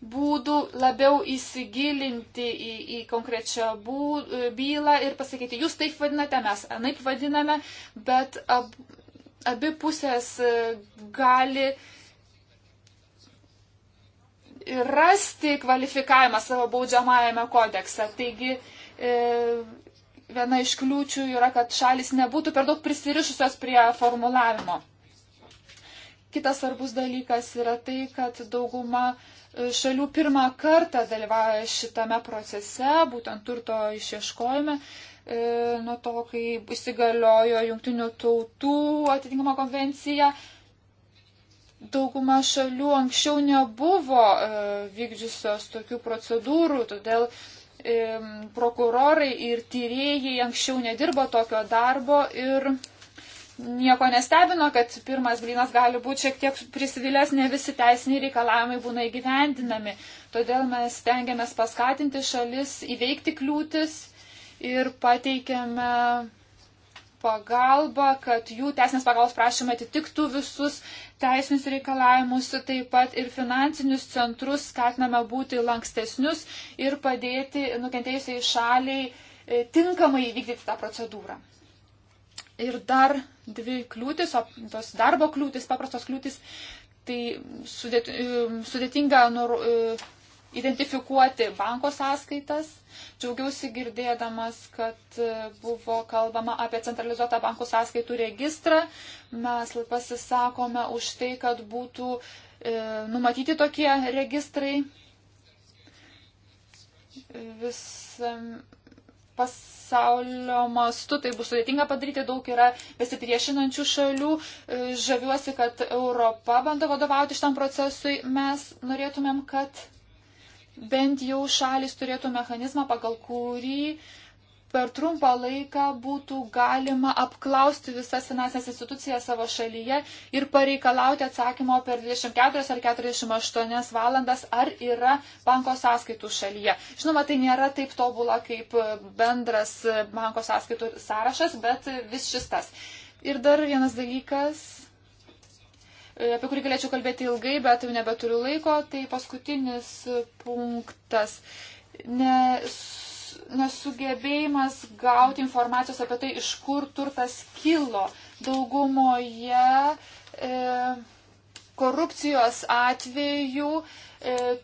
būdų labiau įsigilinti į, į konkrečią bū, e, bylą ir pasakyti, jūs taip vadinate, mes anaip vadiname, bet ab, abi pusės e, gali rasti kvalifikavimą savo baudžiamajame kodekse. Taigi e, viena iš kliūčių yra, kad šalis nebūtų per daug prisirišusios prie formulavimo. Kitas svarbus dalykas yra tai, kad dauguma e, šalių pirmą kartą dalyvauja šitame procese, būtent turto išieškojime, e, nuo to, kai įsigaliojo jungtinių tautų atitinkama konvencija. Dauguma šalių anksčiau nebuvo e, vykdžiusios tokių procedūrų, todėl e, prokurorai ir tyrėjai anksčiau nedirbo tokio darbo ir nieko nestebino, kad pirmas blynas gali būti šiek tiek prisidėlęs, ne visi teisiniai reikalavimai būna įgyvendinami. Todėl mes tengiamės paskatinti šalis įveikti kliūtis ir pateikėme pagalbą, kad jų teisinės pagalbos prašymai atitiktų visus teisinius reikalavimus, taip pat ir finansinius centrus skatiname būti lankstesnius ir padėti nukentėjusiai šaliai e, tinkamai įvykdyti tą procedūrą ir dar dvi kliūtis, o tos darbo kliūtis, paprastos kliūtis, tai sudėt, e, sudėtinga nur, e, identifikuoti banko sąskaitas. Džiaugiausi girdėdamas, kad e, buvo kalbama apie centralizuotą bankų sąskaitų registrą. Mes pasisakome už tai, kad būtų numatyti tokie registrai. Visam pasaulio mastu tai bus sudėtinga padaryti, daug yra besipriešinančių šalių. E, Žaviuosi, kad Europa bando vadovauti šitam procesui. Mes norėtumėm, kad bent jau šalis turėtų mechanizmą, pagal kurį uh, per trumpą laiką būtų galima apklausti visas finansinės institucijas savo šalyje ir pareikalauti atsakymo per 24 ar 48 valandas, ar yra banko sąskaitų šalyje. Žinoma, tai nėra taip tobula kaip bendras banko sąskaitų sąrašas, bet vis šis tas. Ir dar vienas dalykas e, apie kurį galėčiau kalbėti ilgai, bet jau nebeturiu laiko, tai paskutinis punktas. Ne, nesugebėjimas gauti informacijos apie tai, iš kur turtas kilo. Daugumoje e, korupcijos atveju e,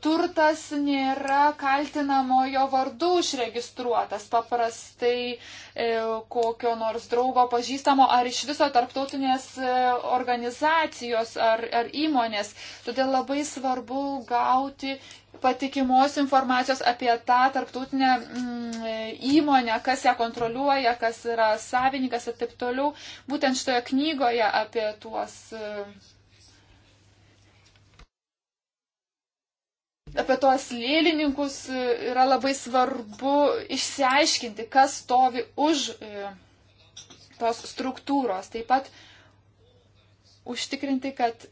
turtas nėra kaltinamojo vardu užregistruotas, paprastai e, kokio nors draugo pažįstamo ar iš viso tarptautinės e, organizacijos ar, ar įmonės. Todėl labai svarbu gauti patikimos informacijos apie tą tarptautinę mm, įmonę, kas ją kontroliuoja, kas yra savininkas ir taip toliau. Būtent šitoje knygoje apie tuos. E, apie tuos lėlininkus e, yra labai svarbu išsiaiškinti, kas stovi už e, tos struktūros. Taip pat užtikrinti, kad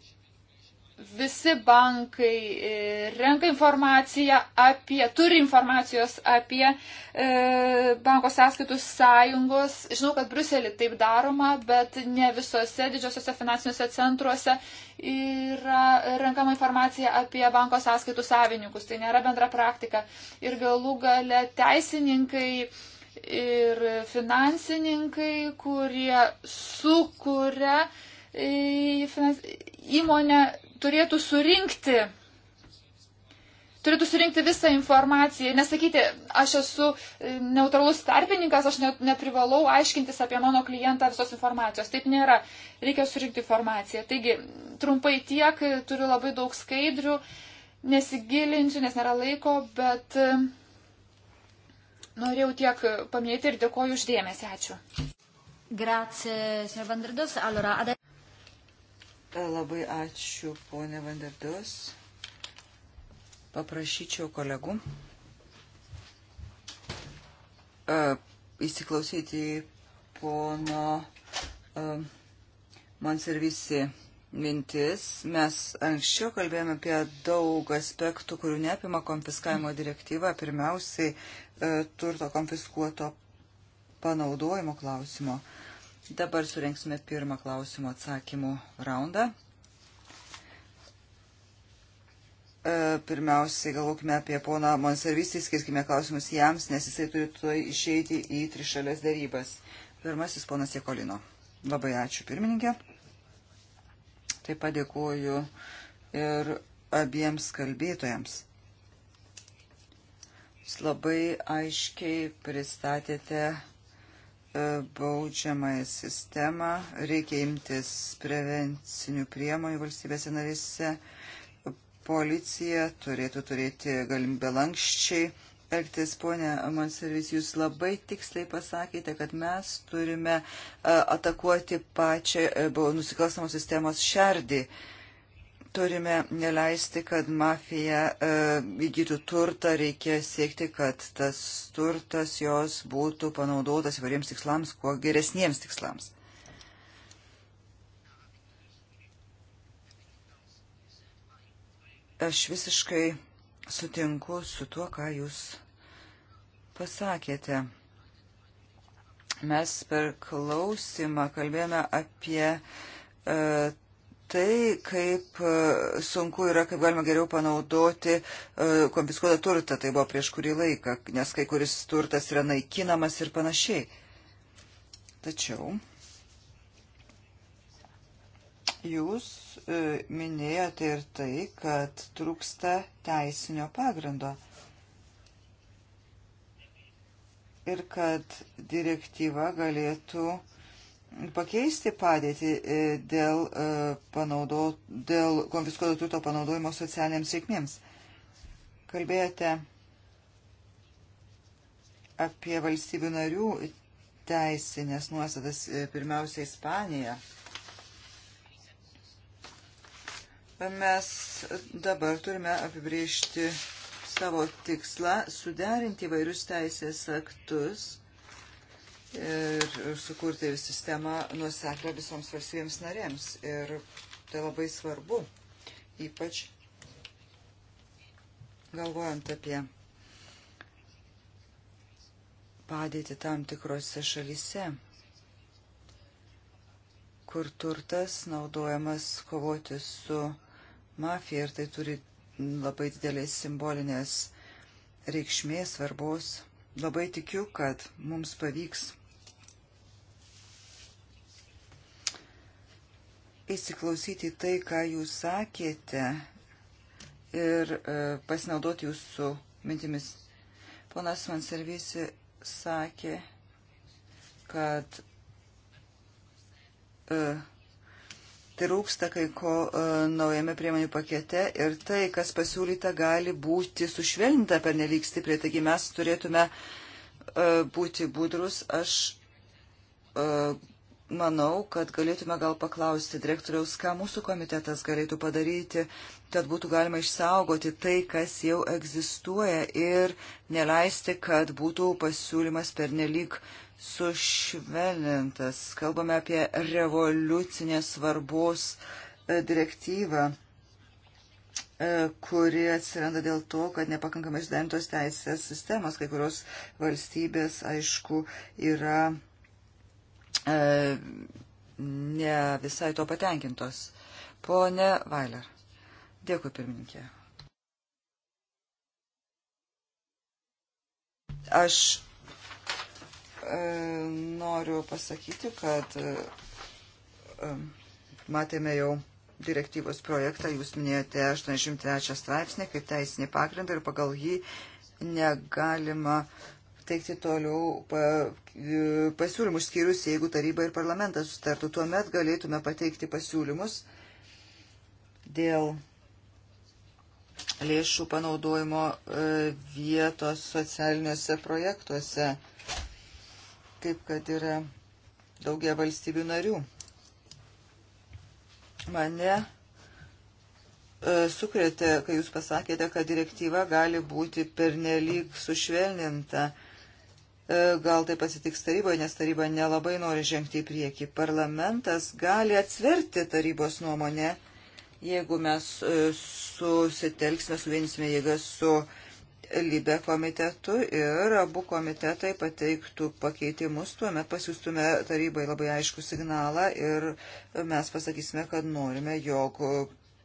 visi bankai e, renka informaciją apie, turi informacijos apie e, banko sąskaitų sąjungos. Žinau, kad Bruselį taip daroma, bet ne visose didžiosiuose finansiniuose centruose yra renkama informacija apie banko sąskaitų savininkus. Tai nėra bendra praktika. Ir galų gale teisininkai ir finansininkai, kurie sukuria e, įmonę turėtų surinkti turėtų surinkti visą informaciją, nesakyti, aš esu e, neutralus tarpininkas, aš net, neprivalau aiškintis apie mano klientą visos informacijos. Taip nėra, reikia surinkti informaciją. Taigi, trumpai tiek, turiu labai daug skaidrių, nesigilinsiu, nes nėra laiko, bet e, norėjau tiek paminėti ir dėkoju uždėmesi. Ačiū. Grazie, signor Vandardos. Allora, adesso... Labai ačiū, ponė Vanderdos. Paprašyčiau kolegų e, įsiklausyti pono e, Monservisi mintis. Mes anksčiau kalbėjome apie daug aspektų, kurių neapima konfiskavimo direktyva. Pirmiausiai e, turto konfiskuoto panaudojimo klausimo. Uh, Dabar surenksime pirmą klausimų atsakymų raundą. E, pirmiausiai galvokime apie poną Monservistį, skirkime klausimus jiems, nes jisai turi tuoj išeiti į trišalės darybas. Pirmasis ponas Jekolino. Labai ačiū pirmininkė. Taip pat dėkuoju ir abiems kalbėtojams. Jūs labai aiškiai pristatėte baudžiamąją sistemą, reikia imtis prevencinių priemonių valstybėse narėse, policija turėtų turėti galimybę lankščiai elgtis, ponė Monservis, jūs labai tiksliai pasakėte, kad mes turime atakuoti pačią e, nusikalstamos sistemos šerdį. Uh, Turime neleisti, kad mafija e, įgytų turtą, reikia siekti, kad tas turtas jos būtų panaudotas įvariems tikslams, kuo geresniems tikslams. Aš visiškai sutinku su tuo, ką jūs pasakėte. Mes per klausimą kalbėjome apie e, tai, kaip e, sunku yra, kaip galima geriau panaudoti e, konfiskuotą turtą. Tai buvo prieš kurį laiką, nes kai kuris turtas yra naikinamas ir panašiai. Tačiau jūs e, minėjote ir tai, kad trūksta teisinio pagrindo. Ir kad direktyva galėtų uh, pakeisti padėtį e, dėl, e, panaudo, dėl konfiskuoto turto panaudojimo socialiniams reikmėms. Kalbėjote apie valstybių narių teisinės nuostatas, e, pirmiausia, Ispanija. Mes dabar turime apibriežti savo tikslą suderinti vairius teisės aktus ir sukurti sistemą nuseklę visoms valstybėms narėms. Ir tai labai svarbu, ypač galvojant apie padėti tam tikrose šalyse, kur turtas naudojamas kovoti su mafija ir tai turi labai didelės simbolinės reikšmės svarbos. Labai tikiu, kad mums pavyks įsiklausyti tai, ką jūs sakėte ir e, pasinaudoti jūsų mintimis. Ponas Manservisi sakė, kad e, trūksta kai ko e, naujame priemonių pakete ir tai, kas pasiūlyta, gali būti sušvelninta per nelik stipriai. Taigi mes turėtume būti budrus. Aš manau, kad galėtume gal paklausti direktoriaus, ką mūsų komitetas galėtų padaryti, kad būtų galima išsaugoti tai, kas jau egzistuoja ir neleisti, kad būtų pasiūlymas pernelyg sušvelnintas. Kalbame apie revoliucinės svarbos e, direktyvą e, kuri atsiranda dėl to, kad nepakankamai išdarintos teisės sistemos, kai kurios valstybės, aišku, yra E, ne visai to patenkintos. Pone Vailer. Dėkui, pirmininkė. Aš e, noriu pasakyti, kad e, matėme jau direktyvos projektą, jūs minėjote 83 straipsnį kaip teisinį pagrindą ir pagal jį negalima e, teikti toliau e, pasiūlymus skirius, jeigu taryba ir parlamentas sustartų. Tuomet galėtume pateikti pasiūlymus dėl lėšų panaudojimo e, vietos socialiniuose projektuose, kaip kad yra daugia valstybių narių. Mane e, sukrėtė, kai jūs pasakėte, kad direktyva gali būti pernelyg sušvelninta. E, gal tai pasitiks taryboje, nes taryba nelabai nori žengti į priekį. Parlamentas gali atsverti tarybos nuomonę, jeigu mes e, susitelksime, suvienysime jėgas su Libe komitetu ir abu komitetai pateiktų pakeitimus, tuomet pasiūstume tarybai labai aišku signalą ir mes pasakysime, kad norime, jog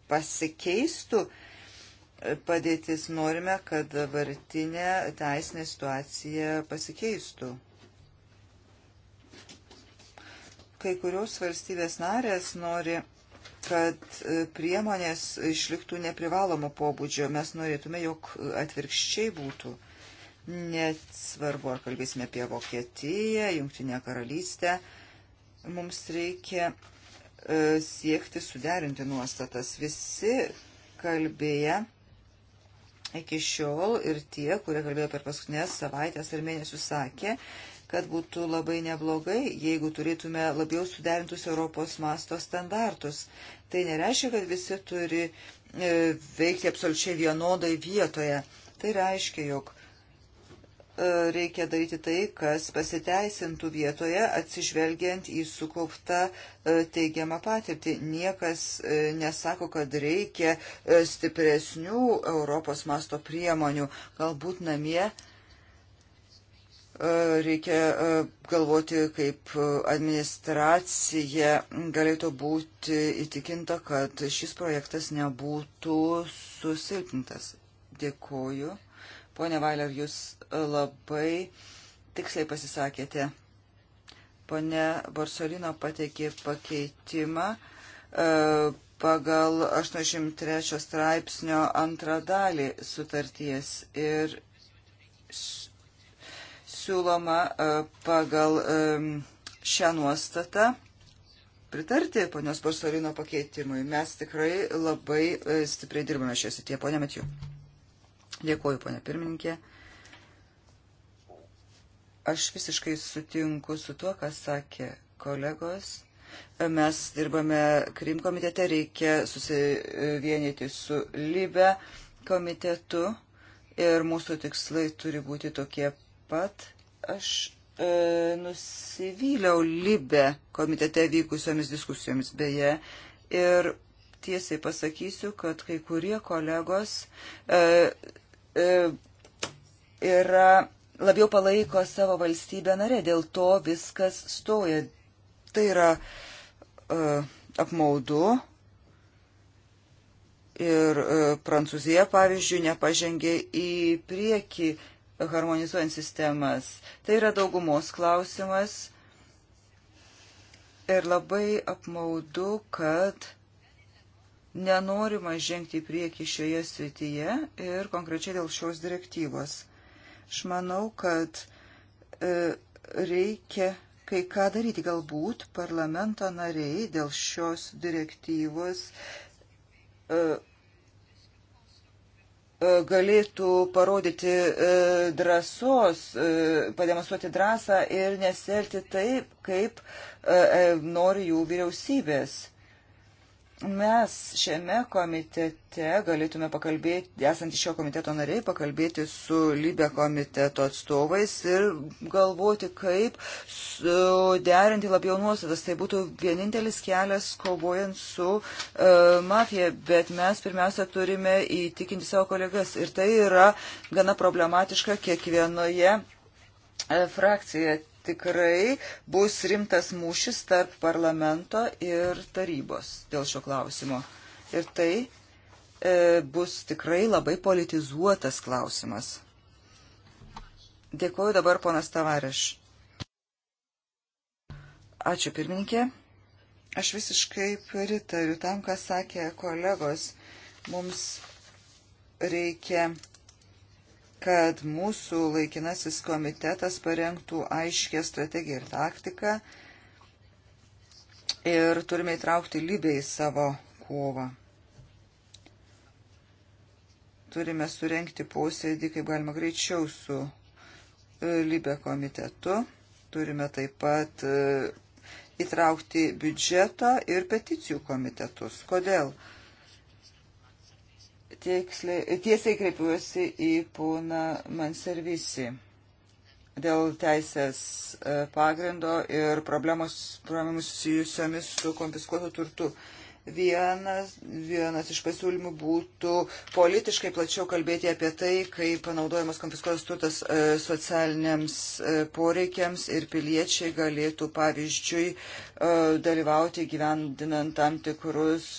pasikeistų uh, padėtis norime, kad dabartinė teisinė situacija pasikeistų. Kai kurios valstybės narės nori, kad priemonės išliktų neprivalomo pobūdžio. Mes norėtume, jog atvirkščiai būtų. Net svarbu, ar kalbėsime apie Vokietiją, Jungtinę karalystę. Mums reikia e, siekti suderinti nuostatas. Visi kalbėję iki šiol ir tie, kurie kalbėjo per paskutinės savaitės ar mėnesius, sakė, kad būtų labai neblogai, jeigu turėtume labiau suderintus Europos masto standartus. Tai nereiškia, kad visi turi e, veikti absoliučiai vienodai vietoje. Tai reiškia, jog reikia daryti tai, kas pasiteisintų vietoje, atsižvelgiant į sukauptą e, teigiamą patirtį. Niekas e, nesako, kad reikia e, stipresnių Europos masto priemonių. Galbūt namie reikia galvoti, kaip administracija galėtų būti įtikinta, kad šis projektas nebūtų susilpintas. Dėkuoju. Pone Vailer, jūs labai tiksliai pasisakėte. Pone Borsolino pateikė pakeitimą e, pagal 83 straipsnio antrą dalį sutarties ir siūloma e, pagal šią nuostatą pritarti ponios Borsolino pakeitimui. Mes tikrai labai e, stipriai dirbame šiose tie, ponė Matiu. Dėkuoju, ponė pirmininkė. Aš visiškai sutinku su tuo, ką sakė kolegos. Mes dirbame Krim komitete, reikia susivienyti su Libe komitetu ir mūsų tikslai turi būti tokie pat. Aš e, nusivyliau Libe komitete vykusiomis diskusijomis beje ir tiesiai pasakysiu, kad kai kurie kolegos e, e, yra labiau palaiko savo valstybę narę, dėl to viskas stoja. Tai yra uh, apmaudu. Ir uh, Prancūzija, pavyzdžiui, nepažengė į priekį harmonizuojant sistemas. Tai yra daugumos klausimas. Ir labai apmaudu, kad nenorima žengti į priekį šioje srityje ir konkrečiai dėl šios direktyvos. Aš manau, kad e, reikia kai ką daryti. Galbūt parlamento nariai dėl šios direktyvos e, e, galėtų parodyti drąsos, pademonstruoti drąsą ir neselti taip, kaip nori jų vyriausybės mes šiame komitete galėtume pakalbėti, esant šio komiteto nariai, pakalbėti su Libė komiteto atstovais ir galvoti, kaip derinti labiau nuostatas. Tai būtų vienintelis kelias kovojant su uh, mafija, bet mes pirmiausia turime įtikinti savo kolegas. Ir tai yra gana problematiška kiekvienoje e, frakcijoje tikrai bus rimtas mūšis tarp parlamento ir tarybos dėl šio klausimo. Ir tai e, bus tikrai labai politizuotas klausimas. Dėkuoju dabar ponas Tavareš. Ačiū pirmininkė. Aš visiškai pritariu tam, ką sakė kolegos. Mums reikia kad mūsų laikinasis komitetas parengtų aiškę strategiją ir taktiką ir turime įtraukti Libę į savo kovą. Turime surenkti posėdį, kaip galima greičiau, su e, Libė komitetu. Turime taip pat e, įtraukti biudžeto ir peticijų komitetus. Kodėl? Kodėl? tikslė, tiesiai kreipiuosi į pūną Manservisi dėl teisės e, pagrindo ir problemos, problemų susijusiamis su konfiskuotu turtu. Uh, Vienas, vienas iš pasiūlymų būtų politiškai plačiau kalbėti apie tai, kaip panaudojamas konfiskuotas turtas e, socialiniams e, poreikiams ir piliečiai galėtų, pavyzdžiui, e, dalyvauti gyvendinant tam tikrus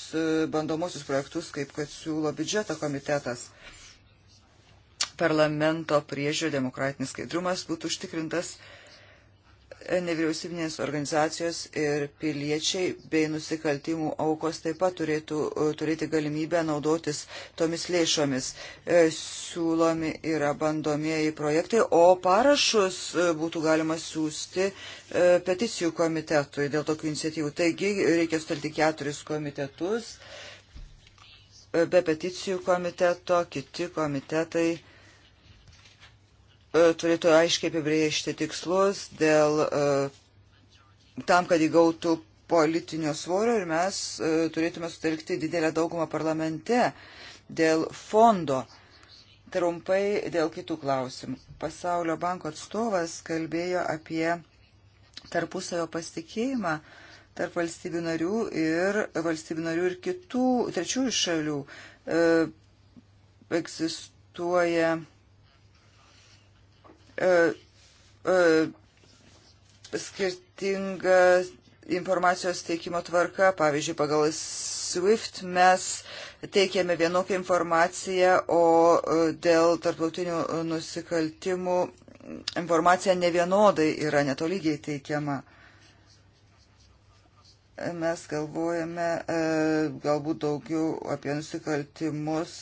bandomosius projektus, kaip kad siūlo biudžeto komitetas. Parlamento priežiūrė demokratinis skaidrumas būtų užtikrintas nevyriausybinės organizacijos ir piliečiai bei nusikaltimų aukos taip pat turėtų e, turėti galimybę naudotis tomis lėšomis. E, siūlomi yra bandomieji projektai, o parašus e, būtų galima siūsti peticijų komitetui dėl tokių iniciatyvų. Taigi reikia sutarti keturis komitetus, be peticijų komiteto, kiti komitetai E, turėtų aiškiai apibrėžti tikslus dėl e, tam, kad įgautų politinio svorio ir mes e, turėtume sutelkti didelę daugumą parlamente dėl fondo. Trumpai dėl kitų klausimų. Pasaulio banko atstovas kalbėjo apie tarpusavio pasitikėjimą tarp valstybių narių ir valstybių narių ir kitų trečiųjų šalių. E, egzistuoja E, e, skirtinga informacijos teikimo tvarka. Pavyzdžiui, pagal SWIFT mes teikėme vienokią informaciją, o e, dėl tarptautinių nusikaltimų informacija nevienodai yra netolygiai teikiama. Mes galvojame galbūt daugiau apie nusikaltimus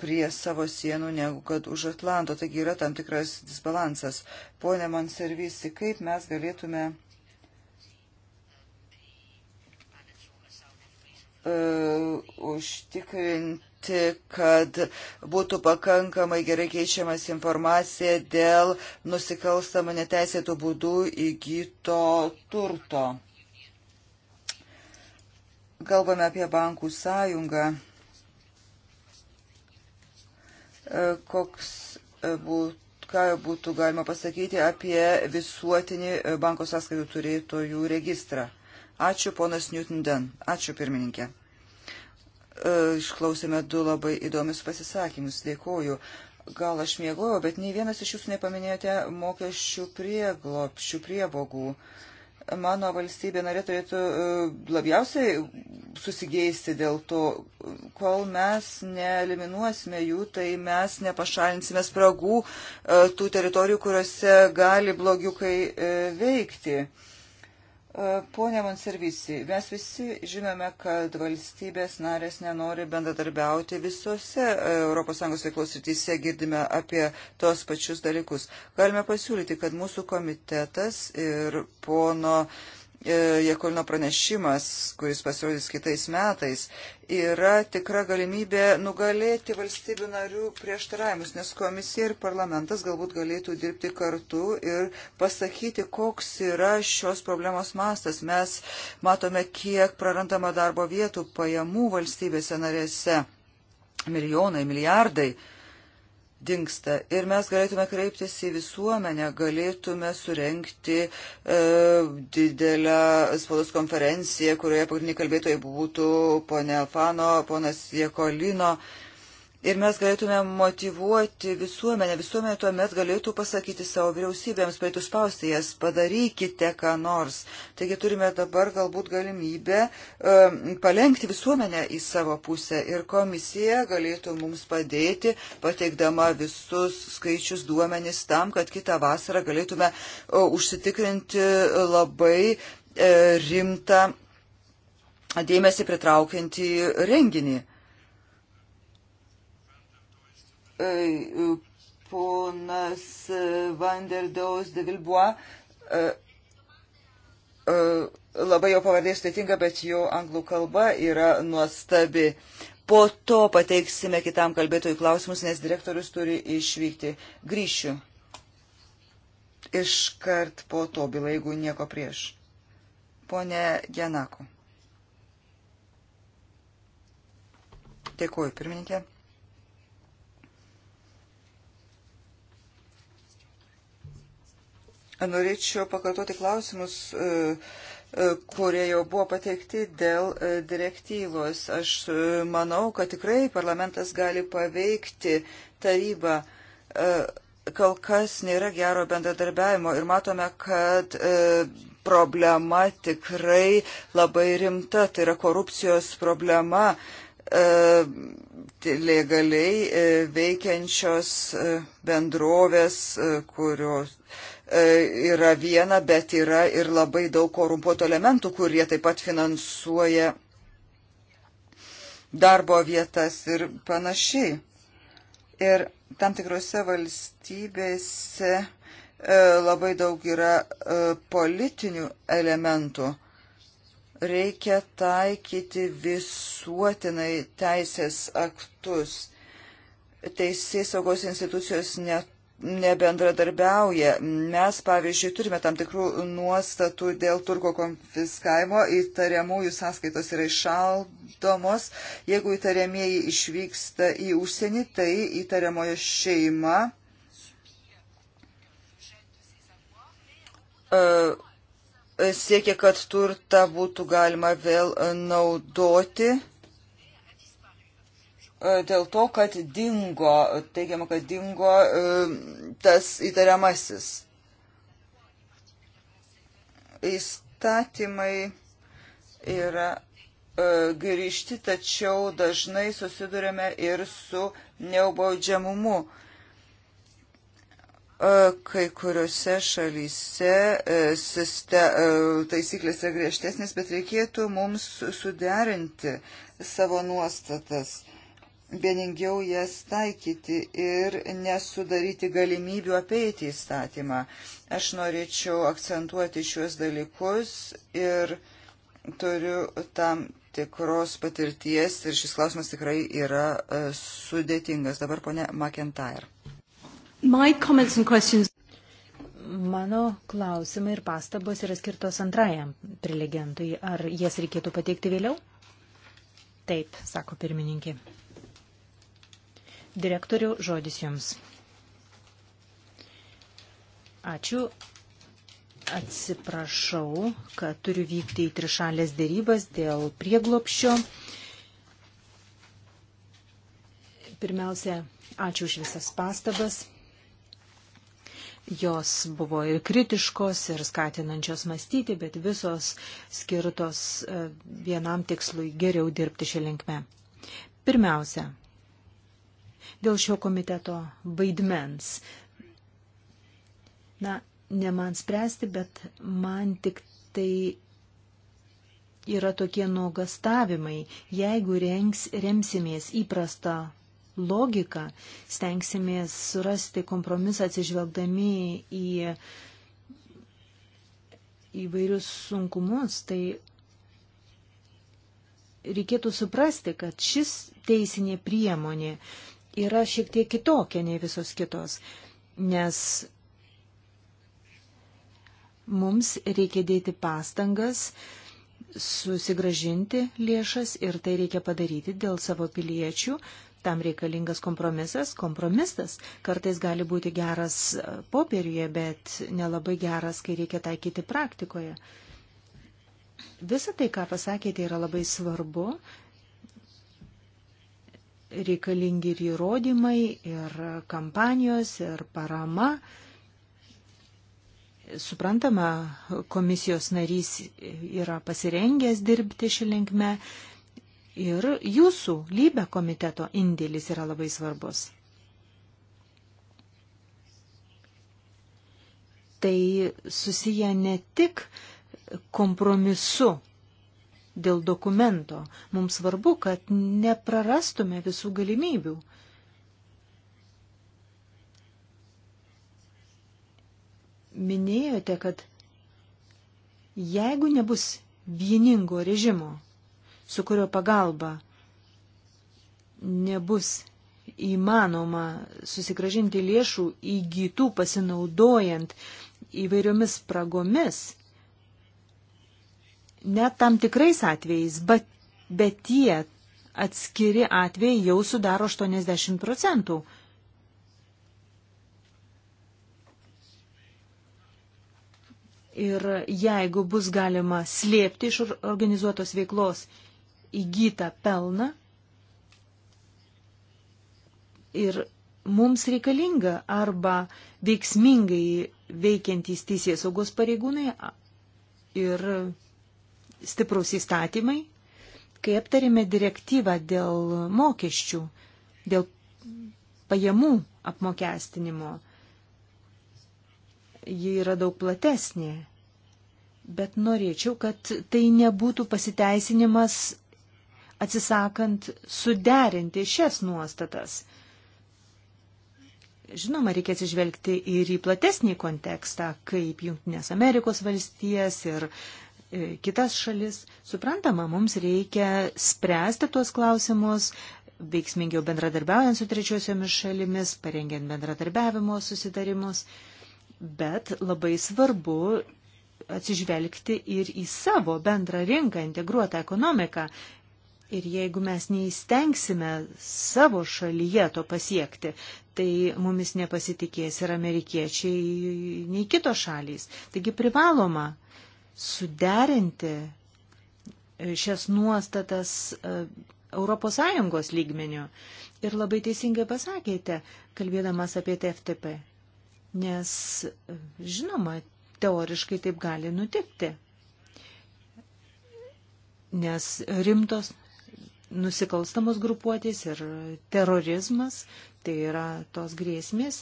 prie savo sienų negu kad už Atlanto. Taigi yra tam tikras disbalansas. Pone Manservisi, kaip mes galėtume uh, užtikrinti, kad būtų pakankamai gerai keičiamas informacija dėl nusikalstamą neteisėtų būdų įgyto turto. Kalbame apie bankų sąjungą. E, koks e, būtų ką būtų galima pasakyti apie visuotinį e, banko sąskaitų turėtojų registrą. Ačiū, ponas Newton Den. Ačiū, pirmininkė. Išklausėme du labai įdomius pasisakymus. Dėkuoju. Gal aš mėgojau, bet nei vienas iš jūsų nepaminėjote mokesčių prieglopščių priebogų. Uh, mano valstybė narė turėtų e, labiausiai susigeisti dėl to, kol mes neeliminuosime jų, tai mes nepašalinsime spragų e, tų teritorijų, kuriuose gali blogiukai e, veikti. Pone Monservisi, mes visi žinome, kad valstybės narės nenori bendradarbiauti visose ES veiklos rytise, girdime apie tos pačius dalykus. Galime pasiūlyti, kad mūsų komitetas ir pono uh, E, Jekolino pranešimas, kuris pasirodys kitais metais, yra tikra galimybė nugalėti valstybių narių prieštaravimus, nes komisija ir parlamentas galbūt galėtų dirbti kartu ir pasakyti, koks yra šios problemos mastas. Mes matome, kiek prarandama darbo vietų pajamų valstybėse narėse. Milijonai, milijardai. Uh, dinksta. Ir mes galėtume kreiptis į visuomenę, galėtume surenkti e, didelę spaudos konferenciją, kurioje pagrindiniai kalbėtojai būtų ponė Alfano, ponas Jekolino. E, Ir mes galėtume motivuoti visuomenę. Visuomenė tuomet galėtų pasakyti savo vyriausybėms, praeitų spausti jas, padarykite ką nors. Taigi turime dabar galbūt galimybę um, palengti visuomenę į savo pusę. Ir komisija galėtų mums padėti, pateikdama visus skaičius duomenys tam, kad kitą vasarą galėtume uh, užsitikrinti labai uh, rimtą dėmesį pritraukiantį renginį ponas Vanderdaus de Vilboa, e, e, labai jo pavardė sudėtinga, bet jo anglų kalba yra nuostabi. Po to pateiksime kitam kalbėtojų klausimus, nes direktorius turi išvykti. Grįšiu. Iškart po to, bila, jeigu nieko prieš. Pone Janako. Dėkuoju, pirmininkė. Norėčiau pakartoti klausimus, e, e, kurie jau buvo pateikti dėl e, direktyvos. Aš manau, kad tikrai parlamentas gali paveikti tarybą. Kol kas nėra gero bendradarbiavimo ir matome, kad problema tikrai labai rimta, tai yra korupcijos problema legaliai veikiančios bendrovės, kurios E, yra viena, bet yra ir labai daug korumpuotų elementų, kurie taip pat finansuoja darbo vietas ir panašiai. Ir tam tikrose valstybėse e, labai daug yra e, politinių elementų. Reikia taikyti visuotinai teisės aktus. Teisės saugos institucijos net nebendradarbiauja. Mes, pavyzdžiui, turime tam tikrų nuostatų dėl turko konfiskavimo, įtariamųjų sąskaitos yra išaldomos. Jeigu įtariamieji išvyksta į užsienį, tai įtariamojo šeima e, siekia, kad turtą būtų galima vėl naudoti E, dėl to, kad dingo, teigiama, kad dingo e, tas įtariamasis. Įstatymai yra e, grįžti, tačiau dažnai susidurėme ir su neubaudžiamumu. Kai kuriuose šalyse taisyklės yra griežtesnės, bet reikėtų mums suderinti savo nuostatas vieningiau jas taikyti ir nesudaryti galimybių apeiti įstatymą. Aš norėčiau akcentuoti šiuos dalykus ir turiu tam tikros patirties ir šis klausimas tikrai yra e, sudėtingas. Dabar ponė McIntyre. Mano klausimai ir pastabos yra skirtos antrajam prelegentui. Ar jas reikėtų pateikti vėliau? Taip, sako pirmininkė. Direktorių, žodis jums. Ačiū. Atsiprašau, kad turiu vykti į trišalės dėrybas dėl prieglopščio. Pirmiausia, ačiū už visas pastabas. Jos buvo ir kritiškos, ir skatinančios mąstyti, bet visos skirtos e, vienam tikslui geriau dirbti šią linkmę. Pirmiausia, Dėl šio komiteto vaidmens. Na, ne man spręsti, bet man tik tai yra tokie nuogastavimai. Jeigu rengs, remsimės įprastą logiką, stengsimės surasti kompromisą atsižvelgdami į įvairius sunkumus, tai reikėtų suprasti, kad šis teisinė priemonė yra šiek tiek kitokia nei visos kitos, nes mums reikia dėti pastangas susigražinti lėšas ir tai reikia padaryti dėl savo piliečių. Tam reikalingas kompromisas. Kompromisas kartais gali būti geras e, popieriuje, bet nelabai geras, kai reikia taikyti praktikoje. Visa tai, ką pasakėte, yra labai svarbu reikalingi ir įrodymai, ir kampanijos, ir parama. Suprantama, komisijos narys yra pasirengęs dirbti šį linkmę ir jūsų lybė komiteto indėlis yra labai svarbus. Tai susiję ne tik kompromisu dėl dokumento. Mums svarbu, kad neprarastume visų galimybių. Minėjote, kad jeigu nebus vieningo režimo, su kurio pagalba nebus įmanoma susigražinti lėšų įgytų pasinaudojant įvairiomis spragomis, ne tam tikrais atvejais, bet, bet tie atskiri atvejai jau sudaro 80 procentų. Ir jeigu bus galima slėpti iš organizuotos veiklos įgytą pelną, ir mums reikalinga arba veiksmingai veikiantys teisės saugos pareigūnai ir stiprus įstatymai, kai aptarėme direktyvą dėl mokesčių, dėl pajamų apmokestinimo. Ji yra daug platesnė, bet norėčiau, kad tai nebūtų pasiteisinimas atsisakant suderinti šias nuostatas. Žinoma, reikia atsižvelgti ir į platesnį kontekstą, kaip Junktinės Amerikos valstijas ir uh, E, kitas šalis. Suprantama, mums reikia spręsti tuos klausimus, veiksmingiau bendradarbiaujant su trečiosiomis šalimis, parengiant bendradarbiavimo susitarimus, bet labai svarbu atsižvelgti ir į savo bendrą rinką, integruotą ekonomiką. Ir jeigu mes neįstengsime savo šalyje to pasiekti, tai mumis nepasitikės ir amerikiečiai, nei kitos šalys. Taigi privaloma suderinti e, šias nuostatas ES lygmeniu. Ir labai teisingai pasakėte, kalbėdamas apie TFTP. Nes, e, žinoma, teoriškai taip gali nutikti. Nes rimtos nusikalstamos grupuotės ir terorizmas, tai yra tos grėsmės.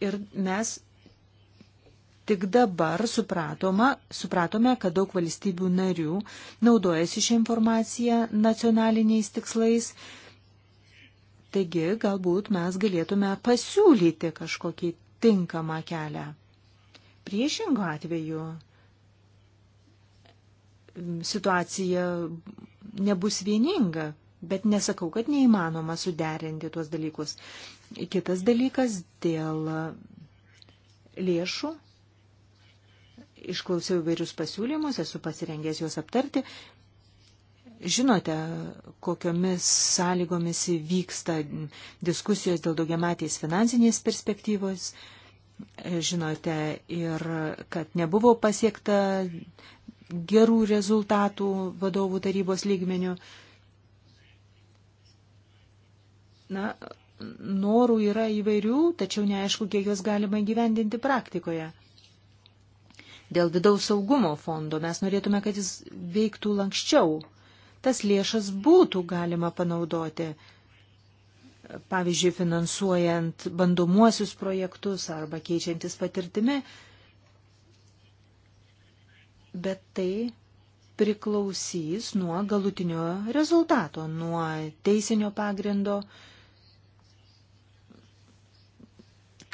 Ir mes Tik dabar supratoma, supratome, kad daug valstybių narių naudojasi šią informaciją nacionaliniais tikslais. Taigi, galbūt mes galėtume pasiūlyti kažkokį tinkamą kelią. Priešingo atveju situacija nebus vieninga, bet nesakau, kad neįmanoma suderinti tuos dalykus. Kitas dalykas dėl lėšų išklausiau įvairius pasiūlymus, esu pasirengęs juos aptarti. Žinote, kokiomis sąlygomis vyksta diskusijos dėl daugiamatės finansinės perspektyvos. Žinote ir, kad nebuvo pasiekta gerų rezultatų vadovų tarybos lygmenių. Na, norų yra įvairių, tačiau neaišku, kiek juos galima įgyvendinti praktikoje. Dėl vidaus saugumo fondo mes norėtume, kad jis veiktų lankščiau. Tas lėšas būtų galima panaudoti, pavyzdžiui, finansuojant bandomuosius projektus arba keičiantis patirtimi. Bet tai priklausys nuo galutinio rezultato, nuo teisinio pagrindo.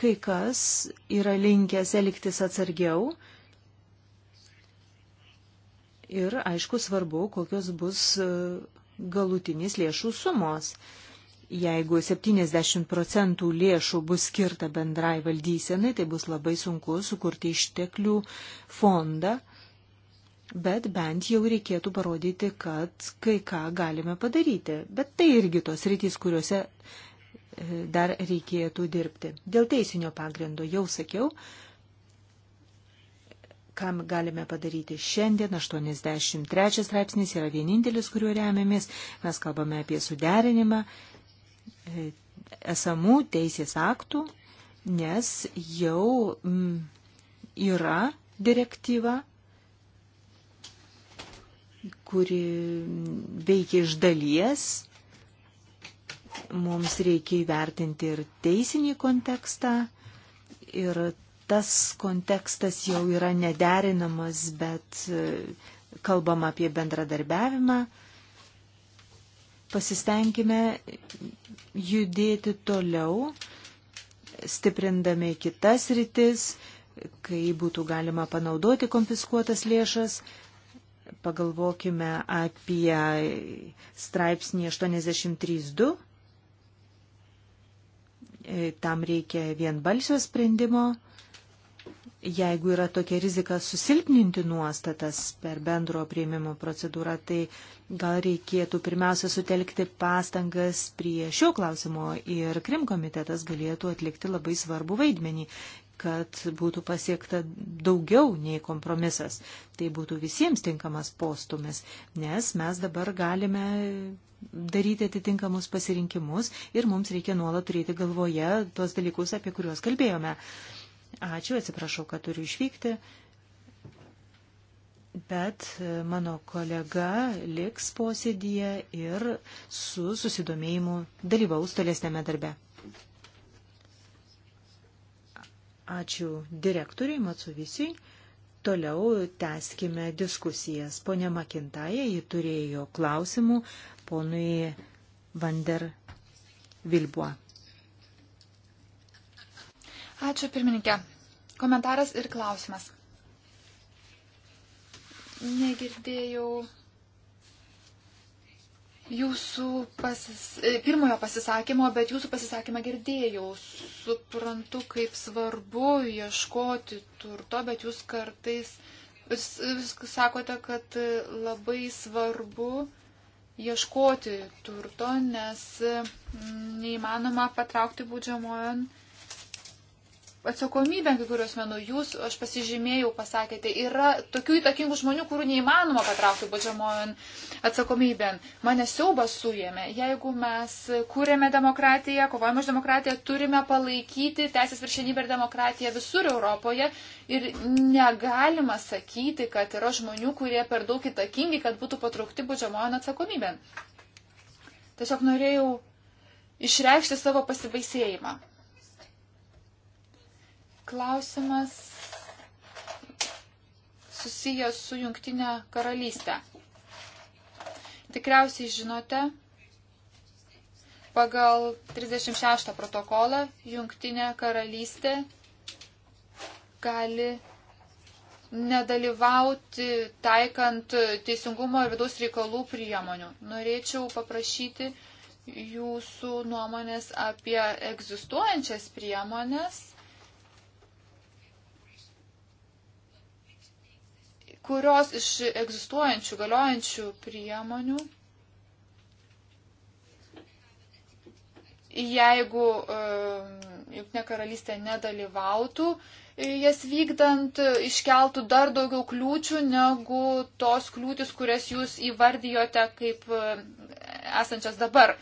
Kai kas yra linkęs elgtis atsargiau, Ir aišku, svarbu, kokios bus e, galutinės lėšų sumos. Jeigu 70 procentų lėšų bus skirta bendrai valdysenai, tai bus labai sunku sukurti išteklių fondą, bet bent jau reikėtų parodyti, kad kai ką galime padaryti. Bet tai irgi tos rytis, kuriuose e, dar reikėtų dirbti. Dėl teisinio pagrindo jau sakiau, kam galime padaryti šiandien. 83 straipsnis yra vienintelis, kuriuo remiamės. Mes kalbame apie suderinimą e, esamų teisės aktų, nes jau m, mm, yra direktyva, kuri veikia iš dalies. Mums reikia įvertinti ir teisinį kontekstą ir tas kontekstas jau yra nederinamas, bet e, kalbam apie bendradarbiavimą. Pasistengime judėti toliau, stiprindami kitas rytis, kai būtų galima panaudoti konfiskuotas lėšas. Pagalvokime apie straipsnį 83.2. E, tam reikia vienbalsio sprendimo jeigu yra tokia rizika susilpninti nuostatas per bendro prieimimo procedūrą, tai gal reikėtų pirmiausia sutelkti pastangas prie šio klausimo ir Krim komitetas galėtų atlikti labai svarbų vaidmenį kad būtų pasiekta daugiau nei kompromisas. Tai būtų visiems tinkamas postumis, nes mes dabar galime daryti atitinkamus pasirinkimus ir mums reikia nuolat turėti galvoje tuos dalykus, apie kuriuos kalbėjome. Ačiū, atsiprašau, kad turiu išvykti, bet e, mano kolega liks posėdyje ir su susidomėjimu dalyvaus tolesnėme darbe. Ačiū direktoriai Matsuvisiui. Toliau tęskime diskusijas. Pone Makintaja, ji turėjo klausimų ponui Vander Vilbua. Ačiū pirmininkė. Komentaras ir klausimas. Negirdėjau jūsų pasis, e, pirmojo pasisakymo, bet jūsų pasisakymą girdėjau. Suprantu, kaip svarbu ieškoti turto, bet jūs kartais vis, vis sakote, kad labai svarbu ieškoti turto, nes mm, neįmanoma patraukti būdžiamojon atsakomybę kai kurios menų. Jūs, aš pasižymėjau, pasakėte, yra tokių įtakingų žmonių, kurių neįmanoma patraukti baudžiamojon atsakomybėn. Mane siaubas sujėmė. Jeigu mes kūrėme demokratiją, kovojame už demokratiją, turime palaikyti teisės viršenybę ir demokratiją visur Europoje. Ir negalima sakyti, kad yra žmonių, kurie per daug įtakingi, kad būtų patraukti baudžiamojon atsakomybėn. Tiesiog norėjau išreikšti savo pasibaisėjimą klausimas susijęs su Junktinė karalystė. Tikriausiai žinote, pagal 36 protokolą Junktinė karalystė gali nedalyvauti taikant teisingumo ir vidaus reikalų priemonių. Norėčiau paprašyti jūsų nuomonės apie egzistuojančias priemonės kurios iš egzistuojančių, galiojančių priemonių, jeigu e, juk ne karalystė nedalyvautų, e, jas vykdant e, iškeltų dar daugiau kliūčių negu tos kliūtis, kurias jūs įvardijote kaip esančias dabar.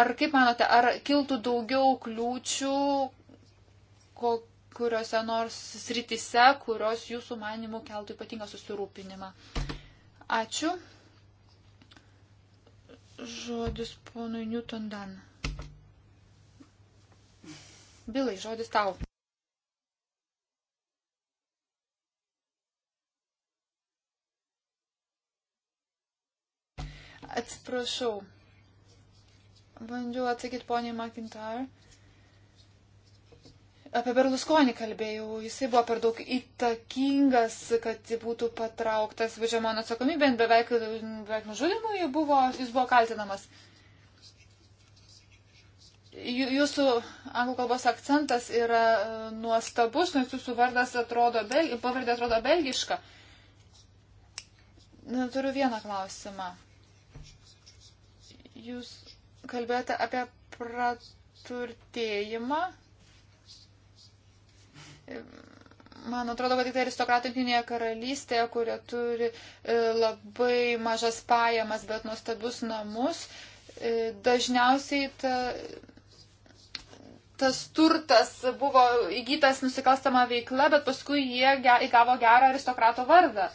Ar kaip manote, ar kiltų daugiau kliūčių, kok kuriuose nors sritise, kurios jūsų manimų keltų ypatingą susirūpinimą. Ačiū. Žodis ponui Newton Dan. Bilai, žodis tau. Atsiprašau. Bandžiau atsakyti poniai McIntyre apie Berlusconį kalbėjau, jisai buvo per daug įtakingas, kad būtų patrauktas važiuojamon atsakomybėn, beveik, beveik nužudimu jis buvo, jis buvo kaltinamas. Jūsų anglų kalbos akcentas yra e, nuostabus, nes jūsų vardas atrodo, bel, pavardė atrodo belgiška. Turiu vieną klausimą. Jūs kalbėjote apie praturtėjimą Man atrodo, kad tik tai aristokratai Junėje karalystėje, kurie turi e, labai mažas pajamas, bet nuostabius namus, e, dažniausiai ta, tas turtas buvo įgytas nusikalstama veikla, bet paskui jie įgavo gerą aristokrato vardą.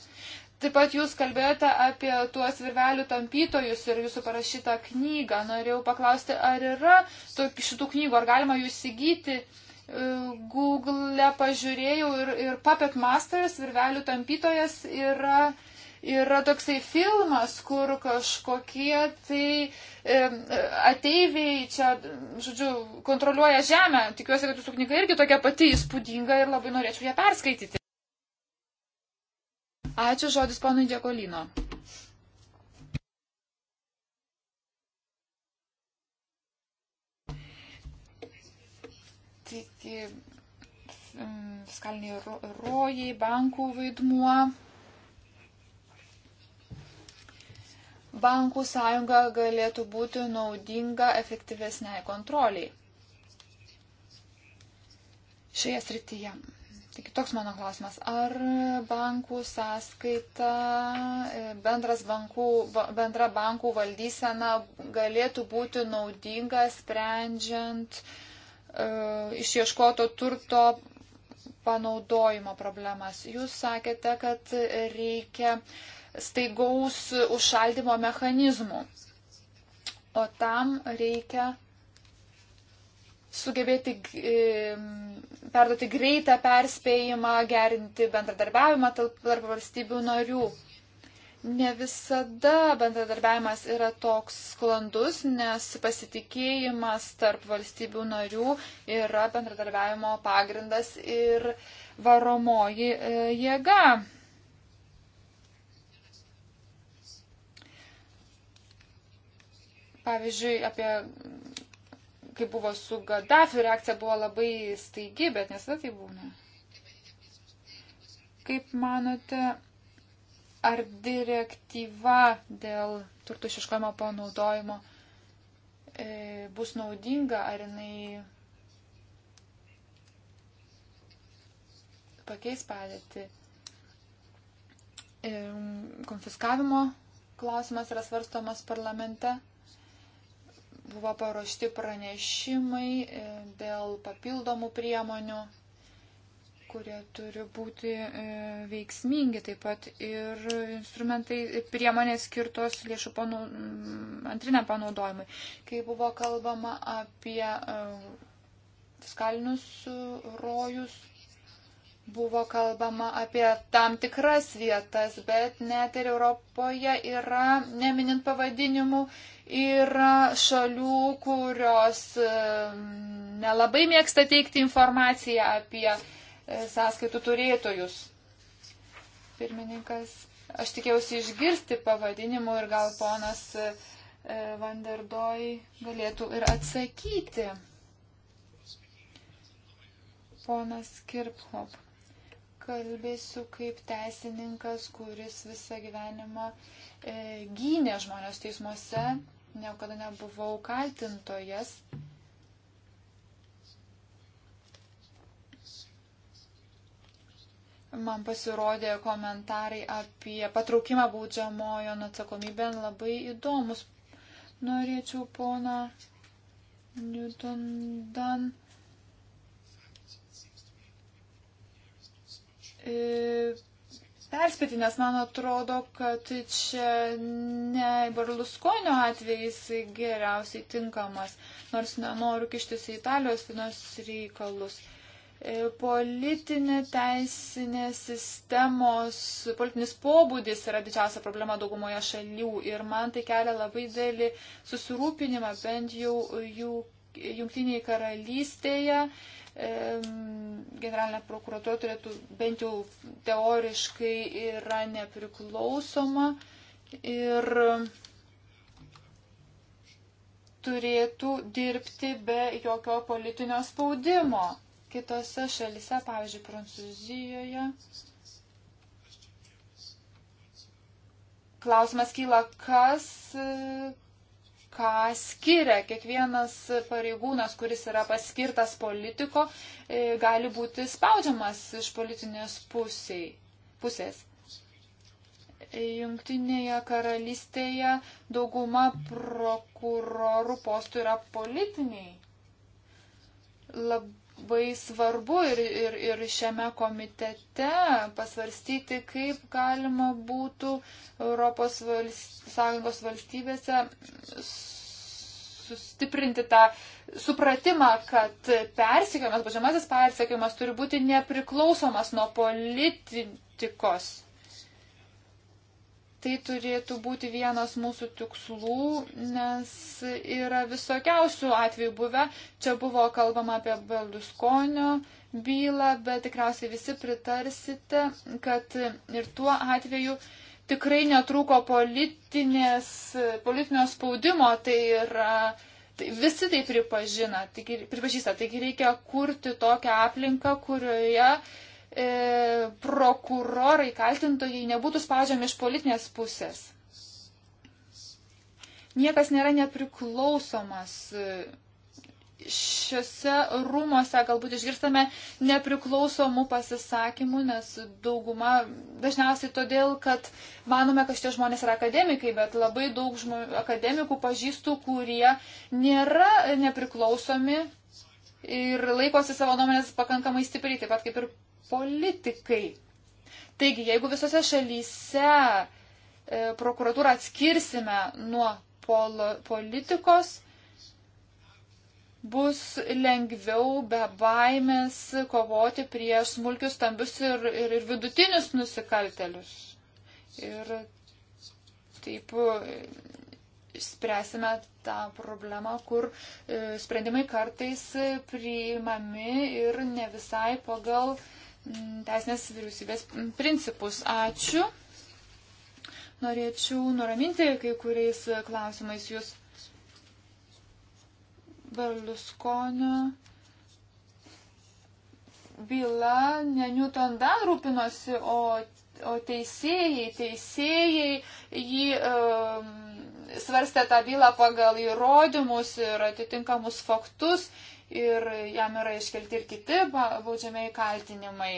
Taip pat jūs kalbėjote apie tuos virvelių tampytojus ir jūsų parašytą knygą. Norėjau paklausti, ar yra šitų knygų, ar galima jų įsigyti. Uh, Google pažiūrėjau ir, ir Puppet Masters, virvelių tampytojas yra, yra toksai filmas, kur kažkokie tai e, ateiviai čia, žodžiu, kontroliuoja žemę. Tikiuosi, kad jūsų knyga irgi tokia pati įspūdinga ir labai norėčiau ją perskaityti. Ačiū žodis ponui Džekolino. Taigi, mm, fiskaliniai rojai, bankų vaidmuo. Bankų sąjunga galėtų būti naudinga efektyvesniai kontroliai šioje srityje. Taigi toks mano klausimas. Ar bankų sąskaita, e, bendras bankų, bendra bankų valdysena galėtų būti naudinga sprendžiant uh, E, išieškoto turto panaudojimo problemas. Jūs sakėte, kad reikia staigaus užšaldimo mechanizmų, o tam reikia sugebėti e, perduoti greitą perspėjimą, gerinti bendradarbiavimą tarp valstybių narių. Ne visada bendradarbiavimas yra toks sklandus, nes pasitikėjimas tarp valstybių narių yra bendradarbiavimo pagrindas ir varomoji e, jėga. Pavyzdžiui, apie kaip buvo su Gaddafiu, reakcija buvo labai staigi, bet nesada tai būna. Kaip manote, ar direktyva dėl turtų išieškojimo panaudojimo e, bus naudinga, ar jinai pakeis padėti. E, konfiskavimo klausimas yra svarstomas parlamente. Buvo paruošti pranešimai e, dėl papildomų priemonių kurie turi būti e, veiksmingi, taip pat ir instrumentai, priemonės skirtos lėšų panau, mm, antriniam panaudojimui. Kai buvo kalbama apie e, fiskalinius rojus, buvo kalbama apie tam tikras vietas, bet net ir Europoje yra, neminint pavadinimų, yra šalių, kurios e, nelabai mėgsta teikti informaciją apie E, sąskaitų turėtojus. Pirmininkas, aš tikėjausi išgirsti pavadinimu ir gal ponas e, e, Vanderdoj galėtų ir atsakyti. Ponas Kirphop, kalbėsiu kaip teisininkas, kuris visą gyvenimą e, gynė žmonės teismuose, niekada nebuvau kaltintojas. E, man pasirodė komentarai apie patraukimą baudžiamojo atsakomybę labai įdomus. Norėčiau pono Newton Dan e, perspėti, nes man atrodo, kad čia ne Barluskonio atvejais geriausiai tinkamas, nors nenoriu kištis į Italijos finos reikalus. E, politinė teisinė sistemos, politinis pobūdis yra didžiausia problema daugumoje šalių ir man tai kelia labai dėlį susirūpinimą, bent jau jų jungtiniai karalystėje generalinė prokuratūra turėtų bent jau teoriškai yra nepriklausoma ir turėtų dirbti be jokio politinio spaudimo. Kitose šalise, pavyzdžiui, Prancūzijoje, klausimas kyla, kas, ką skiria. Kiekvienas pareigūnas, kuris yra paskirtas politiko, e, gali būti spaudžiamas iš politinės pusiai, pusės. Jungtinėje karalystėje dauguma prokurorų postų yra politiniai. Labai labai svarbu ir, ir, ir šiame komitete pasvarstyti, kaip galima būtų Europos Sąjungos valstybėse sustiprinti tą supratimą, kad persikėjimas, pažymasis persikėjimas turi būti nepriklausomas nuo politikos. Tai turėtų būti vienas mūsų tikslų, nes yra visokiausių atvejų buvę. Čia buvo kalbama apie Belduskonio bylą, bet tikriausiai visi pritarsite, kad ir tuo atveju tikrai netrūko politinio spaudimo. Tai yra, tai visi tai pripažina, taigi, pripažįsta. Taigi reikia kurti tokią aplinką, kurioje e, prokurorai, kaltintojai nebūtų spaudžiami iš politinės pusės. Niekas nėra nepriklausomas. Šiuose rūmose galbūt išgirstame nepriklausomų pasisakymų, nes dauguma dažniausiai todėl, kad manome, kad šitie žmonės yra akademikai, bet labai daug žmonių, akademikų pažįstų, kurie nėra nepriklausomi ir laikosi savo nuomonės pakankamai stipriai, taip pat kaip ir politikai. Taigi, jeigu visose šalyse e, prokuratūrą atskirsime nuo polo, politikos, bus lengviau be baimės kovoti prieš smulkius, stambius ir, ir, ir vidutinius nusikaltelius. Ir taip spręsime tą problemą, kur e, sprendimai kartais e, priimami ir ne visai pagal mm, teisinės vyriausybės principus. Ačiū. Norėčiau nuraminti kai kuriais klausimais jūs. Berlusconio byla ne Newton Dan rūpinosi, o, o teisėjai, teisėjai jį. Um, svarstė tą bylą pagal įrodymus ir atitinkamus faktus ir jam yra iškelti ir kiti baudžiamiai kaltinimai.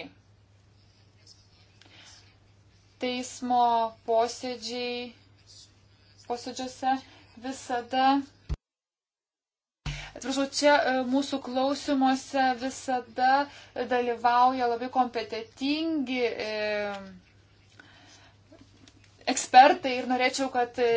Teismo posėdžiai, posėdžiuose visada Atsiprašau, čia e, mūsų klausimuose visada dalyvauja labai kompetitingi e, ekspertai ir norėčiau, kad e,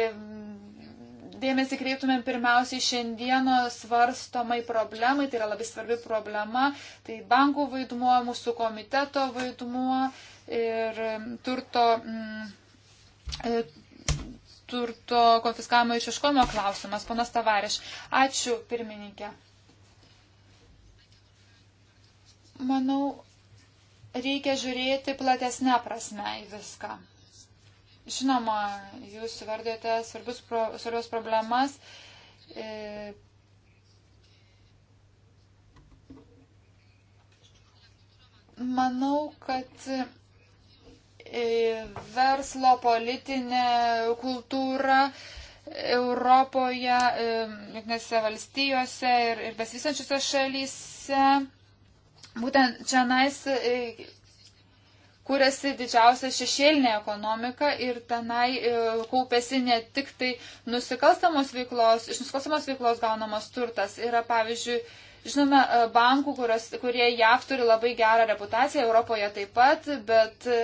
dėmesį kreiptumėm pirmiausiai šiandieno svarstomai problemai, tai yra labai svarbi problema, tai bankų vaidmuo, mūsų komiteto vaidmuo ir mm, turto, mm, e, turto konfiskavimo išieškojimo klausimas. Ponas Tavareš, ačiū pirmininkė. Manau, reikia žiūrėti platesnę prasme į viską. Žinoma, jūs vardėte svarbus, pro, svarbios problemas. E, manau, kad e, verslo politinė kultūra Europoje, e, Junktinėse valstijose ir, ir besisančiose šalyse. Būtent čia nais e, kūrėsi didžiausia šešėlinė ekonomika ir tenai e, kaupėsi ne tik tai nusikalstamos veiklos, iš nusikalstamos veiklos gaunamas turtas. Yra, pavyzdžiui, žinome, e, bankų, kurios, kurie JAV turi labai gerą reputaciją, Europoje taip pat, bet e,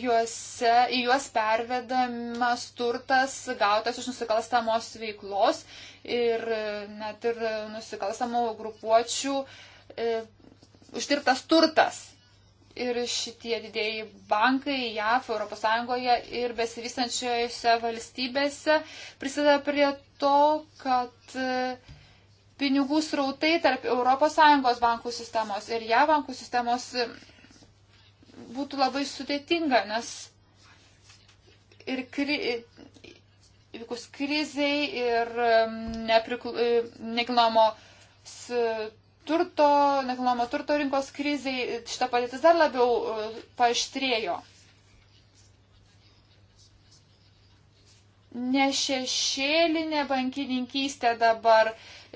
juose, į juos pervedamas turtas gautas iš nusikalstamos veiklos ir e, net ir nusikalstamų grupuočių e, uždirbtas turtas ir šitie didėjai bankai JAF, ES ir besivystančiose valstybėse prisideda prie to, kad e, pinigų srautai tarp ES bankų sistemos ir JAF bankų sistemos e, būtų labai sudėtinga, nes ir kri, e, įvykus kriziai ir nekilnojamo turto, nekilnojamo turto rinkos kriziai šita padėtis dar labiau e, paaštrėjo. Ne šešėlinė bankininkystė dabar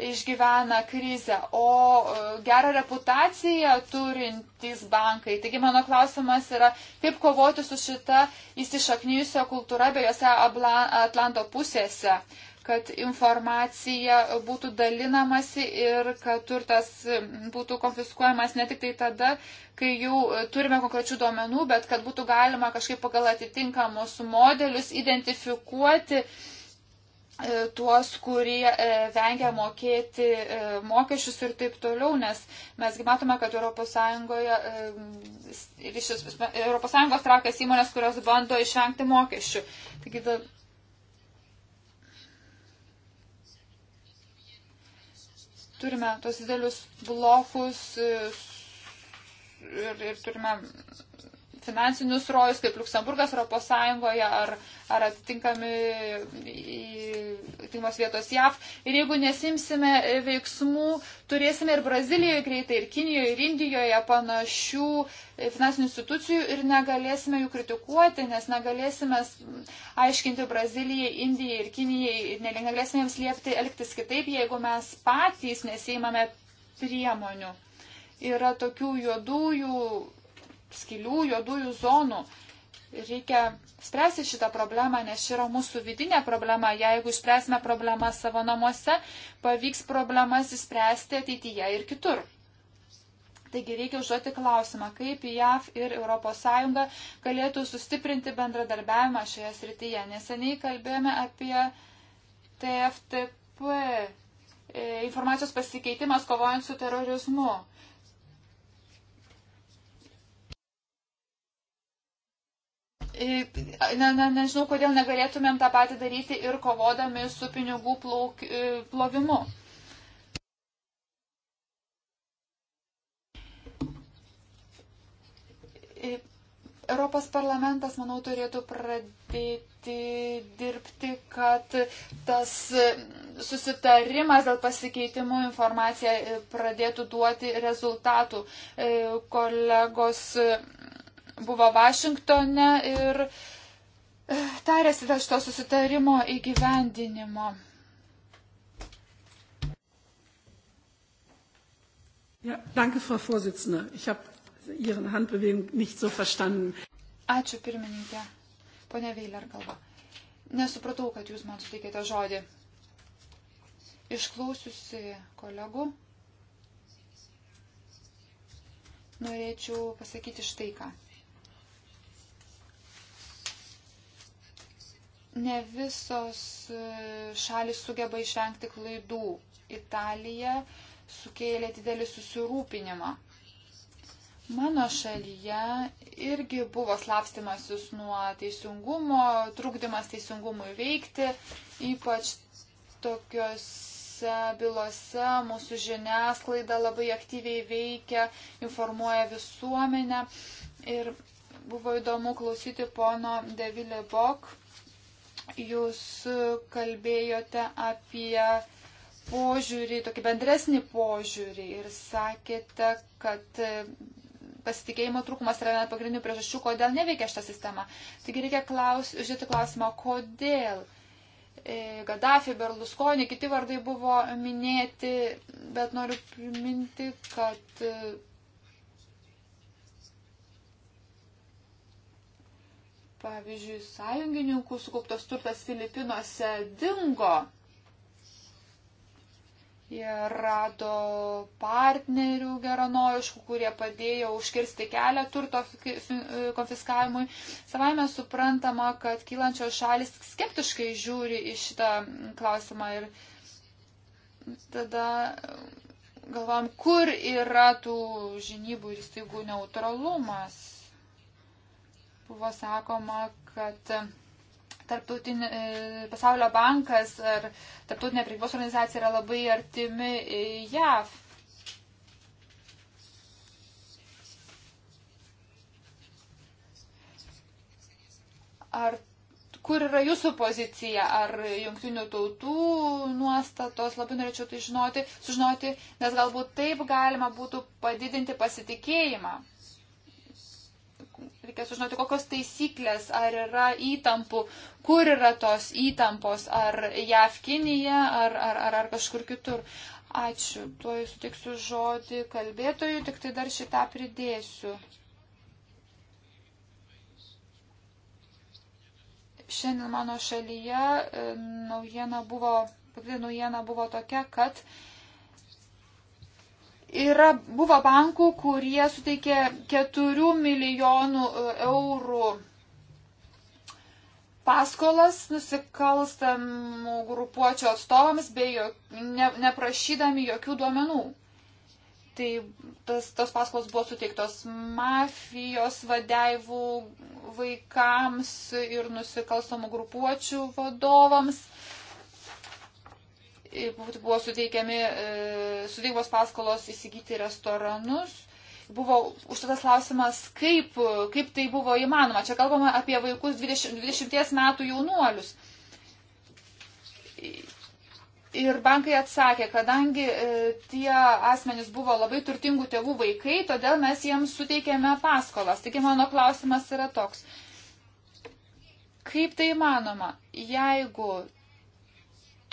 išgyvena krizę, o e, gerą reputaciją turintys bankai. Taigi mano klausimas yra, kaip kovoti su šita įsišaknyjusią kultūrą abiejose Atlanto pusėse kad informacija būtų dalinamasi ir kad turtas būtų konfiskuojamas ne tik tai tada, kai jau turime konkrečių duomenų, bet kad būtų galima kažkaip pagal atitinkamus modelius identifikuoti e, tuos, kurie e, vengia mokėti e, mokesčius ir taip toliau, nes mesgi matome, kad ES, ES trakas įmonės, kurios bando išvengti mokesčių. Taigi Turime tos didelius blokus e, ir, ir turime finansinius rojus, kaip Luksemburgas Europos Sąjungoje ar, ar atitinkami atitinkamos vietos JAV. Ir jeigu nesimsime veiksmų, turėsime ir Brazilijoje greitai, ir Kinijoje, ir Indijoje panašių finansinių institucijų ir negalėsime jų kritikuoti, nes negalėsime aiškinti Brazilijai, Indijai ir Kinijai, negalėsime jiems liepti elgtis kitaip, jeigu mes patys nesijimame priemonių. Yra tokių juodųjų skylių, juodųjų zonų. Reikia spręsti šitą problemą, nes ši yra mūsų vidinė problema. Jeigu išspręsime problemą savo namuose, pavyks problemas įspręsti ateityje ir kitur. Taigi reikia užduoti klausimą, kaip JAV ir ES galėtų sustiprinti bendradarbiavimą šioje srityje. Neseniai kalbėjome apie TFTP e, informacijos pasikeitimas kovojant su terorizmu. Na, na, nežinau, kodėl negalėtumėm tą patį daryti ir kovodami su pinigų plauk, e, plovimu. E, Europos parlamentas, manau, turėtų pradėti dirbti, kad tas susitarimas dėl pasikeitimų informacija e, pradėtų duoti rezultatų. Kolegos buvo Vašingtone ir e, tarėsi dėl šito susitarimo įgyvendinimo. Ja, danke, Frau Vorsitzende. Ich habe Ihren Handbewegung nicht so verstanden. Ačiū, pirmininkė. Pone Veiler kalba. Nesupratau, kad jūs man suteikėte žodį. Išklausiusi kolegų, norėčiau pasakyti štai ką. Ne visos e, šalis sugeba išvengti klaidų. Italija sukėlė didelį susirūpinimą. Mano šalyje irgi buvo slapstimasis nuo teisingumo, trukdymas teisingumui veikti, ypač tokiuose bylose mūsų žiniasklaida labai aktyviai veikia, informuoja visuomenę. Ir buvo įdomu klausyti pono Devilė Bok Jūs kalbėjote apie požiūrį, tokį bendresnį požiūrį ir sakėte, kad pasitikėjimo trūkumas yra viena pagrindinių priežasčių, kodėl neveikia šitą sistemą. Taigi reikia klaus, žiūrėti klausimą, kodėl. E, Gaddafi, Berlusconi, kiti vardai buvo minėti, bet noriu priminti, kad Pavyzdžiui, sąjungininkų sukauptas turtas Filipinuose dingo. Jie rado partnerių geranoriškų, kurie padėjo užkirsti kelią turto konfiskavimui. Savaime suprantama, kad kylančios šalis skeptiškai žiūri į šitą klausimą ir tada galvam, kur yra tų žinybų ir įstaigų neutralumas buvo sakoma, kad Tarptautinė e, pasaulio bankas ar Tarptautinė prekybos organizacija yra labai artimi JAV. Ar kur yra jūsų pozicija, ar jungtinių tautų nuostatos, labai norėčiau tai žinoti, sužinoti, nes galbūt taip galima būtų padidinti pasitikėjimą reikia sužinoti, kokios taisyklės, ar yra įtampų, kur yra tos įtampos, ar JAV Kinija, ar, ar, ar, ar kažkur kitur. Ačiū, tuo jūs tiksiu žodį kalbėtojų, tik tai dar šitą pridėsiu. Šiandien mano šalyje e, naujiena buvo, pagrindinė naujiena buvo tokia, kad uh, Yra, buvo bankų, kurie suteikė 4 milijonų e, eurų paskolas nusikalstamų grupuočio atstovams, bei jo, ne, neprašydami jokių duomenų. Tai tas, tos paskolos buvo suteiktos mafijos vadeivų vaikams ir nusikalstamų grupuočių vadovams buvo suteikiami, e, suteiktos paskolos įsigyti restoranus. Buvo užduotas klausimas, kaip, kaip tai buvo įmanoma. Čia kalbame apie vaikus 20, 20 metų jaunuolius. Ir bankai atsakė, kadangi e, tie asmenys buvo labai turtingų tėvų vaikai, todėl mes jiems suteikėme paskolas. Taigi mano klausimas yra toks. Kaip tai įmanoma, jeigu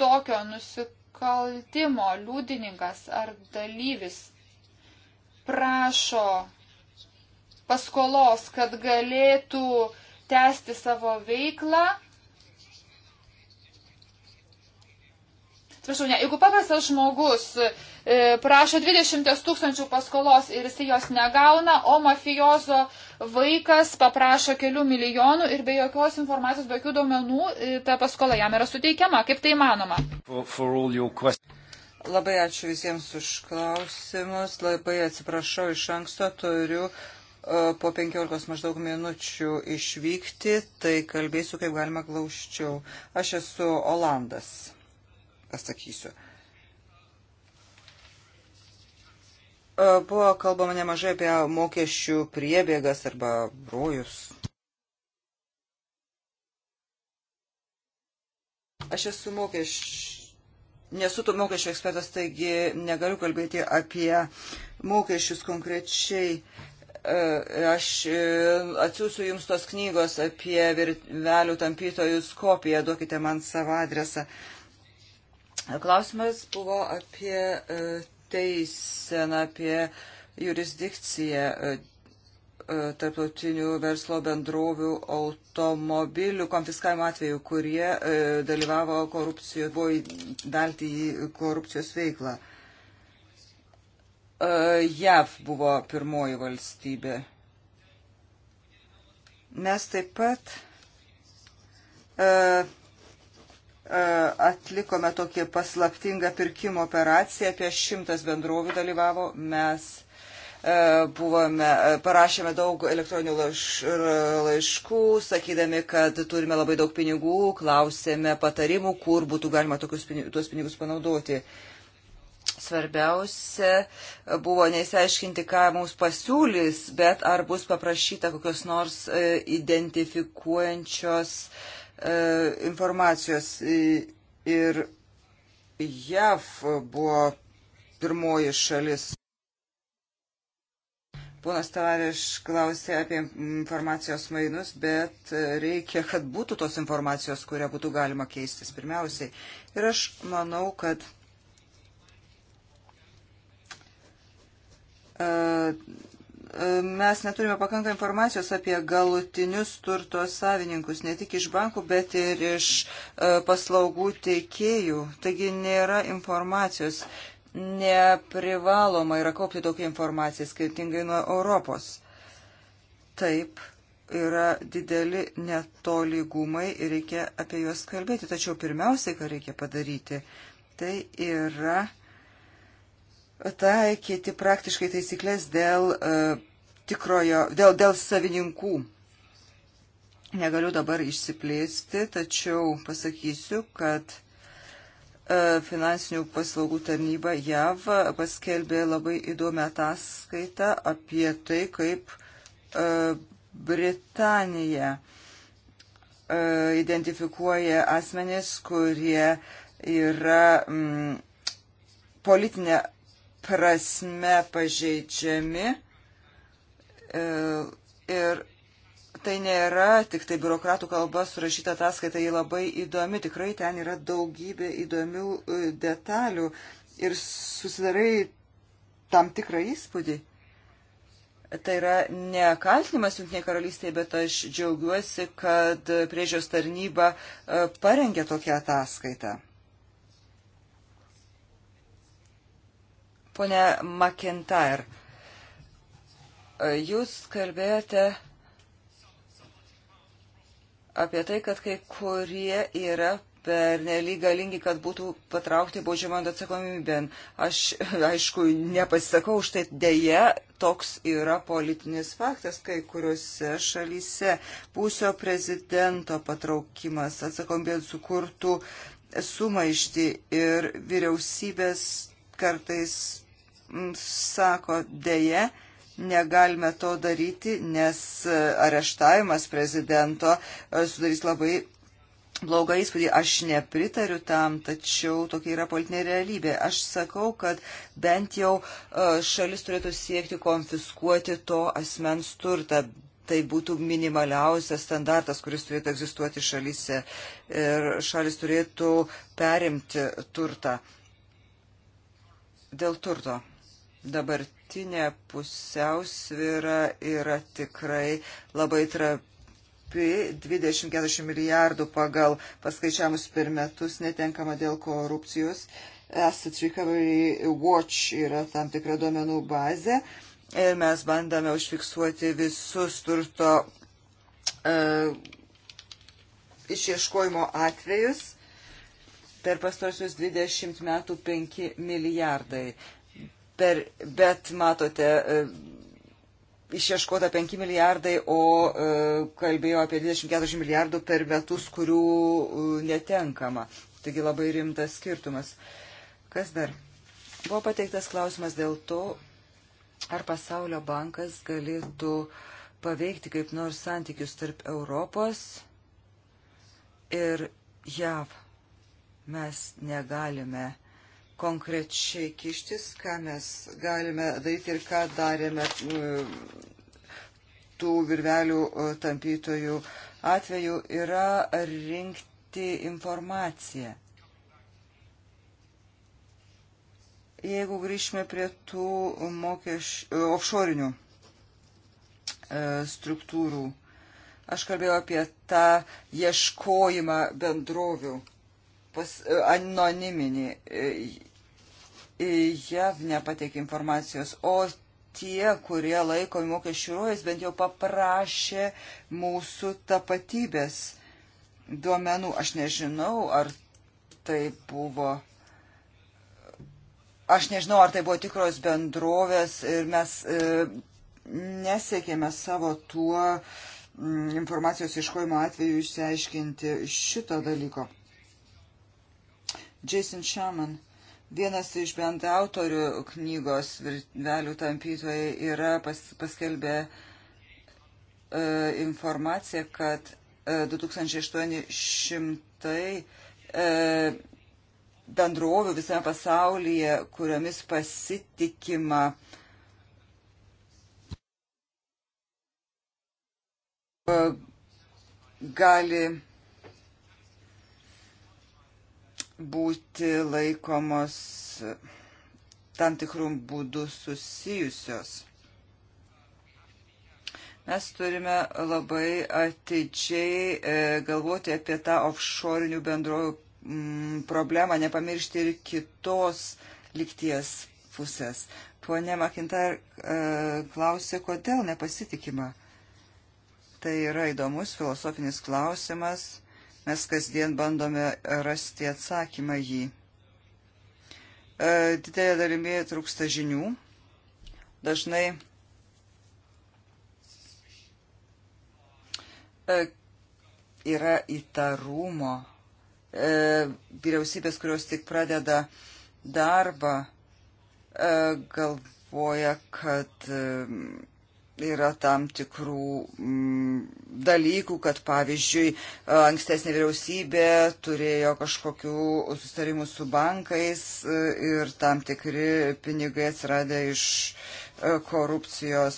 tokio nusikaltimo liudininkas ar dalyvis prašo paskolos, kad galėtų tęsti savo veiklą, atsiprašau, ne, jeigu paprastas žmogus e, prašo 20 tūkstančių paskolos ir jis jos negauna, o mafijozo vaikas paprašo kelių milijonų ir be jokios informacijos, be jokių duomenų e, ta paskola jam yra suteikiama. Kaip tai manoma? For, for Labai ačiū visiems už klausimus, labai atsiprašau iš anksto, turiu e, po 15 maždaug minučių išvykti, tai kalbėsiu kaip galima glaučiau. Aš esu Olandas pasakysiu. E, buvo kalbama nemažai apie mokesčių priebėgas arba brojus. Aš esu mokesčių nesu to mokesčio ekspertas, taigi negaliu kalbėti apie mokesčius konkrečiai. E, aš e, atsiųsiu Jums tos knygos apie virvelių tampytojus kopiją, duokite man savo adresą. Klausimas buvo apie e, teiseną, apie jurisdikciją e, e, tarptautinių verslo bendrovių automobilių konfiskavimo atveju, kurie dalyvavo korupcijoje, buvo dalti į korupcijos veiklą. JAV buvo pirmoji valstybė. Mes taip pat E, atlikome tokį paslaptingą pirkimo operaciją, apie šimtas bendrovių dalyvavo, mes e, buvome, e, parašėme daug elektroninių laiš, laiškų, sakydami, kad turime labai daug pinigų, klausėme patarimų, kur būtų galima tokius, tuos pinigus panaudoti. Svarbiausia buvo neįsiaiškinti, ką mums pasiūlys, bet ar bus paprašyta kokios nors identifikuojančios uh, E, informacijos ir JAV buvo pirmoji šalis. Ponas Tavariš klausė apie informacijos mainus, bet reikia, kad būtų tos informacijos, kurią būtų galima keistis pirmiausiai. Ir aš manau, kad uh, mes neturime pakankamai informacijos apie galutinius turto savininkus, ne tik iš bankų, bet ir iš e, paslaugų teikėjų. Taigi nėra informacijos. Neprivaloma yra kaupti tokią informaciją, skirtingai nuo Europos. Taip, yra dideli netolygumai ir reikia apie juos kalbėti. Tačiau pirmiausiai, ką reikia padaryti, tai yra taikyti praktiškai taisyklės dėl e, tikrojo, dėl, dėl savininkų. Negaliu dabar išsiplėsti, tačiau pasakysiu, kad e, finansinių paslaugų tarnyba JAV paskelbė labai įdomią ataskaitą apie tai, kaip e, Britanija identifikuoja asmenės, kurie yra mm, politinė prasme pažeidžiami e, ir tai nėra tik tai biurokratų kalba surašyta ataskaita, ji labai įdomi, tikrai ten yra daugybė įdomių e, detalių ir susidarai tam tikrą įspūdį. Tai yra ne kaltinimas Junktinėje karalystėje, bet aš džiaugiuosi, kad priežios tarnyba e, parengė tokią ataskaitą. Pone McIntyre, jūs kalbėjote apie tai, kad kai kurie yra per nelygalingi, kad būtų patraukti baudžiamą atsakomybę. Aš, aišku, nepasisakau už tai dėje, toks yra politinis faktas kai kuriuose šalyse. Pusio prezidento patraukimas atsakomybė sukurtų sumaišti ir vyriausybės kartais Mm, sako, dėje, negalime to daryti, nes e, areštavimas prezidento e, sudarys labai blogą įspūdį. Aš nepritariu tam, tačiau tokia yra politinė realybė. Aš sakau, kad bent jau e, šalis turėtų siekti konfiskuoti to asmens turtą. Tai būtų minimaliausias standartas, kuris turėtų egzistuoti šalyse ir šalis turėtų perimti turtą dėl turto dabartinė pusiausvyra yra tikrai labai trapi. 20-40 milijardų pagal paskaičiamus per metus netenkama dėl korupcijos. Asset Recovery Watch yra tam tikra duomenų bazė ir e, mes bandame užfiksuoti visus turto e, išieškojimo atvejus. Per pastarosius 20 metų 5 milijardai per, bet matote, e, išieškota 5 milijardai, o e, kalbėjo apie 24 milijardų per metus, kurių e, netenkama. Taigi labai rimtas skirtumas. Kas dar? Buvo pateiktas klausimas dėl to, ar pasaulio bankas galėtų paveikti kaip nors santykius tarp Europos ir JAV. Mes negalime uh, konkrečiai kištis, ką mes galime daryti ir ką darėme e, tų virvelių e, tampytojų atveju, yra rinkti informaciją. Jeigu grįžtume prie tų mokeš, e, offshorinių struktūrų, aš kalbėjau apie tą ieškojimą bendrovių pas, anoniminį JAV nepateikė informacijos, o tie, kurie laikomi mokesčių ruojas, bent jau paprašė mūsų tapatybės duomenų. Aš nežinau, ar tai buvo. Aš nežinau, ar tai buvo tikros bendrovės ir mes e, nesiekėme savo tuo m, mm, informacijos iškojimo atveju išsiaiškinti šito dalyko. Jason Shaman Vienas iš bendrautorių knygos virvelių tampytojai yra pas, paskelbę e, informaciją, kad e, 2800 e, bendrovių visame pasaulyje, kuriomis pasitikima e, gali būti laikomos tam tikrų būdų susijusios. Mes turime labai atidžiai e, galvoti apie tą offshore'inių bendrojų mm, problemą, nepamiršti ir kitos likties pusės. Pone Makintar e, klausė, kodėl nepasitikima. Tai yra įdomus filosofinis klausimas Mes kasdien bandome rasti atsakymą jį. E, didelė dalimi trūksta žinių. Dažnai e, yra įtarumo. E, vyriausybės, kurios tik pradeda darbą, galvoja, kad yra tam tikrų mm, dalykų, kad pavyzdžiui, ankstesnė vyriausybė turėjo kažkokių sustarimų su bankais e, ir tam tikri pinigai atsiradę iš e, korupcijos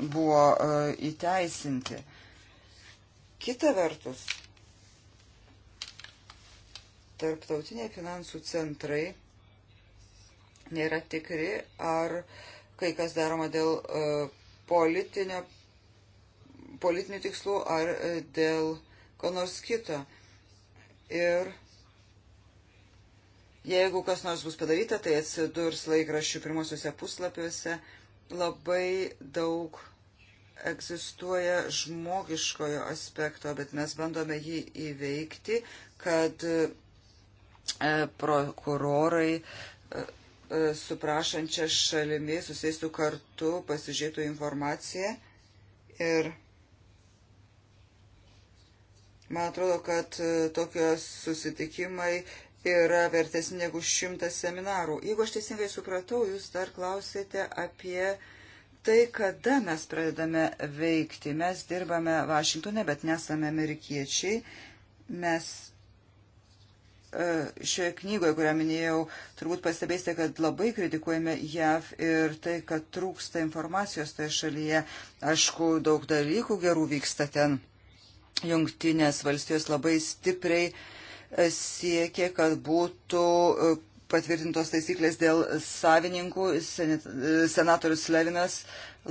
buvo e, įteisinti. Kita vertus, tarptautiniai finansų centrai nėra tikri, ar kai kas daroma dėl uh, politinio, politinių tikslų ar e, dėl ko nors kito. Ir jeigu kas nors bus padaryta, tai atsidurs laikraščių pirmosiuose puslapiuose. Labai daug egzistuoja žmogiškojo aspekto, bet mes bandome jį įveikti, kad e, prokurorai e, E, su prašančia šalimi susėstų kartu, pasižiūrėtų informaciją ir man atrodo, kad e, tokios susitikimai yra vertesni negu šimtas seminarų. Jeigu aš teisingai supratau, jūs dar klausėte apie tai, kada mes pradedame veikti. Mes dirbame Vašingtone, bet nesame amerikiečiai. Mes E, šioje knygoje, kurią minėjau, turbūt pastebėsite, kad labai kritikuojame JAV ir tai, kad trūksta informacijos toje šalyje. Aišku, daug dalykų gerų vyksta ten. Jungtinės valstijos labai stipriai e, siekia, kad būtų e, patvirtintos taisyklės dėl savininkų. Senatorius Levinas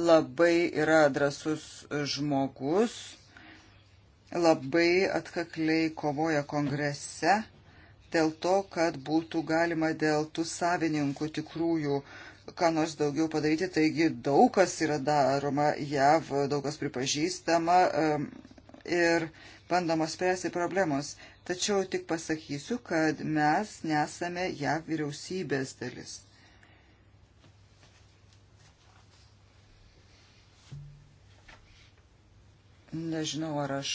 labai yra drasus žmogus, labai atkakliai kovoja kongrese dėl to, kad būtų galima dėl tų savininkų tikrųjų ką nors daugiau padaryti. Taigi daug kas yra daroma JAV, daug kas pripažįstama ir bandoma spręsti problemos. Tačiau tik pasakysiu, kad mes nesame JAV vyriausybės dalis. Nežinau, ar aš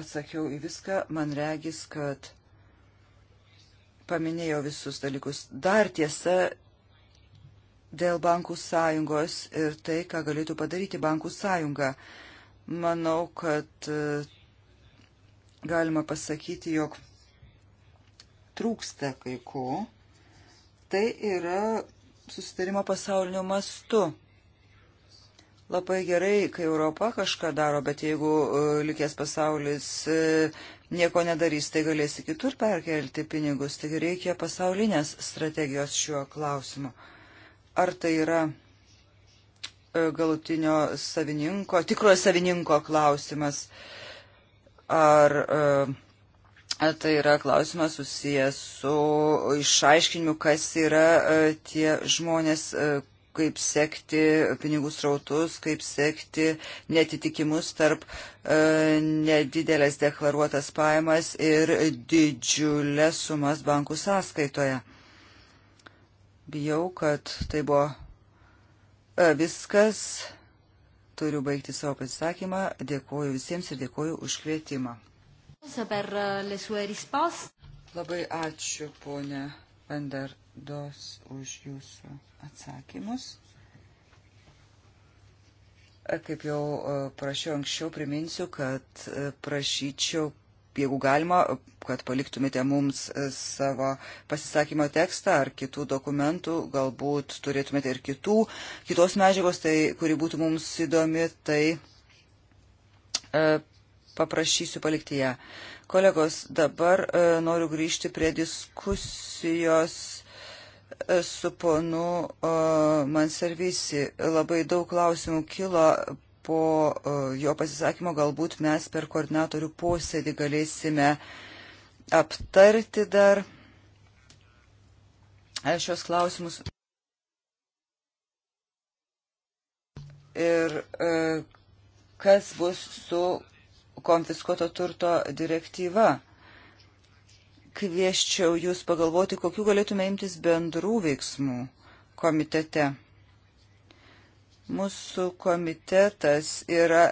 atsakiau į viską. Man regis, kad paminėjau visus dalykus. Dar tiesa dėl bankų sąjungos ir tai, ką galėtų padaryti bankų sąjunga. Manau, kad e, galima pasakyti, jog trūksta kai ko. Tai yra susitarimo pasaulinio mastu Labai gerai, kai Europa kažką daro, bet jeigu e, likęs pasaulis e, nieko nedarys, tai galėsi kitur perkelti pinigus. Taigi reikia pasaulinės strategijos šiuo klausimu. Ar tai yra e, galutinio savininko, tikrojo savininko klausimas, ar tai yra klausimas susijęs su išaiškinimu, kas yra tie žmonės, kaip sekti pinigų srautus, kaip sekti netitikimus tarp e, nedidelės deklaruotas pajamas ir didžiulės sumas bankų sąskaitoje. Bijau, kad tai buvo e, viskas. Turiu baigti savo pasisakymą. Dėkuoju visiems ir dėkuoju už kvietimą. E, Labai ačiū, ponė Vander Dos už jūsų atsakymus. E, kaip jau e, prašiau anksčiau, priminsiu, kad e, prašyčiau, jeigu galima, kad paliktumėte mums savo pasisakymo tekstą ar kitų dokumentų, galbūt turėtumėte ir kitų, kitos medžiagos, tai, kuri būtų mums įdomi, tai e, paprašysiu palikti ją. Kolegos, dabar e, noriu grįžti prie diskusijos su ponu Manservisi. Labai daug klausimų kilo po jo pasisakymo. Galbūt mes per koordinatorių posėdį galėsime aptarti dar šios klausimus. Ir e, kas bus su konfiskuoto turto direktyva? kvieščiau jūs pagalvoti, kokiu galėtume imtis bendrų veiksmų komitete. Mūsų komitetas yra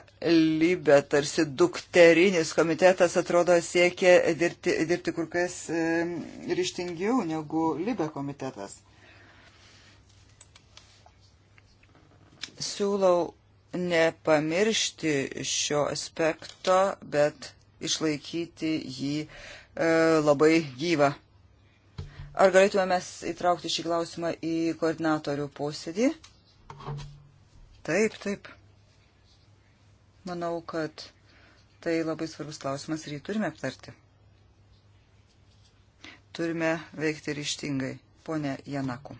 Libė, tarsi dukterinis komitetas, atrodo, siekia dirbti, dirbti kur kas e, ryštingiau negu Libė komitetas. Siūlau nepamiršti šio aspekto, bet išlaikyti jį E, labai gyva. Ar galėtume mes įtraukti šį klausimą į koordinatorių posėdį? Taip, taip. Manau, kad tai labai svarbus klausimas ir jį turime aptarti. Turime veikti ryštingai. Pone Janaku.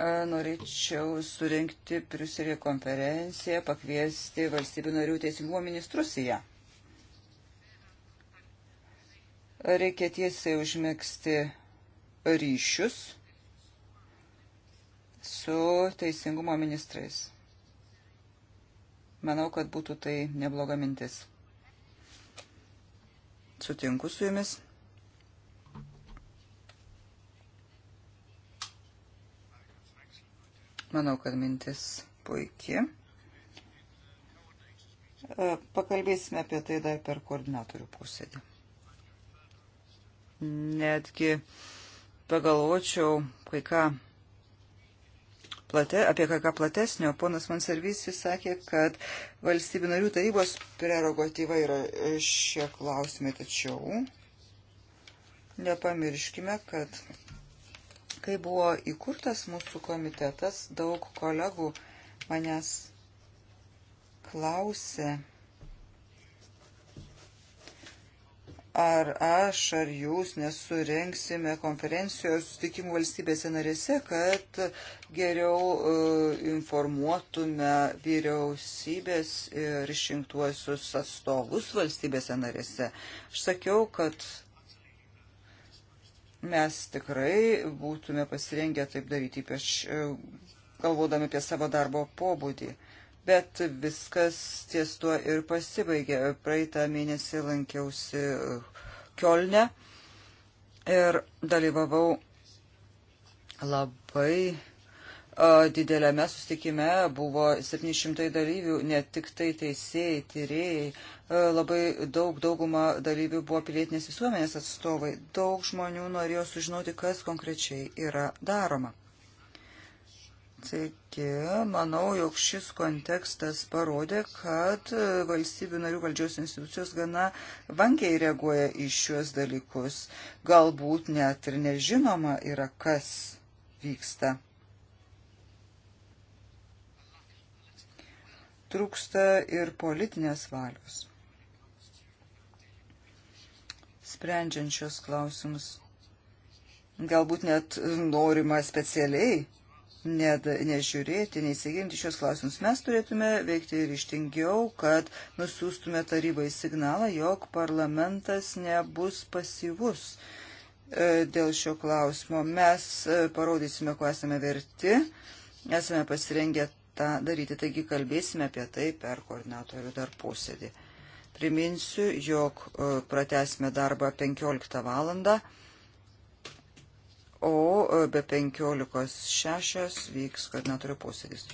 norėčiau surinkti Briuselį konferenciją, pakviesti valstybių narių teisingumo ministrus į ją. Reikia tiesiai užmėgsti ryšius su teisingumo ministrais. Manau, kad būtų tai nebloga mintis. Sutinku su jumis. Manau, kad mintis puikia. E, pakalbėsime apie tai dar per koordinatorių posėdį. Netgi pagalvočiau kai ką plate, apie ką ką platesnio. Ponas Manservisis sakė, kad valstybių narių tarybos prerogatyva yra šie klausimai, tačiau nepamirškime, kad Kai buvo įkurtas mūsų komitetas, daug kolegų manęs klausė, ar aš, ar jūs nesurenksime konferencijos sustikimų valstybėse narėse, kad geriau uh, informuotume vyriausybės ir išrinktuosius atstovus valstybėse narėse. Aš sakiau, kad mes tikrai būtume pasirengę taip daryti, ypač e, galvodami apie savo darbo pobūdį. Bet viskas ties tuo ir pasibaigė. Praeitą mėnesį lankiausi e, Kielne ir dalyvavau labai Dideliame sustikime buvo 700 dalyvių, ne tik tai teisėjai, tyrėjai, labai daug, dauguma dalyvių buvo pilietinės visuomenės atstovai. Daug žmonių norėjo sužinoti, kas konkrečiai yra daroma. Taigi, manau, jog šis kontekstas parodė, kad valstybių narių valdžios institucijos gana vangiai reaguoja į šiuos dalykus. Galbūt net ir nežinoma yra, kas vyksta. trūksta ir politinės valios. Sprendžiančios klausimus. Galbūt net norima specialiai net nežiūrėti, neįsigilinti šios klausimus. Mes turėtume veikti ryštingiau, kad nusiųstume tarybai signalą, jog parlamentas nebus pasyvus e, dėl šio klausimo. Mes e, parodysime, ko esame verti, esame pasirengę tą daryti. Taigi kalbėsime apie tai per koordinatorių dar posėdį. Priminsiu, jog e, pratesime darbą 15 valandą, o e, be 15.6 vyks koordinatorių posėdis.